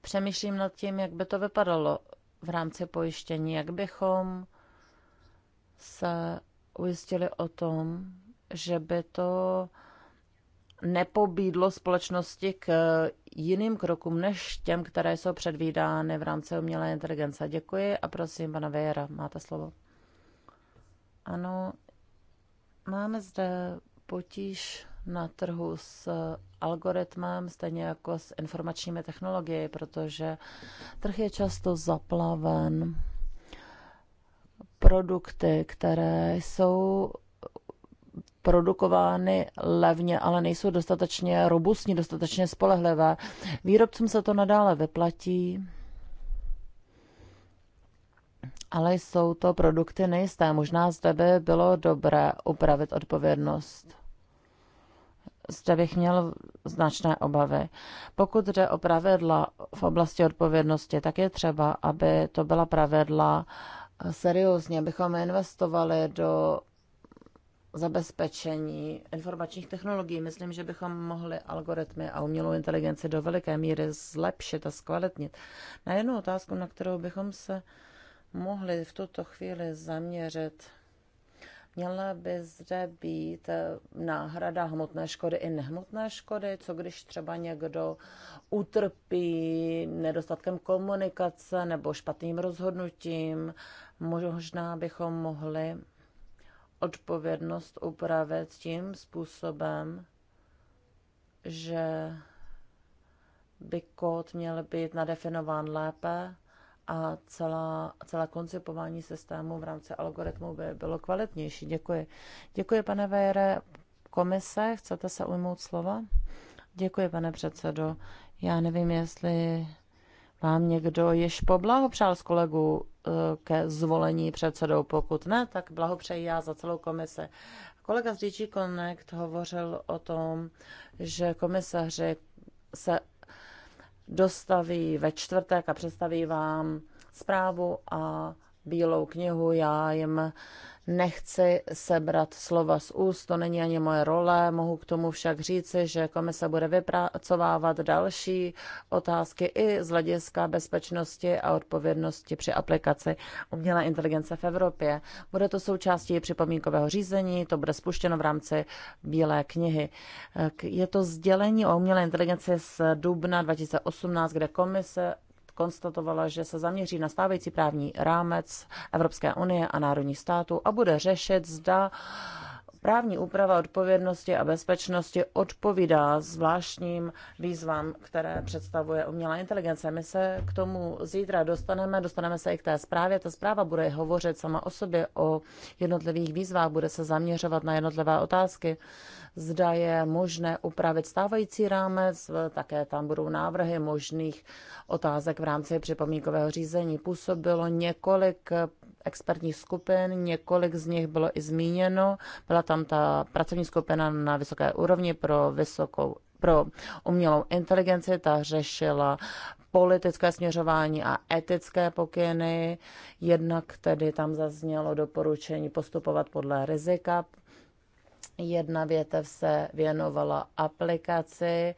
Přemýšlím nad tím, jak by to vypadalo v rámci pojištění, jak bychom se ujistili o tom, že by to nepobídlo společnosti k jiným krokům než těm, které jsou předvídány v rámci umělé inteligence. Děkuji a prosím, pana Vejera, máte slovo. Ano, máme zde potíž na trhu s algoritmem, stejně jako s informačními technologiemi, protože trh je často zaplaven produkty, které jsou produkovány levně, ale nejsou dostatečně robustní, dostatečně spolehlivé. Výrobcům se to nadále vyplatí, ale jsou to produkty nejisté. Možná zde by bylo dobré upravit odpovědnost zde bych měl značné obavy. Pokud jde o pravidla v oblasti odpovědnosti, tak je třeba, aby to byla pravidla seriózně, abychom investovali do zabezpečení informačních technologií. Myslím, že bychom mohli algoritmy a umělou inteligenci do veliké míry zlepšit a zkvalitnit. Na jednu otázku, na kterou bychom se mohli v tuto chvíli zaměřit, Měla by zde být eh, náhrada hmotné škody i nehmotné škody, co když třeba někdo utrpí nedostatkem komunikace nebo špatným rozhodnutím. Možná bychom mohli odpovědnost upravit tím způsobem, že by kód měl být nadefinován lépe a celá, celá koncipování systému v rámci algoritmu by bylo kvalitnější. Děkuji. Děkuji, pane Vejre. Komise, chcete se ujmout slova? Děkuji, pane předsedo. Já nevím, jestli vám někdo již poblahopřál z kolegu eh, ke zvolení předsedou. Pokud ne, tak blahopřeji já za celou komise. Kolega z DG Connect hovořil o tom, že komisaři se dostaví ve čtvrtek a představí vám zprávu a bílou knihu. Já jim Nechci sebrat slova z úst, to není ani moje role. Mohu k tomu však říci, že komise bude vypracovávat další otázky i z hlediska bezpečnosti a odpovědnosti při aplikaci umělé inteligence v Evropě. Bude to součástí připomínkového řízení, to bude spuštěno v rámci Bílé knihy. Je to sdělení o umělé inteligenci z dubna 2018, kde komise konstatovala, že se zaměří na stávající právní rámec Evropské unie a národních států a bude řešit, zda Právní úprava odpovědnosti a bezpečnosti odpovídá zvláštním výzvám, které představuje umělá inteligence. My se k tomu zítra dostaneme, dostaneme se i k té zprávě. Ta zpráva bude hovořit sama o sobě o jednotlivých výzvách, bude se zaměřovat na jednotlivé otázky. Zda je možné upravit stávající rámec, také tam budou návrhy možných otázek v rámci připomínkového řízení. Působilo několik expertních skupin, několik z nich bylo i zmíněno. Byla tam ta pracovní skupina na vysoké úrovni pro vysokou pro umělou inteligenci, ta řešila politické směřování a etické pokyny. Jednak tedy tam zaznělo doporučení postupovat podle rizika. Jedna větev se věnovala aplikaci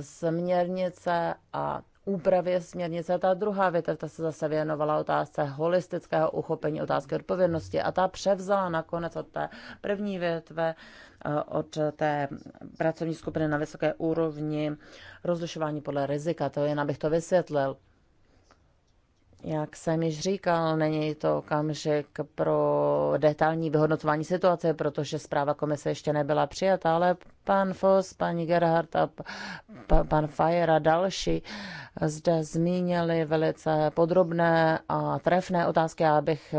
směrnice a úpravě směrnice. Ta druhá větev ta se zase věnovala otázce holistického uchopení otázky odpovědnosti a ta převzala nakonec od té první větve, eh, od té pracovní skupiny na vysoké úrovni rozlišování podle rizika. To jen abych to vysvětlil. Jak jsem již říkal, není to okamžik pro detailní vyhodnocování situace, protože zpráva komise ještě nebyla přijata, ale pan Foss, paní Gerhardt a pan Fajer a další zde zmínili velice podrobné a trefné otázky. Já bych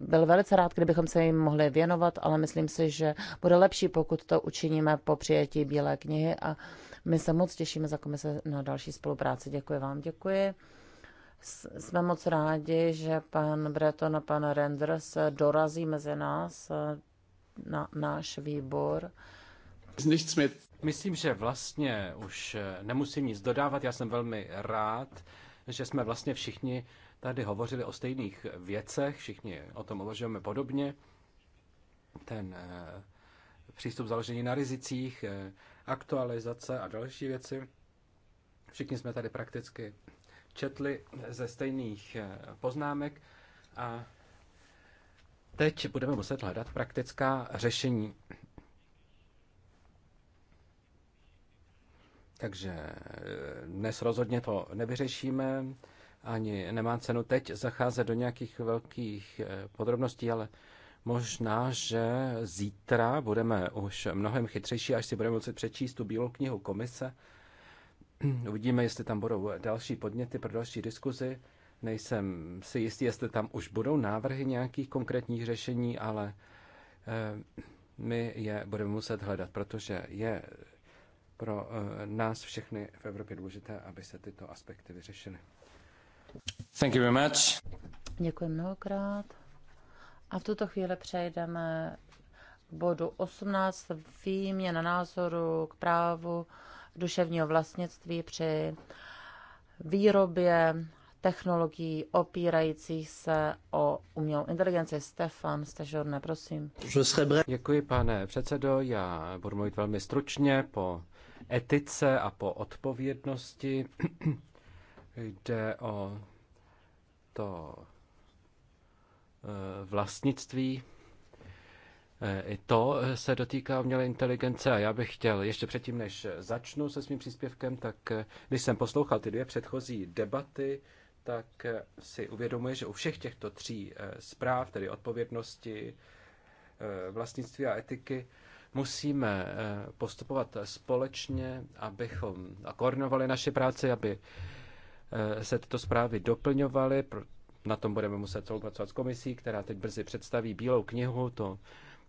byl velice rád, kdybychom se jim mohli věnovat, ale myslím si, že bude lepší, pokud to učiníme po přijetí Bílé knihy a my se moc těšíme za komise na další spolupráci. Děkuji vám, děkuji. Jsme moc rádi, že pan Breton a pan Renders dorazí mezi nás eh, na náš výbor. Myslím, že vlastně už eh, nemusím nic dodávat. Já jsem velmi rád, že jsme vlastně všichni tady hovořili o stejných věcech, všichni o tom uvažujeme podobně. Ten eh, přístup založený na rizicích, aktualizace a další věci. Všichni jsme tady prakticky četli ze stejných eh, poznámek a teď budeme muset hledat praktická řešení. Takže eh, dnes rozhodně to nevyřešíme, ani nemá cenu teď zacházet do nějakých velkých eh, podrobností, ale možná, že zítra budeme už mnohem chytřejší, až si budeme muset přečíst tu bílou knihu komise, Uvidíme, jestli tam budou další podněty pro další diskuzi. Nejsem si jistý, jestli tam už budou návrhy nějakých konkrétních řešení, ale eh, my je budeme muset hledat, protože je pro eh, nás všechny v Evropě důležité, aby se tyto aspekty vyřešily. Thank you very much. Děkuji mnohokrát. A v tuto chvíli přejdeme k bodu 18, výměna názoru k právu duševního vlastnictví při výrobě technologií opírajících se o umělou inteligenci. Stefan Stežorne, prosím. Děkuji, pane předsedo. Já budu mluvit velmi stručně po etice a po odpovědnosti. Jde o to eh, vlastnictví i to eh, se dotýká umělé inteligence a já bych chtěl, ještě předtím, než začnu se svým příspěvkem, tak eh, když jsem poslouchal ty dvě předchozí debaty, tak eh, si uvědomuji, že u všech těchto tří zpráv, tedy odpovědnosti, vlastnictví a etiky, musíme postupovat společně, abychom a koordinovali naše práci, aby se tyto zprávy doplňovaly. Na tom budeme muset spolupracovat s komisí, která teď brzy představí Bílou knihu. To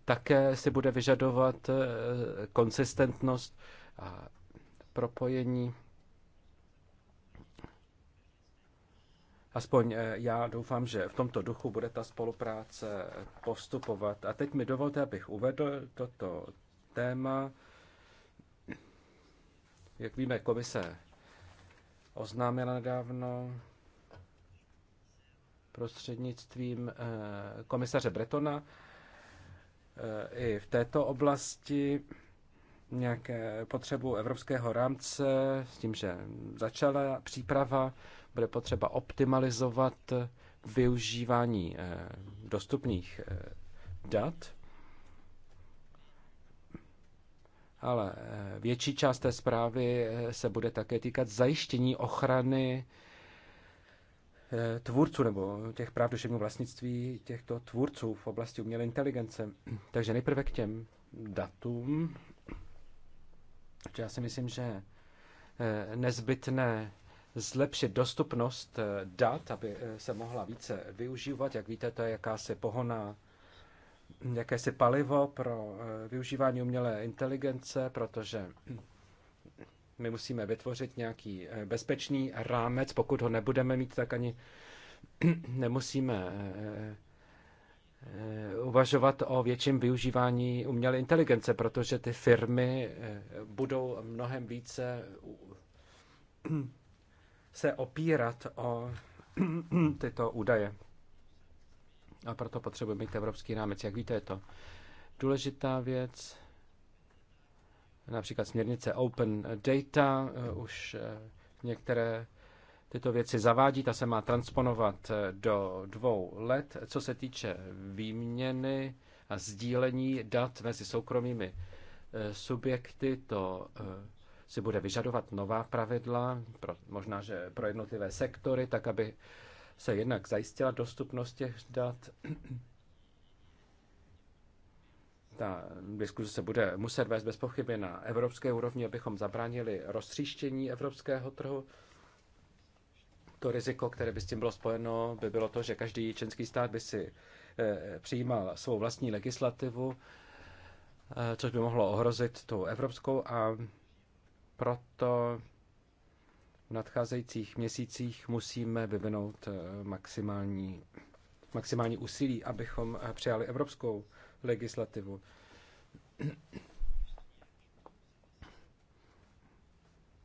také si bude vyžadovat eh, konsistentnost a propojení. Aspoň eh, já doufám, že v tomto duchu bude ta spolupráce postupovat. A teď mi dovolte, abych uvedl toto téma. Jak víme, komise oznámila nedávno prostřednictvím eh, komisaře Bretona, i v této oblasti nějaké potřebu evropského rámce s tím, že začala příprava, bude potřeba optimalizovat využívání eh, dostupných eh, dat, ale eh, větší část té zprávy se bude také týkat zajištění ochrany Eh, tvůrců nebo těch práv duševního vlastnictví těchto tvůrců v oblasti umělé inteligence. Takže nejprve k těm datům. Já si myslím, že eh, nezbytné zlepšit dostupnost eh, dat, aby se mohla více využívat. Jak víte, to je jakási pohona, jakési palivo pro využívání umělé inteligence, protože hm, my musíme vytvořit nějaký eh, bezpečný rámec, pokud ho nebudeme mít, tak ani nemusíme eh, eh, uvažovat o větším využívání umělé inteligence, protože ty firmy budou mnohem více se opírat o tyto údaje. A proto potřebujeme mít evropský rámec. Jak víte, je to důležitá věc. Například směrnice Open Data eh, už eh, některé tyto věci zavádí, ta se má transponovat eh, do dvou let. Co se týče výměny a sdílení dat mezi soukromými subjekty, to si bude vyžadovat nová pravidla, pro, možná, že pro jednotlivé sektory, tak aby se jednak zajistila dostupnost těch dat ta diskuse se bude muset vést bez pochyby na evropské úrovni, abychom zabránili roztříštění evropského trhu. To riziko, které by s tím bylo spojeno, by bylo to, že každý členský stát by si eh, přijímal svou vlastní legislativu, eh, což by mohlo ohrozit tu evropskou a proto v nadcházejících měsících musíme vyvinout eh, maximální, maximální úsilí, abychom přijali evropskou legislativu.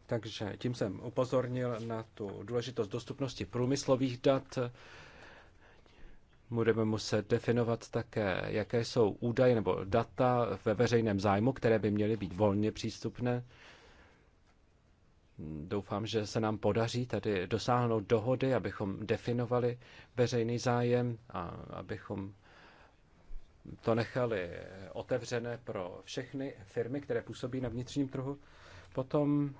Takže tím jsem upozornil na tu důležitost dostupnosti průmyslových dat. Budeme muset definovat také, jaké jsou údaje nebo data ve veřejném zájmu, které by měly být volně přístupné. Doufám, že se nám podaří tady dosáhnout dohody, abychom definovali veřejný zájem a abychom to nechali otevřené pro všechny firmy, které působí na vnitřním trhu. Potom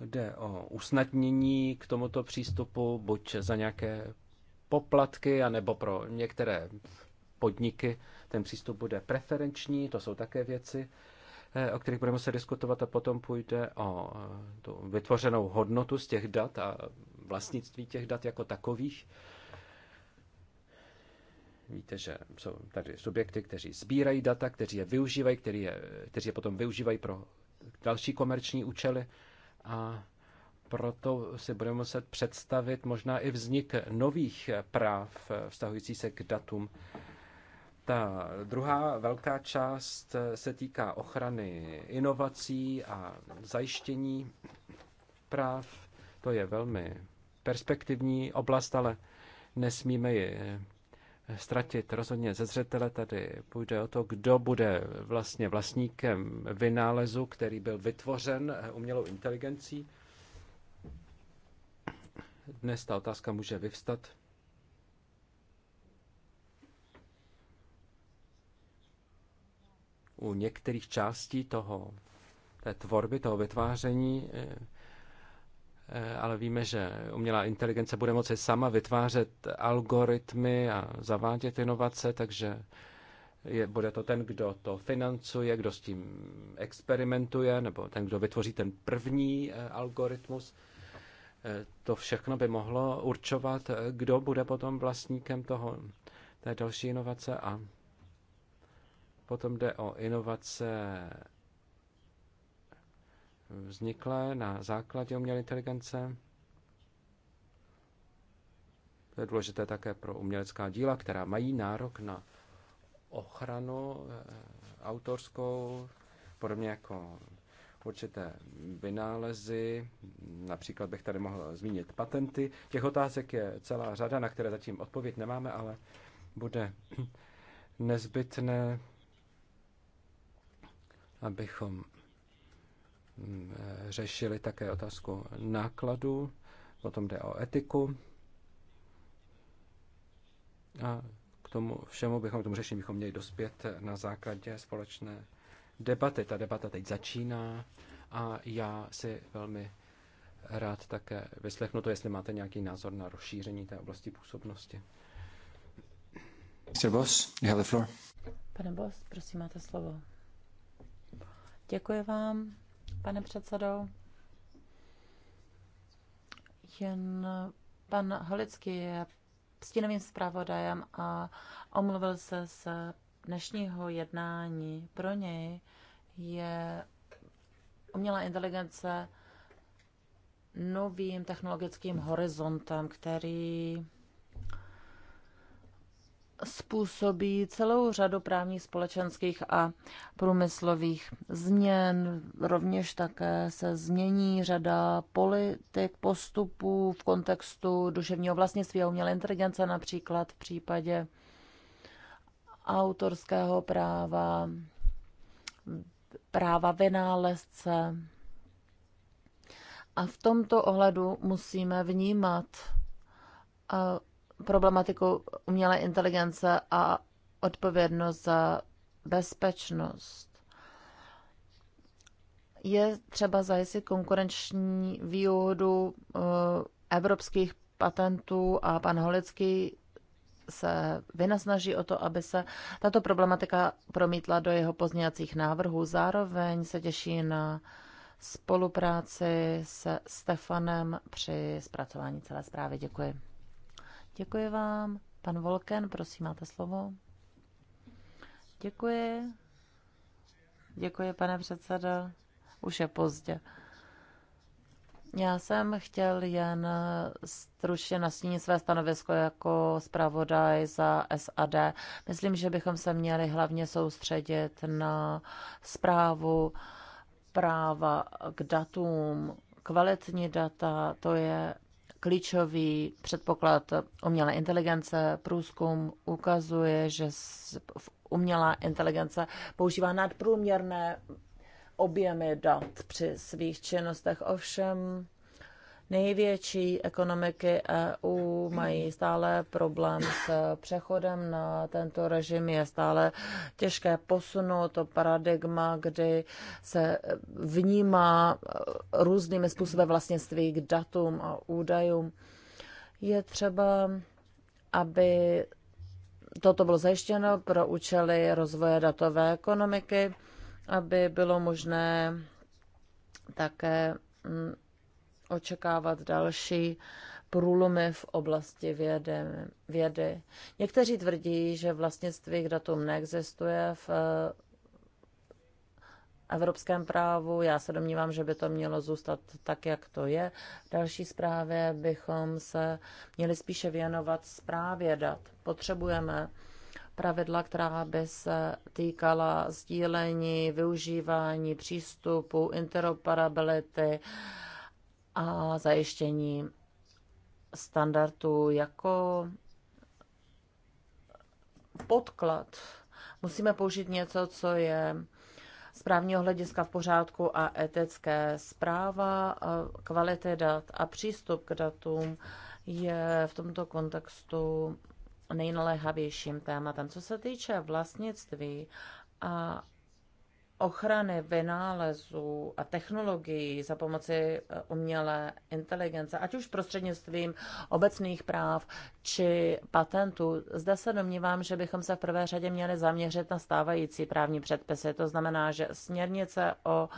jde o usnadnění k tomuto přístupu, buď za nějaké poplatky, anebo pro některé podniky ten přístup bude preferenční, to jsou také věci, eh, o kterých budeme se diskutovat a potom půjde o tu vytvořenou hodnotu z těch dat a vlastnictví těch dat jako takových. Víte, že jsou tady subjekty, kteří sbírají data, kteří je využívají, kteří je, kteří je potom využívají pro další komerční účely a proto si budeme muset představit možná i vznik nových práv vztahující se k datům. Ta druhá velká část se týká ochrany inovací a zajištění práv. To je velmi perspektivní oblast, ale nesmíme ji eh, ztratit rozhodně ze zřetele. Tady půjde o to, kdo bude vlastně vlastníkem vynálezu, který byl vytvořen eh, umělou inteligencí. Dnes ta otázka může vyvstat. U některých částí toho, té tvorby, toho vytváření eh, Eh, ale víme, že umělá inteligence bude moci sama vytvářet algoritmy a zavádět inovace, takže je, bude to ten, kdo to financuje, kdo s tím experimentuje, nebo ten, kdo vytvoří ten první eh, algoritmus. Eh, to všechno by mohlo určovat, kdo bude potom vlastníkem toho, té další inovace a potom jde o inovace vzniklé na základě umělé inteligence. To je důležité také pro umělecká díla, která mají nárok na ochranu eh, autorskou, podobně jako určité vynálezy. Například bych tady mohl zmínit patenty. Těch otázek je celá řada, na které zatím odpověď nemáme, ale bude nezbytné, abychom Mm, eh, řešili také otázku nákladů, potom jde o etiku. A k tomu všemu bychom, k tomu řešení bychom měli dospět na základě společné debaty. Ta debata teď začíná a já si velmi rád také vyslechnu to, jestli máte nějaký názor na rozšíření té oblasti působnosti. Mr. Boss, you have the floor. Pane Boss, prosím, máte slovo. Děkuji vám pane předsedo. Jen pan Holický je stínovým zpravodajem a omluvil se z dnešního jednání. Pro něj je umělá inteligence novým technologickým horizontem, který způsobí celou řadu právních, společenských a průmyslových změn. Rovněž také se změní řada politik, postupů v kontextu duševního vlastnictví a umělé inteligence, například v případě autorského práva, práva vynálezce. A v tomto ohledu musíme vnímat eh, Problematiku umělé inteligence a odpovědnost za bezpečnost. Je třeba zajistit konkurenční výhodu eh, evropských patentů a pan Holický se vynasnaží o to, aby se tato problematika promítla do jeho pozněcích návrhů. Zároveň se těší na spolupráci se Stefanem při zpracování celé zprávy. Děkuji. Děkuji vám. Pan Volken, prosím, máte slovo. Děkuji. Děkuji, pane předsedo. Už je pozdě. Já jsem chtěl jen stručně nastínit své stanovisko jako zpravodaj za SAD. Myslím, že bychom se měli hlavně soustředit na zprávu práva k datům. Kvalitní data, to je klíčový předpoklad umělé inteligence. Průzkum ukazuje, že umělá inteligence používá nadprůměrné objemy dat při svých činnostech. Ovšem Největší ekonomiky EU mají stále problém s přechodem na tento režim. Je stále těžké posunout to paradigma, kdy se vnímá různými způsoby vlastnictví k datům a údajům. Je třeba, aby toto bylo zajištěno pro účely rozvoje datové ekonomiky, aby bylo možné také mm, očekávat další průlomy v oblasti vědy. vědy. Někteří tvrdí, že vlastnictví k datům neexistuje v eh, evropském právu. Já se domnívám, že by to mělo zůstat tak, jak to je. V další zprávě bychom se měli spíše věnovat zprávě dat. Potřebujeme pravidla, která by se týkala sdílení, využívání přístupu, interoperability, uh, a zajištění standardů jako podklad. Musíme použít něco, co je z právního hlediska v pořádku a etické zpráva, kvality dat a přístup k datům je v tomto kontextu nejnaléhavějším tématem. Co se týče vlastnictví a ochrany vynálezů a technologií za pomoci eh, umělé inteligence, ať už prostřednictvím obecných práv či patentů, zde se domnívám, že bychom se v prvé řadě měli zaměřit na stávající právní předpisy. To znamená, že směrnice o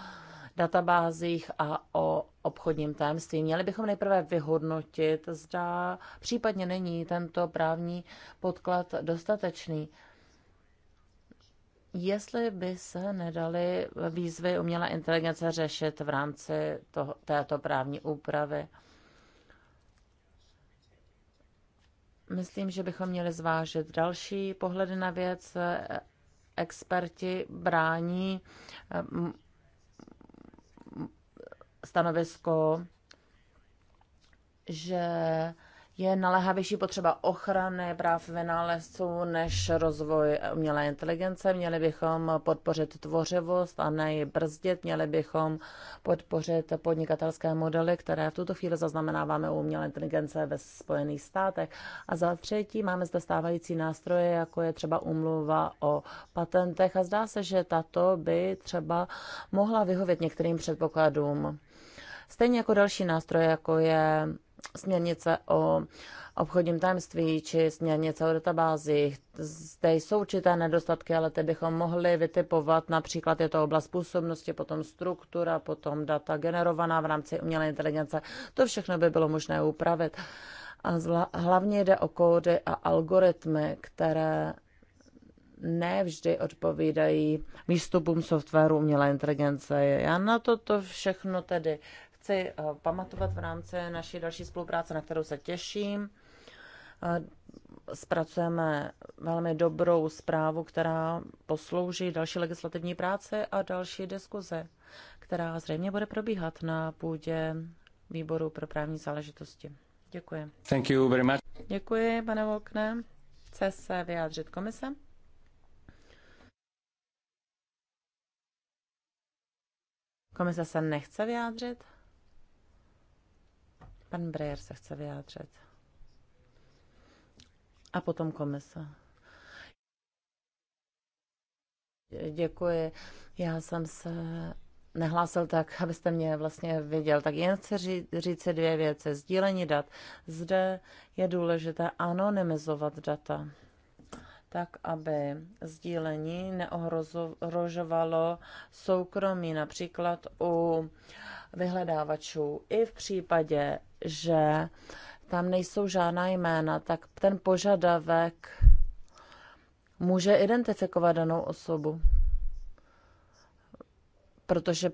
databázích a o obchodním tajemství. Měli bychom nejprve vyhodnotit, zda případně není tento právní podklad dostatečný jestli by se nedaly výzvy umělé inteligence řešit v rámci toho, této právní úpravy. Myslím, že bychom měli zvážit další pohledy na věc. Experti brání eh, stanovisko, že je naléhavější potřeba ochrany práv vynálezců než rozvoj umělé inteligence. Měli bychom podpořit tvořivost a ne ji brzdit. Měli bychom podpořit podnikatelské modely, které v tuto chvíli zaznamenáváme u umělé inteligence ve Spojených státech. A za třetí máme zde stávající nástroje, jako je třeba umluva o patentech a zdá se, že tato by třeba mohla vyhovět některým předpokladům. Stejně jako další nástroje, jako je směrnice o obchodním tajemství či směrnice o databázích. Zde jsou určité nedostatky, ale ty bychom mohli vytipovat. Například je to oblast působnosti, potom struktura, potom data generovaná v rámci umělé inteligence. To všechno by bylo možné upravit. A zla, hlavně jde o kódy a algoritmy, které nevždy odpovídají výstupům softwaru umělé inteligence. Já na toto všechno tedy chci eh, pamatovat v rámci naší další spolupráce, na kterou se těším. Eh, zpracujeme velmi dobrou zprávu, která poslouží další legislativní práce a další diskuze, která zřejmě bude probíhat na půdě výboru pro právní záležitosti. Děkuji. Thank you very much. Děkuji, pane Vokne. Chce se vyjádřit komise? Komise se nechce vyjádřit? Pan Breyer se chce vyjádřit. A potom komise. Děkuji. Já jsem se nehlásil tak, abyste mě vlastně viděl. Tak jen chci říct, říct si dvě věci. Sdílení dat. Zde je důležité anonymizovat data tak, aby sdílení neohrožovalo soukromí, například u vyhledávačů. I v případě že tam nejsou žádná jména, tak ten požadavek může identifikovat danou osobu. Protože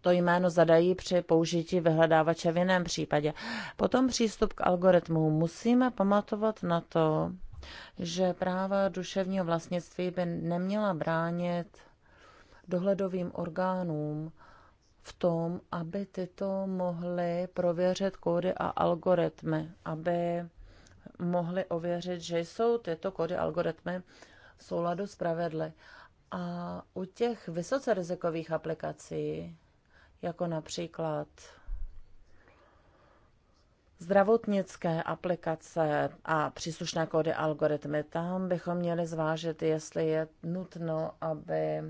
to jméno zadají při použití vyhledávače v jiném případě. Potom přístup k algoritmu. Musíme pamatovat na to, že práva duševního vlastnictví by neměla bránit dohledovým orgánům v tom, aby tyto mohly prověřit kódy a algoritmy, aby mohly ověřit, že jsou tyto kódy a algoritmy v souladu s pravidly. A u těch vysoce rizikových aplikací, jako například zdravotnické aplikace a příslušné kódy algoritmy, tam bychom měli zvážit, jestli je nutno, aby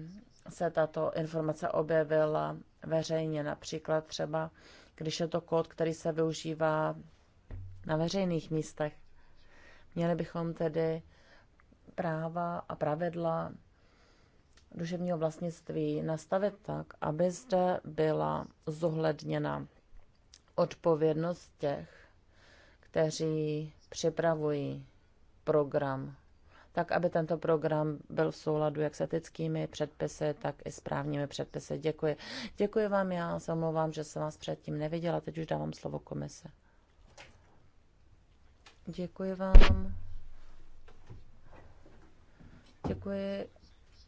se tato informace objevila veřejně. Například třeba, když je to kód, který se využívá na veřejných místech. Měli bychom tedy práva a pravidla duševního vlastnictví nastavit tak, aby zde byla zohledněna odpovědnost těch, kteří připravují program tak aby tento program byl v souladu jak s etickými předpisy, tak i s právními předpisy. Děkuji. Děkuji vám, já se omlouvám, že jsem vás předtím neviděla, teď už dávám slovo komise. Děkuji vám. Děkuji.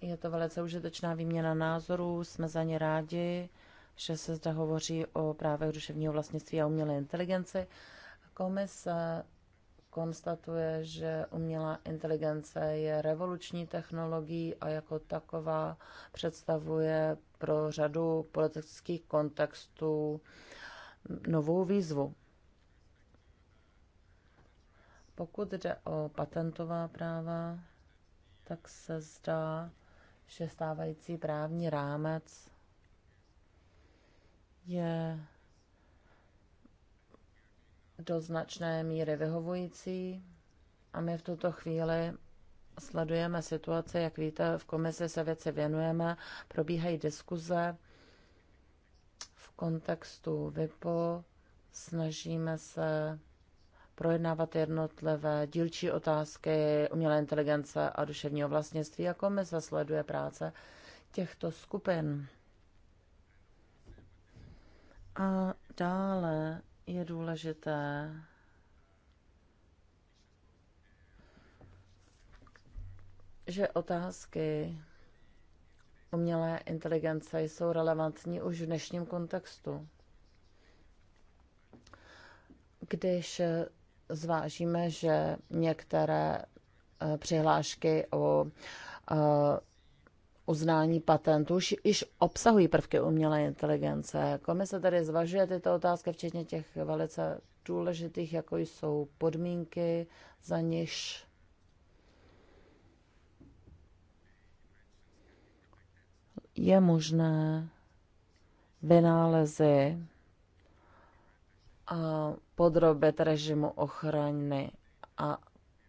Je to velice užitečná výměna názorů, jsme za ně rádi, že se zde hovoří o právech duševního vlastnictví a umělé inteligenci. Komise konstatuje, že umělá inteligence je revoluční technologií a jako taková představuje pro řadu politických kontextů novou výzvu. Pokud jde o patentová práva, tak se zdá, že stávající právní rámec je do značné míry vyhovující a my v tuto chvíli sledujeme situaci, jak víte, v komisi se věci věnujeme, probíhají diskuze v kontextu VIPO, snažíme se projednávat jednotlivé dílčí otázky umělé inteligence a duševního vlastnictví a komise sleduje práce těchto skupin. A dále je důležité že otázky umělé inteligence jsou relevantní už v dnešním kontextu. Když zvážíme, že některé eh, přihlášky o eh, uznání patentů už, již obsahují prvky umělé inteligence. Komise tady zvažuje tyto otázky, včetně těch velice důležitých, jako jsou podmínky, za niž je možné vynálezy a podrobit režimu ochrany. A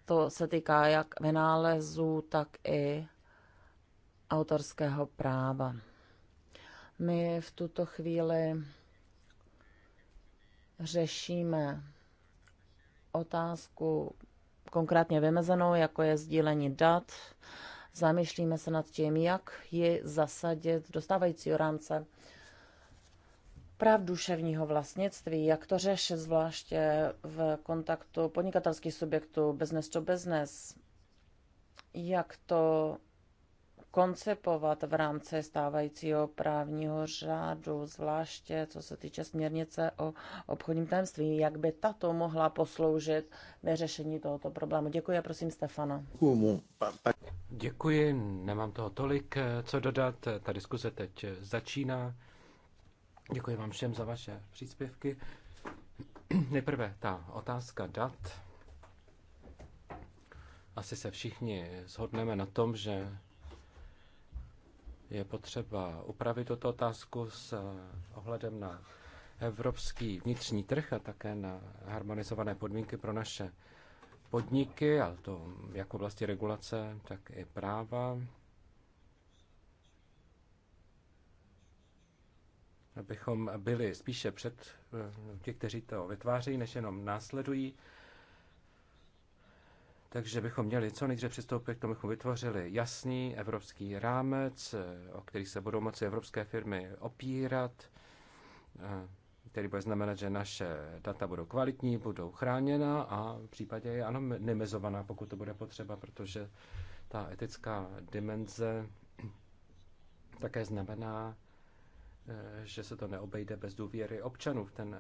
to se týká jak vynálezů, tak i autorského práva. My v tuto chvíli řešíme otázku konkrétně vymezenou, jako je sdílení dat. Zamýšlíme se nad tím, jak ji zasadit do stávajícího rámce práv duševního vlastnictví, jak to řešit zvláště v kontaktu podnikatelských subjektů business to business, jak to koncepovat v rámci stávajícího právního řádu, zvláště co se týče směrnice o obchodním tajemství, jak by tato mohla posloužit vyřešení tohoto problému. Děkuji a prosím Stefana. Děkuji, nemám toho tolik, eh, co dodat. Ta diskuse teď začíná. Děkuji vám všem za vaše příspěvky. Nejprve ta otázka dat. Asi se všichni shodneme na tom, že je potřeba upravit tuto otázku s eh, ohledem na evropský vnitřní trh a také na harmonizované podmínky pro naše podniky, a to jak v oblasti regulace, tak i práva. Abychom byli spíše před eh, ti, kteří to vytváří, než jenom následují. Takže bychom měli co nejdříve přistoupit k tomu, bychom vytvořili jasný evropský rámec, eh, o který se budou moci evropské firmy opírat, eh, který bude znamenat, že naše data budou kvalitní, budou chráněna a v případě je ano, nemezovaná, pokud to bude potřeba, protože ta etická dimenze také znamená, eh, že se to neobejde bez důvěry občanů v ten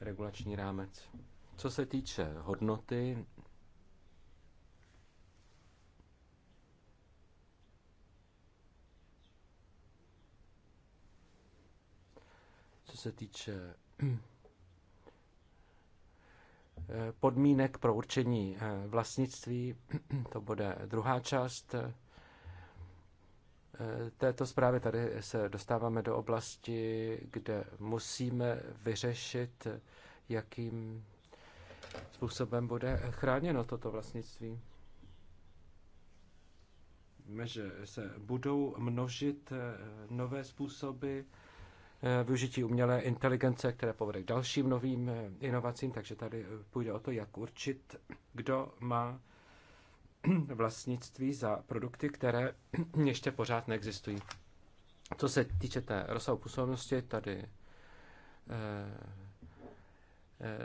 regulační rámec. Co se týče hodnoty, se týče eh, podmínek pro určení eh, vlastnictví, to bude druhá část eh, této zprávy. Tady se dostáváme do oblasti, kde musíme vyřešit, jakým způsobem bude chráněno toto vlastnictví. Víme, že se budou množit nové způsoby Eh, využití umělé inteligence, které povede k dalším novým eh, inovacím, takže tady eh, půjde o to, jak určit, kdo má vlastnictví za produkty, které ještě pořád neexistují. Co se týče té rozsahu působnosti, tady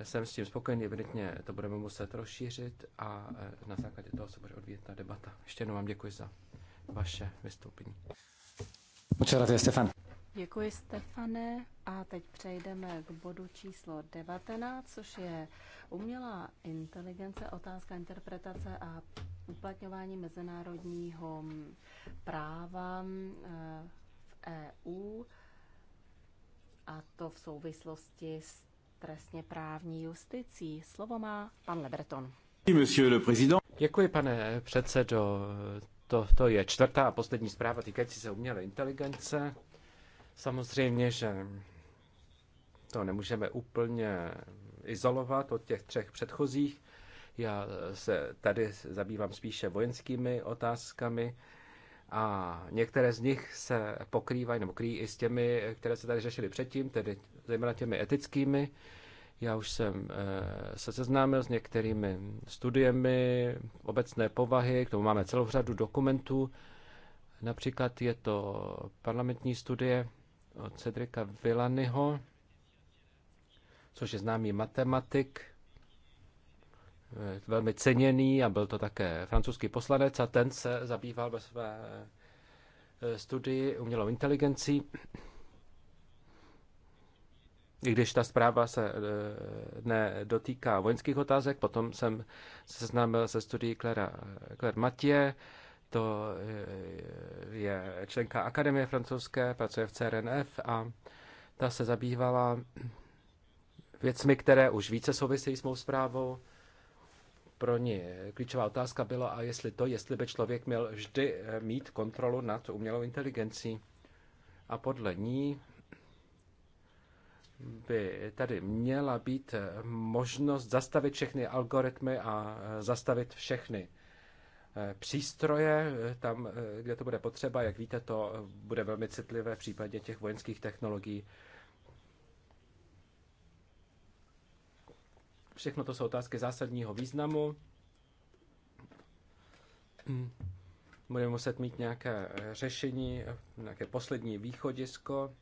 jsem s tím spokojený, evidentně to budeme muset rozšířit a na základě toho se bude odvíjet ta debata. Ještě jednou vám děkuji za vaše vystoupení. Moc rád, Stefan. Děkuji, Stefane. A teď přejdeme k bodu číslo 19, což je umělá inteligence, otázka interpretace a uplatňování mezinárodního práva eh, v EU, a to v souvislosti s trestně právní justicí. Slovo má pan Lebreton. Děkuji, pane předsedo. To, to je čtvrtá a poslední zpráva týkající se umělé inteligence. Samozřejmě, že to nemůžeme úplně izolovat od těch třech předchozích. Já se tady zabývám spíše vojenskými otázkami a některé z nich se pokrývají nebo kryjí i s těmi, které se tady řešily předtím, tedy zejména těmi etickými. Já už jsem eh, se seznámil s některými studiemi obecné povahy, k tomu máme celou řadu dokumentů. Například je to parlamentní studie od Cedrika Villanyho, což je známý matematik, eh, velmi ceněný a byl to také francouzský poslanec a ten se zabýval ve své eh, studii umělou inteligencí. I když ta zpráva se eh, nedotýká vojenských otázek, potom jsem se seznámil se studií Claire, Claire Mathieu, to e, je členka Akademie francouzské, pracuje v CRNF a ta se zabývala věcmi, které už více souvisejí s mou zprávou. Pro ní klíčová otázka byla, a jestli to, jestli by člověk měl vždy e, mít kontrolu nad umělou inteligencí. A podle ní by tady měla být možnost zastavit všechny algoritmy a e, zastavit všechny Eh, přístroje eh, tam, eh, kde to bude potřeba. Jak víte, to bude velmi citlivé v případě těch vojenských technologií. Všechno to jsou otázky zásadního významu. Hmm. Budeme muset mít nějaké řešení, nějaké poslední východisko.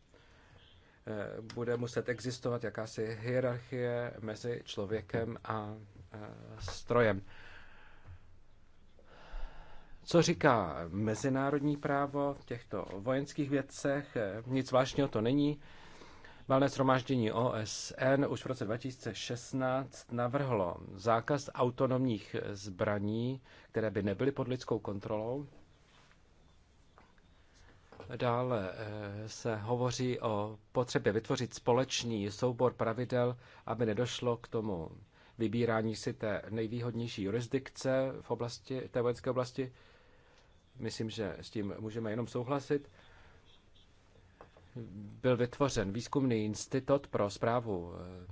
Bude muset existovat jakási hierarchie mezi člověkem a strojem. Co říká mezinárodní právo v těchto vojenských věcech? Nic vážného to není. Valné shromáždění OSN už v roce 2016 navrhlo zákaz autonomních zbraní, které by nebyly pod lidskou kontrolou. Dále eh, se hovoří o potřebě vytvořit společný soubor pravidel, aby nedošlo k tomu vybírání si té nejvýhodnější jurisdikce v oblasti, té vojenské oblasti. Myslím, že s tím můžeme jenom souhlasit. Byl vytvořen výzkumný institut pro zprávu, eh,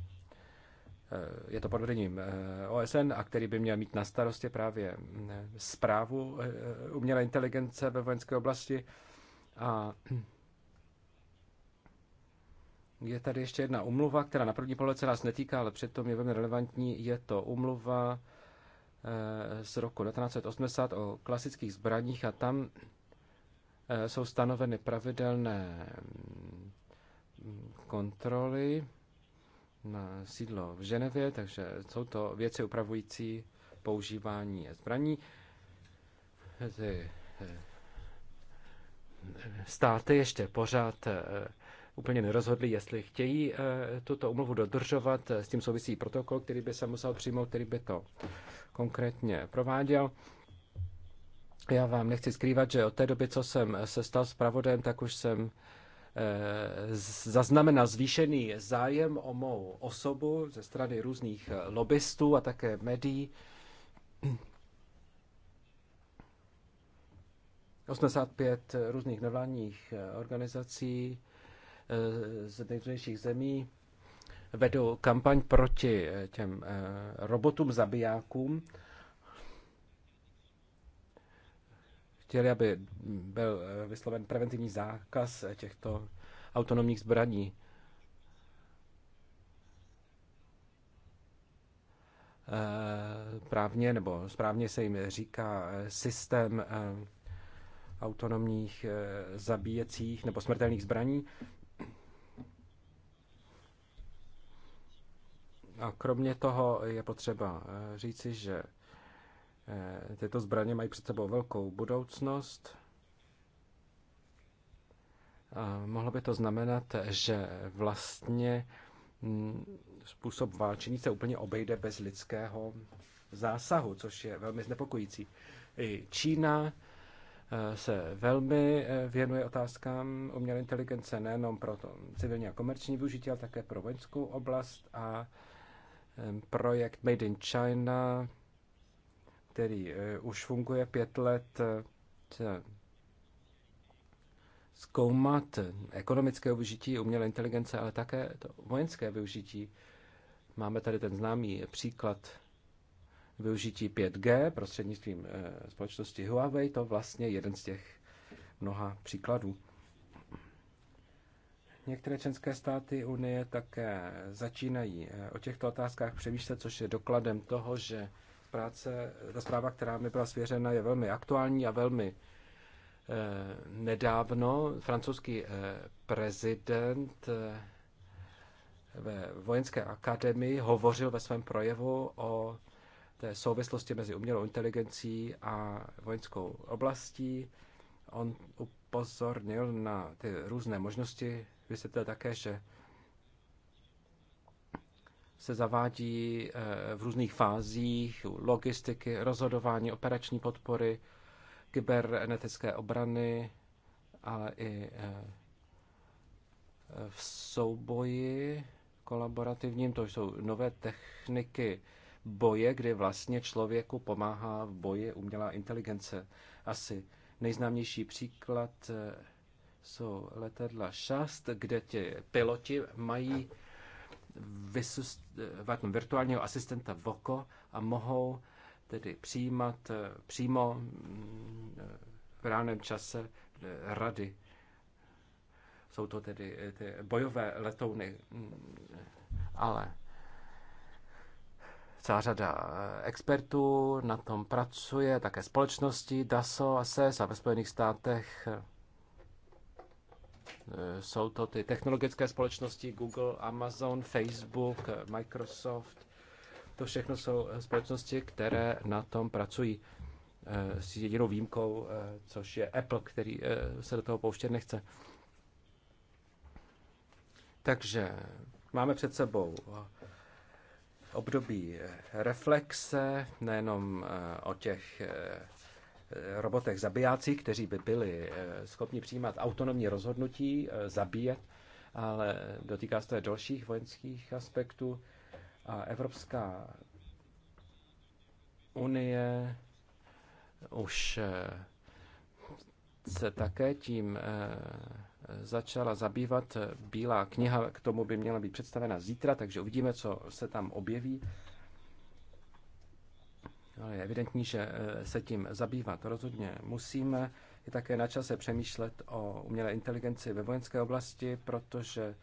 je to pod vedením eh, OSN, a který by měl mít na starosti právě eh, zprávu umělé inteligence ve vojenské oblasti. A je tady ještě jedna umluva, která na první pohled se nás netýká, ale přitom je velmi relevantní. Je to umluva Eh, z roku 1980 o klasických zbraních a tam eh, jsou stanoveny pravidelné mm, kontroly na sídlo v Ženevě, takže jsou to věci upravující používání zbraní. Ty eh, státy ještě pořád úplně nerozhodli, jestli chtějí eh, tuto umluvu dodržovat. S tím souvisí protokol, který by se musel přijmout, který by to konkrétně prováděl. Já vám nechci skrývat, že od té doby, co jsem se stal zpravodajem, tak už jsem eh, zaznamenal zvýšený zájem o mou osobu ze strany různých eh, lobbystů a také médií. 85 různých nevládních organizací Eh, z nejrůznějších zemí vedou kampaň proti eh, těm eh, robotům zabijákům. Chtěli, aby byl vysloven preventivní zákaz těchto autonomních zbraní. Právně nebo správně se jim říká systém autonomních zabíjecích nebo smrtelných zbraní. A kromě toho je potřeba eh, říci, že eh, tyto zbraně mají před sebou velkou budoucnost. A mohlo by to znamenat, že vlastně hm, způsob válčení se úplně obejde bez lidského zásahu, což je velmi znepokojící. I Čína eh, se velmi věnuje otázkám umělé inteligence nejenom pro to civilní a komerční využití, ale také pro vojenskou oblast a projekt Made in China, který eh, už funguje pět let, eh, zkoumat ekonomické využití umělé inteligence, ale také to vojenské využití. Máme tady ten známý příklad využití 5G prostřednictvím eh, společnosti Huawei, to vlastně jeden z těch mnoha příkladů. Některé členské státy Unie také začínají eh, o těchto otázkách přemýšlet, což je dokladem toho, že práce, ta zpráva, která mi byla svěřena, je velmi aktuální a velmi eh, nedávno. Francouzský eh, prezident ve vojenské akademii hovořil ve svém projevu o té souvislosti mezi umělou inteligencí a vojenskou oblastí. On upozornil na ty různé možnosti, vysvětlil také, že se zavádí eh, v různých fázích logistiky, rozhodování, operační podpory, kybernetické obrany, ale i eh, v souboji kolaborativním, to jsou nové techniky boje, kdy vlastně člověku pomáhá v boji umělá inteligence. Asi Nejznámější příklad eh, jsou letadla šast, kde ti piloti mají vysust, eh, virtuálního asistenta voko a mohou tedy přijímat eh, přímo mm, v ráném čase rady. Jsou to tedy ty bojové letouny, mm, ale Celá řada eh, expertů na tom pracuje, také společnosti DASO a SES e a ve Spojených státech eh, jsou to ty technologické společnosti Google, Amazon, Facebook, eh, Microsoft. To všechno jsou společnosti, které na tom pracují s jedinou výjimkou, což je Apple, který se do toho pouštět nechce. Takže máme před sebou období eh, reflexe, nejenom eh, o těch eh, robotech zabijácích, kteří by byli schopni přijímat autonomní rozhodnutí, zabíjet, ale dotýká se to i dalších vojenských aspektů. A Evropská unie už se také tím začala zabývat. Eh, Bílá kniha k tomu by měla být představena zítra, takže uvidíme, co se tam objeví. Ale je evidentní, že eh, se tím zabývat rozhodně musíme. Je také na čase přemýšlet o umělé inteligenci ve vojenské oblasti, protože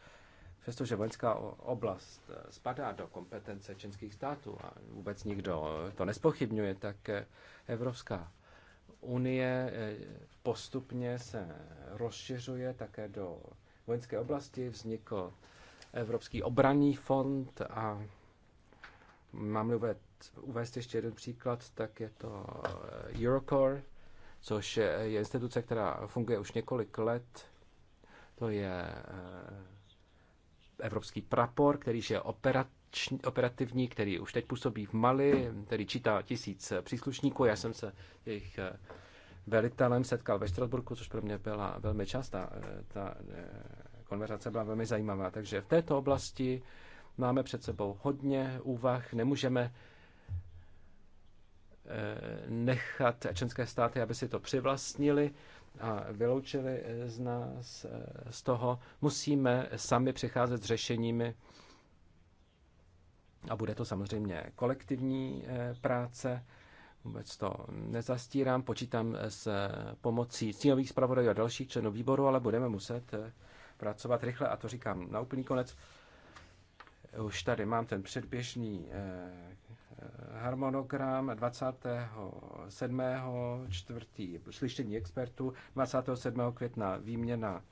přestože vojenská oblast eh, spadá do kompetence čínských států a vůbec nikdo to nespochybňuje, tak Evropská Unie eh, postupně se rozšiřuje také do vojenské oblasti. Vznikl Evropský obranný fond a mám uvést, uvést ještě jeden příklad, tak je to eh, Eurocore, což eh, je instituce, která funguje už několik let. To je evropský prapor, který je operat, operativní, který už teď působí v Mali, který čítá tisíc eh, příslušníků. Já jsem se jejich eh, velitelem setkal ve Štrasburku, což pro mě byla velmi častá. Eh, ta konverzace byla velmi zajímavá. Takže v této oblasti máme před sebou hodně úvah. Nemůžeme nechat členské státy, aby si to přivlastnili a vyloučili z nás z toho. Musíme sami přicházet s řešeními a bude to samozřejmě kolektivní eh, práce, vůbec to nezastírám, počítám s eh, pomocí cílových zpravodajů a dalších členů výboru, ale budeme muset eh, pracovat rychle a to říkám na úplný konec. Už tady mám ten předběžný harmonogram 27. čtvrtý slyšení expertů, 27. května výměna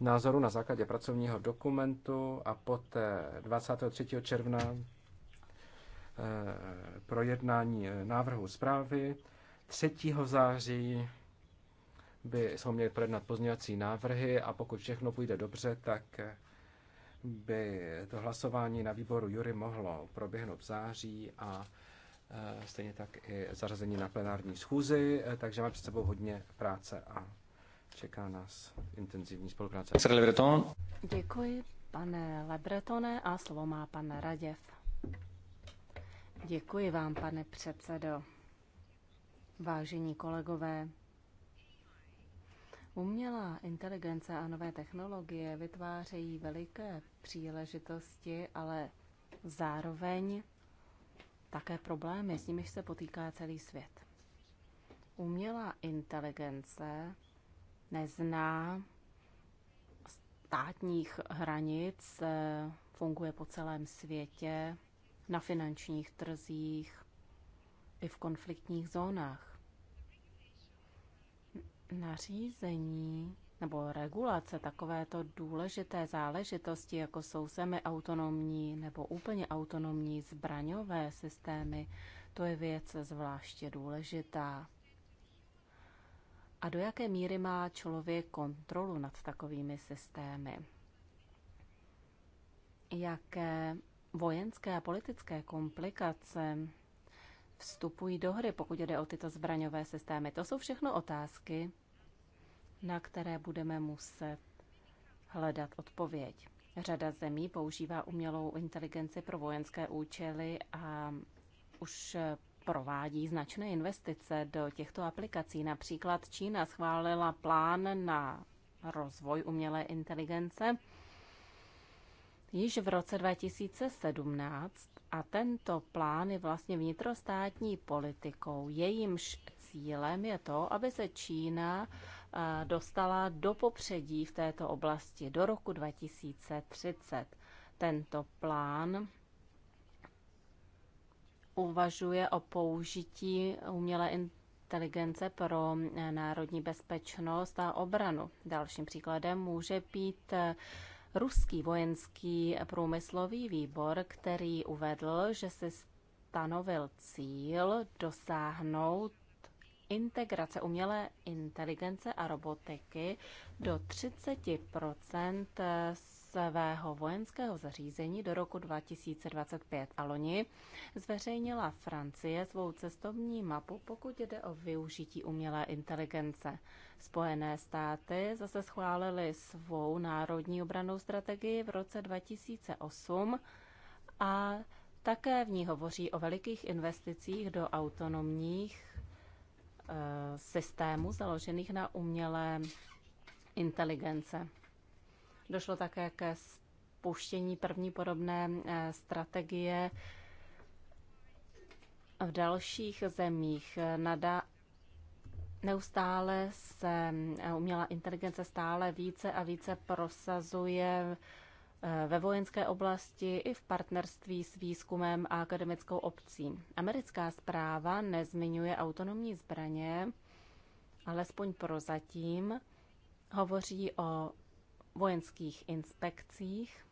názoru na základě pracovního dokumentu a poté 23. června Eh, projednání eh, návrhu zprávy. 3. září by jsme měli projednat pozměňovací návrhy a pokud všechno půjde dobře, tak eh, by to hlasování na výboru Jury mohlo proběhnout v září a stejně tak i zařazení na plenární schůzi, takže máme před sebou hodně práce a čeká nás intenzivní spolupráce. Děkuji, pane Lebretone, a slovo má pan Raděv. Děkuji vám, pane předsedo. Vážení kolegové, umělá inteligence a nové technologie vytvářejí veliké příležitosti, ale zároveň také problémy, s nimiž se potýká celý svět. Umělá inteligence nezná státních hranic, eh, funguje po celém světě, na finančních trzích i v konfliktních zónách. Nařízení nebo regulace takovéto důležité záležitosti, jako jsou semiautonomní nebo úplně autonomní zbraňové systémy, to je věc zvláště důležitá. A do jaké míry má člověk kontrolu nad takovými systémy? Jaké vojenské a politické komplikace vstupují do hry, pokud jde o tyto zbraňové systémy? To jsou všechno otázky, na které budeme muset hledat odpověď. Řada zemí používá umělou inteligenci pro vojenské účely a už provádí značné investice do těchto aplikací. Například Čína schválila plán na rozvoj umělé inteligence již v roce 2017 a tento plán je vlastně vnitrostátní politikou. Jejímž cílem je to, aby se Čína eh, dostala do popředí v této oblasti do roku 2030. Tento plán uvažuje o použití umělé inteligence pro eh, národní bezpečnost a obranu. Dalším příkladem může být eh, ruský vojenský průmyslový výbor, který uvedl, že se stanovil cíl dosáhnout integrace umělé inteligence a robotiky do 30 svého vojenského zařízení do roku 2025 a loni zveřejnila Francie svou cestovní mapu, pokud jde o využití umělé inteligence. Spojené státy zase schválily svou národní obranou strategii v roce 2008 a také v ní hovoří o velikých investicích do autonomních e, systémů založených na umělé inteligence. Došlo také ke spuštění první podobné eh, strategie v dalších zemích. Nada neustále se eh, umělá inteligence stále více a více prosazuje eh, ve vojenské oblasti i v partnerství s výzkumem a akademickou obcí. Americká zpráva nezmiňuje autonomní zbraně, alespoň prozatím hovoří o vojenských inspekcích,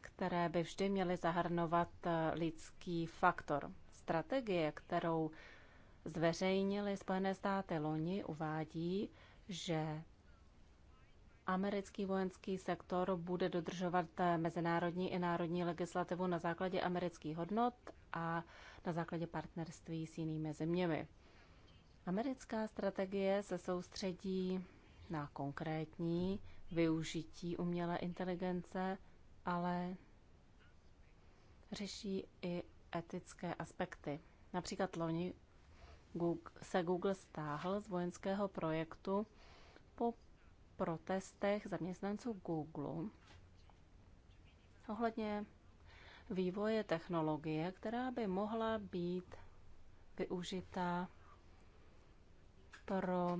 které by vždy měly zahrnovat eh, lidský faktor. Strategie, kterou zveřejnili Spojené státy loni, uvádí, že americký vojenský sektor bude dodržovat eh, mezinárodní i národní legislativu na základě amerických hodnot a na základě partnerství s jinými zeměmi. Americká strategie se soustředí na konkrétní využití umělé inteligence, ale řeší i etické aspekty. Například loni se Google stáhl z vojenského projektu po protestech zaměstnanců Google ohledně vývoje technologie, která by mohla být využita pro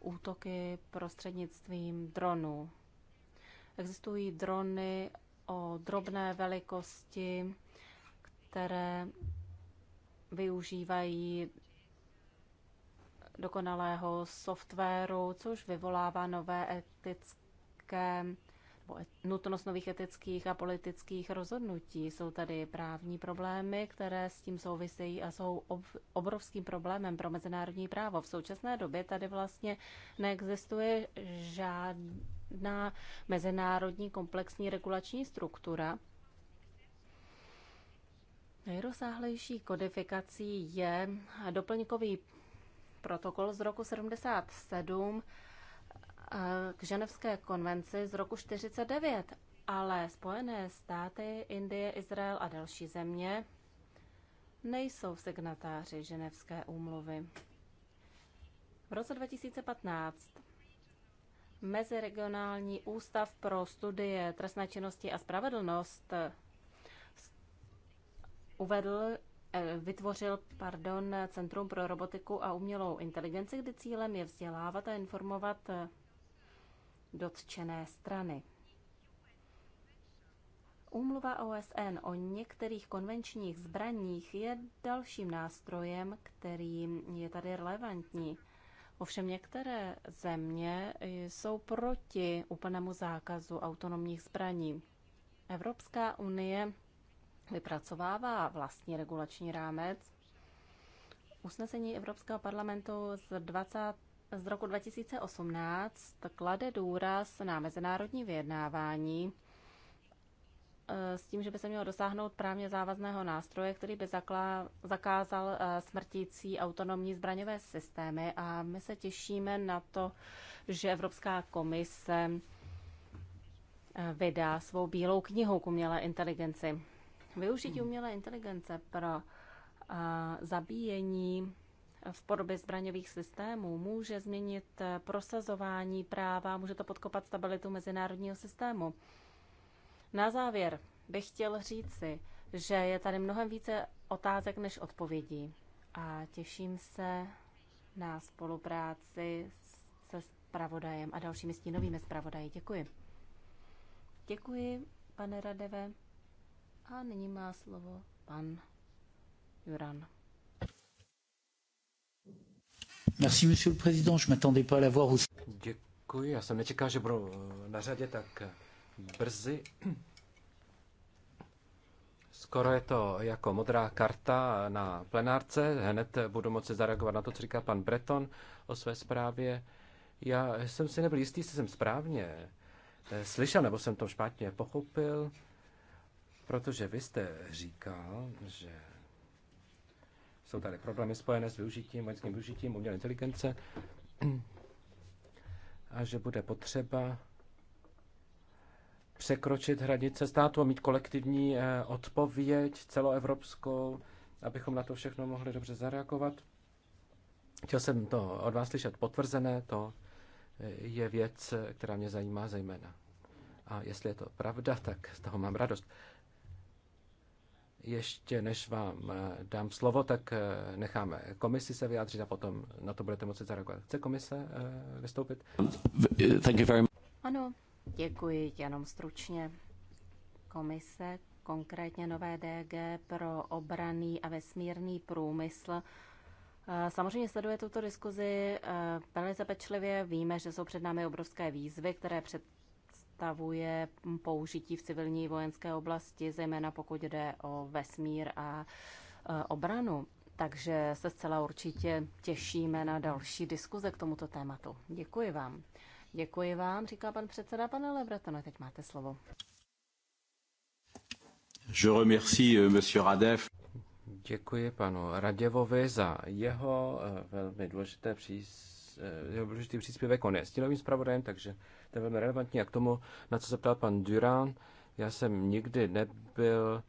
útoky prostřednictvím dronů. Existují drony o drobné velikosti, které využívají dokonalého softwaru, což vyvolává nové etické nutnost nových etických a politických rozhodnutí. Jsou tady právní problémy, které s tím souvisejí a jsou obrovským problémem pro mezinárodní právo. V současné době tady vlastně neexistuje žádná mezinárodní komplexní regulační struktura, Nejrozsáhlejší kodifikací je doplňkový protokol z roku 77 k ženevské konvenci z roku 49, ale Spojené státy, Indie, Izrael a další země nejsou signatáři ženevské úmluvy. V roce 2015 Meziregionální ústav pro studie trestné činnosti a spravedlnost uvedl, eh, vytvořil pardon, Centrum pro robotiku a umělou inteligenci, kde cílem je vzdělávat a informovat dotčené strany. Úmluva OSN o některých konvenčních zbraních je dalším nástrojem, který je tady relevantní. Ovšem některé země jsou proti úplnému zákazu autonomních zbraní. Evropská unie vypracovává vlastní regulační rámec. Usnesení Evropského parlamentu z 20 z roku 2018 klade důraz na mezinárodní vyjednávání e, s tím, že by se mělo dosáhnout právně závazného nástroje, který by zakla, zakázal e, smrtící autonomní zbraňové systémy. A my se těšíme na to, že Evropská komise e, vydá svou bílou knihu k umělé inteligenci. Využití hmm. umělé inteligence pro zabíjení v podobě zbraňových systémů může změnit eh, prosazování práva, může to podkopat stabilitu mezinárodního systému. Na závěr bych chtěl říci, že je tady mnohem více otázek než odpovědí a těším se na spolupráci se spravodajem a dalšími stínovými spravodaji. Děkuji. Děkuji, pane Radeve. A nyní má slovo pan Juran. Merci, monsieur le président. Je m'attendais pas à la voir au... Děkuji, já jsem nečekal, že budu na řadě tak brzy. Skoro je to jako modrá karta na plenárce. Hned budu moci zareagovat na to, co říká pan Breton o své zprávě. Já jsem si nebyl jistý, jestli jsem správně eh, slyšel, nebo jsem to špatně pochopil, protože vy jste říkal, že jsou tady problémy spojené s využitím, vojenským využitím umělé inteligence a že bude potřeba překročit hranice státu a mít kolektivní eh, odpověď celoevropskou, abychom na to všechno mohli dobře zareagovat. Chtěl jsem to od vás slyšet potvrzené, to eh, je věc, eh, která mě zajímá zejména. A jestli je to pravda, tak z toho mám radost. Ještě než vám eh, dám slovo, tak eh, necháme komisi se vyjádřit a potom na to budete moci zareagovat. Chce komise eh, vystoupit? Thank you very much. Ano, děkuji, jenom stručně. Komise, konkrétně nové DG pro obraný a vesmírný průmysl, Samozřejmě sleduje tuto diskuzi velice pečlivě. Víme, že jsou před námi obrovské výzvy, které před představuje použití v civilní vojenské oblasti, zejména pokud jde o vesmír a e, obranu. Takže se zcela určitě těšíme na další diskuze k tomuto tématu. Děkuji vám. Děkuji vám, říká pan předseda. Pane Lebratone, teď máte slovo. Je remercie euh, monsieur Radev. Děkuji panu Raděvovi za jeho e, velmi důležité přís, e, jeho důležitý příspěvek. On je stínovým zpravodajem, takže to je velmi relevantní a k tomu, na co se ptal pan Durán, já jsem nikdy nebyl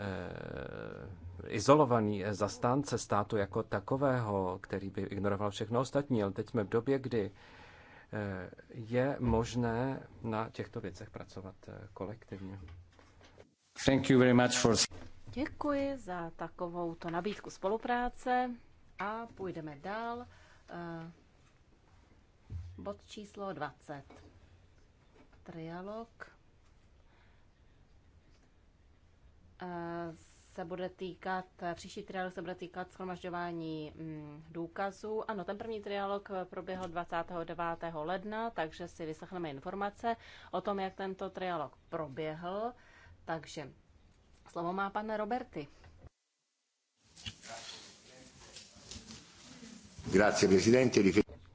eh, izolovaný zastánce státu jako takového, který by ignoroval všechno ostatní, ale teď jsme v době, kdy eh, je možné na těchto věcech pracovat eh, kolektivně. Thank you very much for... Děkuji za takovou to nabídku spolupráce a půjdeme dál. Bod číslo 20 trialog eh, se bude týkat, eh, příští trialog se bude týkat schromažďování mm, důkazů. Ano, ten první trialog eh, proběhl 29. ledna, takže si vyslechneme informace o tom, jak tento trialog proběhl. Takže slovo má pan Roberty.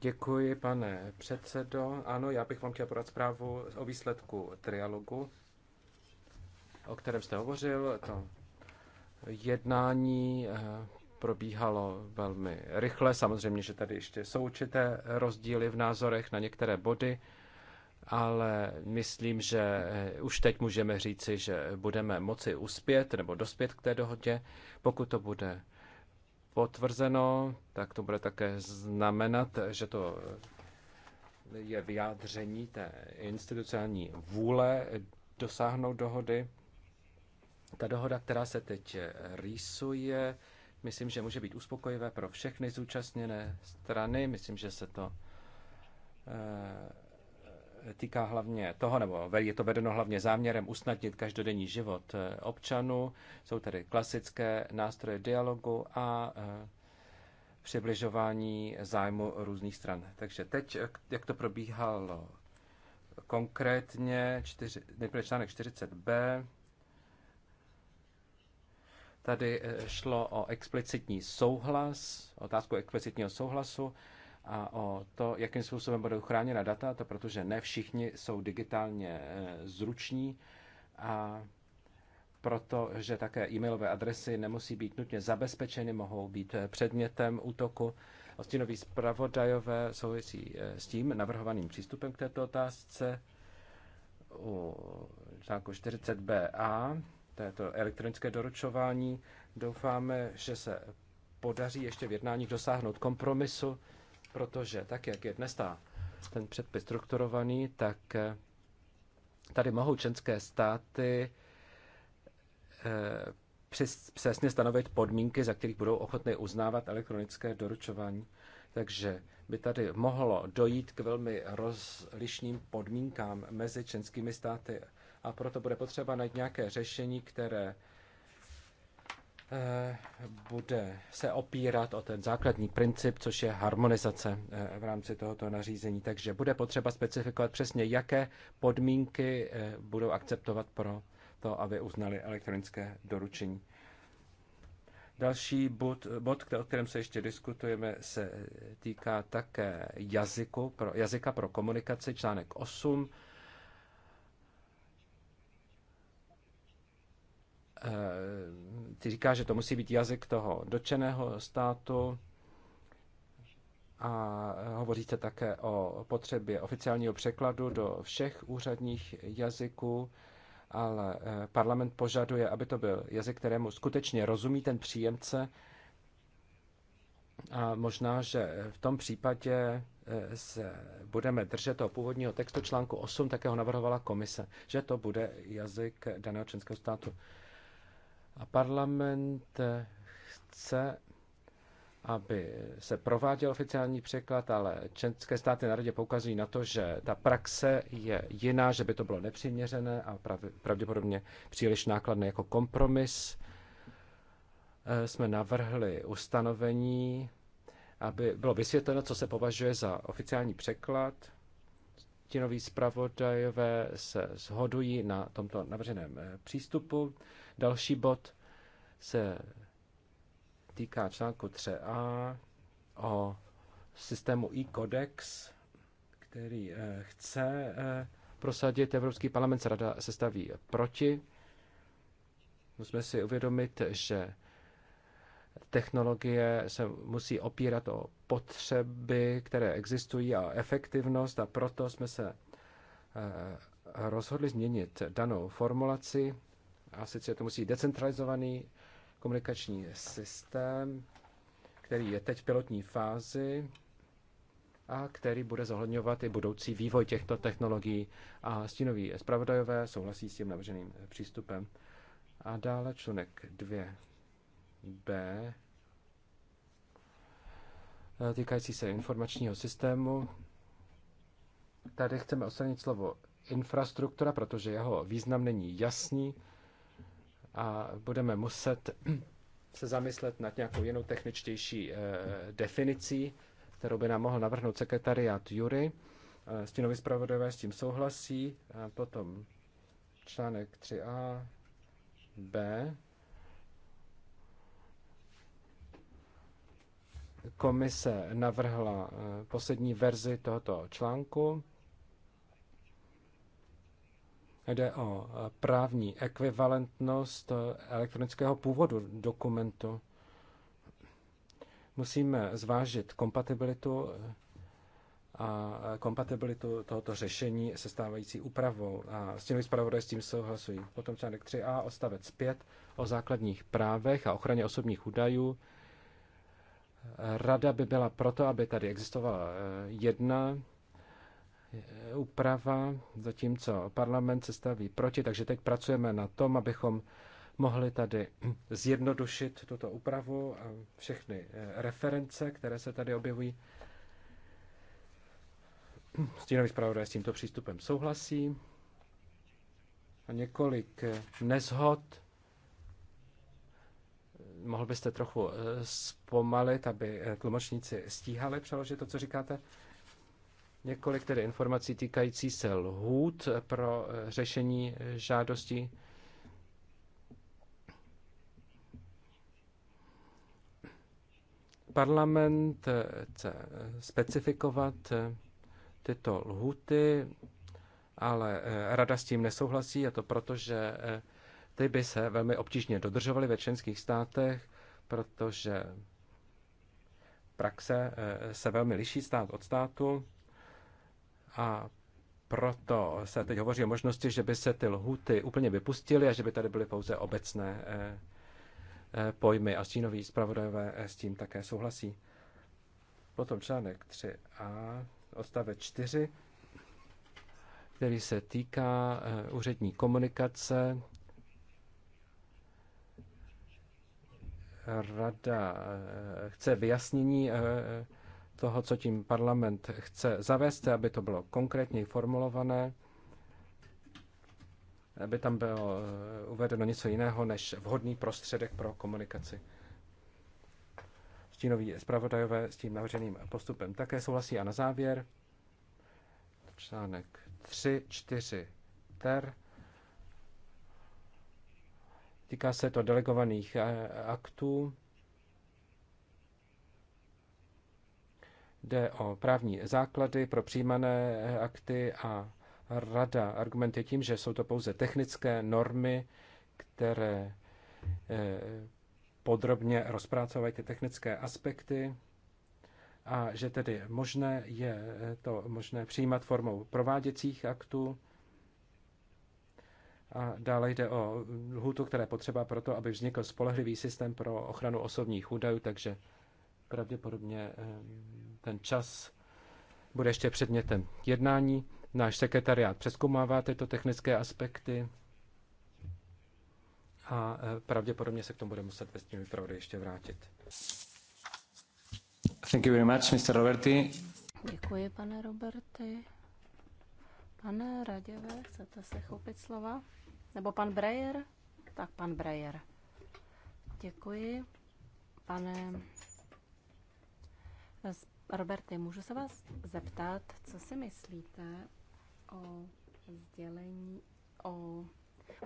Děkuji, pane předsedo. Ano, já bych vám chtěl podat zprávu o výsledku trialogu, o kterém jste hovořil. To jednání eh, probíhalo velmi rychle. Samozřejmě, že tady ještě jsou určité rozdíly v názorech na některé body, ale myslím, že eh, už teď můžeme říci, že budeme moci uspět nebo dospět k té dohodě, pokud to bude potvrzeno, tak to bude také znamenat, že to je vyjádření té institucionální vůle dosáhnout dohody. Ta dohoda, která se teď rýsuje, myslím, že může být uspokojivé pro všechny zúčastněné strany. Myslím, že se to eh, týká hlavně toho, nebo je to vedeno hlavně záměrem usnadnit každodenní život eh, občanů. Jsou tady klasické nástroje dialogu a eh, přibližování zájmu různých stran. Takže teď, eh, jak to probíhalo konkrétně, čtyři, nejprve článek 40b, tady šlo o explicitní souhlas, otázku explicitního souhlasu, a o to, jakým způsobem budou chráněna data, to protože ne všichni jsou digitálně eh, zruční a protože také e-mailové adresy nemusí být nutně zabezpečeny, mohou být eh, předmětem útoku. Ostinoví zpravodajové souvisí eh, s tím navrhovaným přístupem k této otázce u článku 40BA, to je to elektronické doručování. Doufáme, že se podaří ještě v jednáních dosáhnout kompromisu protože tak, jak je dnes ta, ten předpis strukturovaný, tak eh, tady mohou členské státy eh, přesně stanovit podmínky, za kterých budou ochotny uznávat elektronické doručování. Takže by tady mohlo dojít k velmi rozlišným podmínkám mezi členskými státy a proto bude potřeba najít nějaké řešení, které Eh, bude se opírat o ten základní princip, což je harmonizace eh, v rámci tohoto nařízení. Takže bude potřeba specifikovat přesně, jaké podmínky eh, budou akceptovat pro to, aby uznali elektronické doručení. Další bod, bod o kterém se ještě diskutujeme, se týká také jazyku, pro, jazyka pro komunikaci, článek 8. Ty říká, že to musí být jazyk toho dočeného státu a hovoří se také o potřebě oficiálního překladu do všech úřadních jazyků, ale eh, parlament požaduje, aby to byl jazyk, kterému skutečně rozumí ten příjemce, a možná, že eh, v tom případě eh, se budeme držet toho původního textu článku 8, tak ho navrhovala komise, že to bude jazyk daného členského státu. A parlament chce, aby se prováděl oficiální překlad, ale členské státy na radě poukazují na to, že ta praxe je jiná, že by to bylo nepřiměřené a pravděpodobně příliš nákladné jako kompromis. Eh, jsme navrhli ustanovení, aby bylo vysvětleno, co se považuje za oficiální překlad. noví zpravodajové se shodují na tomto navrženém eh, přístupu. Další bod se týká článku 3a o systému e-kodex, který eh, chce eh, prosadit Evropský parlament, se rada se staví proti. Musíme si uvědomit, že technologie se musí opírat o potřeby, které existují a efektivnost a proto jsme se eh, rozhodli změnit danou formulaci a sice to musí decentralizovaný komunikační systém, který je teď v pilotní fázi a který bude zohledňovat i budoucí vývoj těchto technologií. A stínoví zpravodajové souhlasí s tím navrženým přístupem. A dále článek 2b eh, týkající se informačního systému. Tady chceme odstranit slovo infrastruktura, protože jeho význam není jasný a budeme muset se zamyslet nad nějakou jinou techničtější eh, definicí, kterou by nám mohl navrhnout sekretariat Jury. Eh, stínový zpravodajové s tím souhlasí. A potom článek 3a, b, komise navrhla eh, poslední verzi tohoto článku. Jde o eh, právní ekvivalentnost eh, elektronického původu dokumentu. Musíme zvážit kompatibilitu eh, a kompatibilitu tohoto řešení se stávající úpravou. A tím zpravodaj s tím souhlasují. Potom článek 3a, odstavec 5 o základních právech a ochraně osobních údajů. Rada by byla proto, aby tady existovala jedna úprava, zatímco parlament se staví proti, takže teď pracujeme na tom, abychom mohli tady zjednodušit tuto úpravu a všechny eh, reference, které se tady objevují. Stínový zpravodaj s tímto přístupem souhlasí. A několik eh, nezhod. Mohl byste trochu eh, zpomalit, aby tlumočníci stíhali přeložit to, co říkáte? Několik tedy informací týkající se lhůt pro eh, řešení žádosti Parlament eh, chce eh, specifikovat tyto lhuty, ale rada s tím nesouhlasí, a to proto, že ty by se velmi obtížně dodržovaly ve členských státech, protože praxe se velmi liší stát od státu. A proto se teď hovoří o možnosti, že by se ty lhuty úplně vypustily a že by tady byly pouze obecné eh, eh, pojmy a stínoví zpravodajové eh, s tím také souhlasí. Potom článek 3a, odstavec 4, který se týká úřední komunikace. Rada chce vyjasnění toho, co tím parlament chce zavést, aby to bylo konkrétně formulované, aby tam bylo eh, uvedeno něco jiného než vhodný prostředek pro komunikaci. Stínoví zpravodajové s tím navrženým postupem také souhlasí. A na závěr článek 3, 4 ter. Týká se to delegovaných eh, aktů Jde o právní základy pro přijímané akty a rada argumentuje tím, že jsou to pouze technické normy, které eh, podrobně rozpracovají ty technické aspekty a že tedy možné je eh, to možné přijímat formou prováděcích aktů. A dále jde o lhutu, která potřeba pro to, aby vznikl spolehlivý systém pro ochranu osobních údajů, takže pravděpodobně eh, ten čas bude ještě předmětem jednání. Náš sekretariát přeskoumává tyto technické aspekty a eh, pravděpodobně se k tomu bude muset ve stínu ještě vrátit. Thank you very much, Mr. Roberti. Děkuji, pane Roberti. Pane Raděve, chcete se chopit slova? Nebo pan Breyer? Tak pan Breyer. Děkuji, pane Roberty, můžu se vás zeptat, co si myslíte o sdělení, o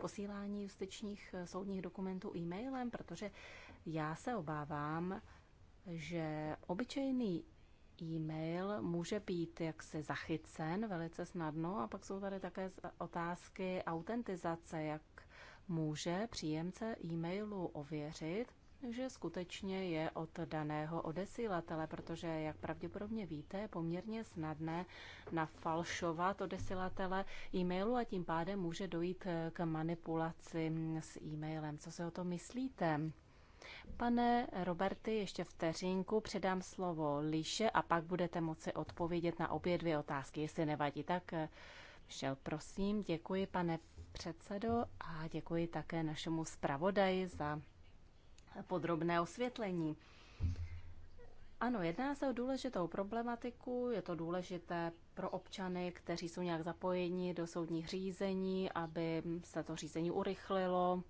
posílání justičních eh, soudních dokumentů e-mailem, protože já se obávám, že obyčejný e-mail může být jaksi zachycen velice snadno a pak jsou tady také otázky autentizace, jak může příjemce e-mailu ověřit, že skutečně je od daného odesílatele, protože, jak pravděpodobně víte, je poměrně snadné nafalšovat odesílatele e-mailu a tím pádem může dojít k manipulaci s e-mailem. Co se o to myslíte? Pane Roberty, ještě vteřinku předám slovo Líše a pak budete moci odpovědět na obě dvě otázky, jestli nevadí. Tak šel, eh, prosím. Děkuji, pane předsedo, a děkuji také našemu zpravodaji za podrobné osvětlení. Ano, jedná se o důležitou problematiku, je to důležité pro občany, kteří jsou nějak zapojeni do soudních řízení, aby se to řízení urychlilo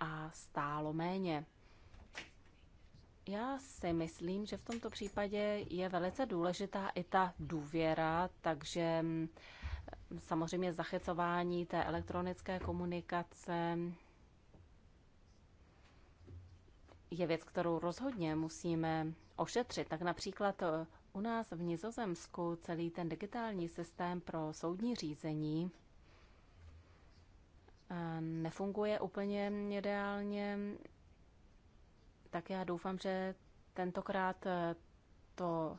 a stálo méně. Já si myslím, že v tomto případě je velice důležitá i ta důvěra, takže mm, samozřejmě zachycování té elektronické komunikace je věc, kterou rozhodně musíme ošetřit. Tak například eh, u nás v Nizozemsku celý ten digitální systém pro soudní řízení eh, nefunguje úplně ideálně. Tak já doufám, že tentokrát eh, to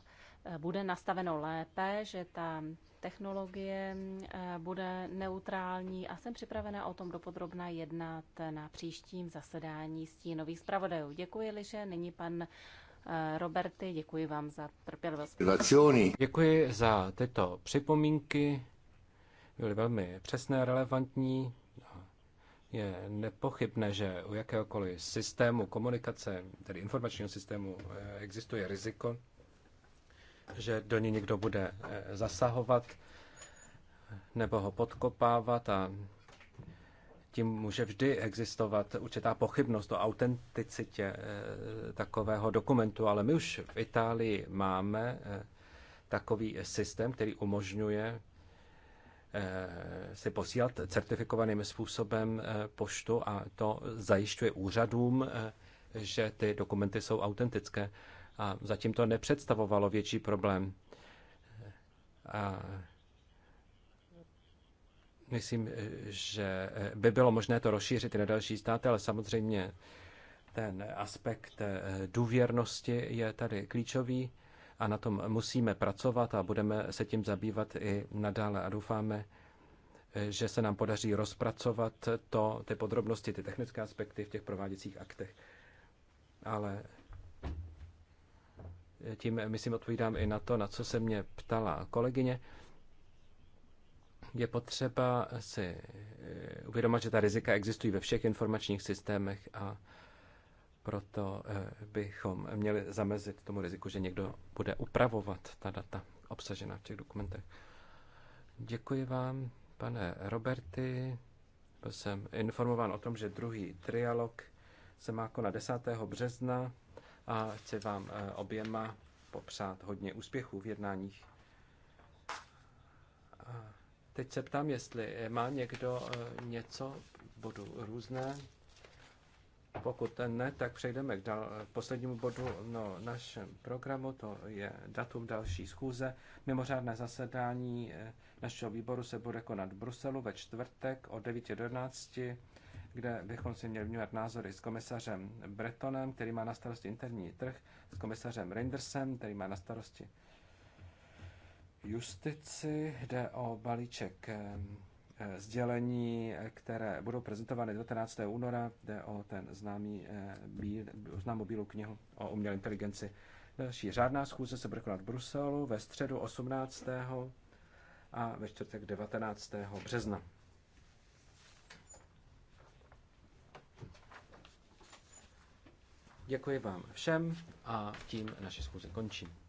bude nastaveno lépe, že ta technologie eh, bude neutrální a jsem připravena o tom dopodrobna jednat na příštím zasedání stínových zpravodajů. Děkuji, Liše. Nyní pan eh, Roberty, děkuji vám za trpělivost. Děkuji za tyto připomínky. Byly velmi přesné, relevantní. Je nepochybné, že u jakéhokoliv systému komunikace, tedy informačního systému, eh, existuje riziko, že do ní někdo bude eh, zasahovat nebo ho podkopávat a tím může vždy existovat určitá pochybnost o autenticitě eh, takového dokumentu, ale my už v Itálii máme eh, takový systém, který umožňuje si posílat certifikovaným způsobem poštu a to zajišťuje úřadům, že ty dokumenty jsou autentické a zatím to nepředstavovalo větší problém. A myslím, že by bylo možné to rozšířit i na další státy, ale samozřejmě ten aspekt důvěrnosti je tady klíčový a na tom musíme pracovat a budeme se tím zabývat i nadále a doufáme, že se nám podaří rozpracovat to, ty podrobnosti, ty technické aspekty v těch prováděcích aktech. Ale tím, myslím, odpovídám i na to, na co se mě ptala kolegyně. Je potřeba si eh, uvědomit, že ta rizika existují ve všech informačních systémech a proto eh, bychom měli zamezit tomu riziku, že někdo bude upravovat ta data obsažená v těch dokumentech. Děkuji vám, pane Roberty. Byl jsem informován o tom, že druhý trialog se má konat 10. března a chci vám eh, oběma popřát hodně úspěchů v jednáních. teď se ptám, jestli eh, má někdo eh, něco bodu různé. Pokud ne, tak přejdeme k dal- poslednímu bodu no, našem programu, to je datum další schůze. Mimořádné zasedání našeho výboru se bude konat v Bruselu ve čtvrtek od 9 do 11 kde bychom si měli vnímat názory s komisařem Bretonem, který má na starosti interní trh, s komisařem Reindersem, který má na starosti justici. Jde o balíček eh, sdělení, eh, které budou prezentovány 19. února. Jde o ten známý eh, bíl, známou bílou knihu o umělé inteligenci. Další řádná schůze se bude konat v Bruselu ve středu 18. a ve čtvrtek 19. března. Děkuji vám všem a tím naše schůze končí.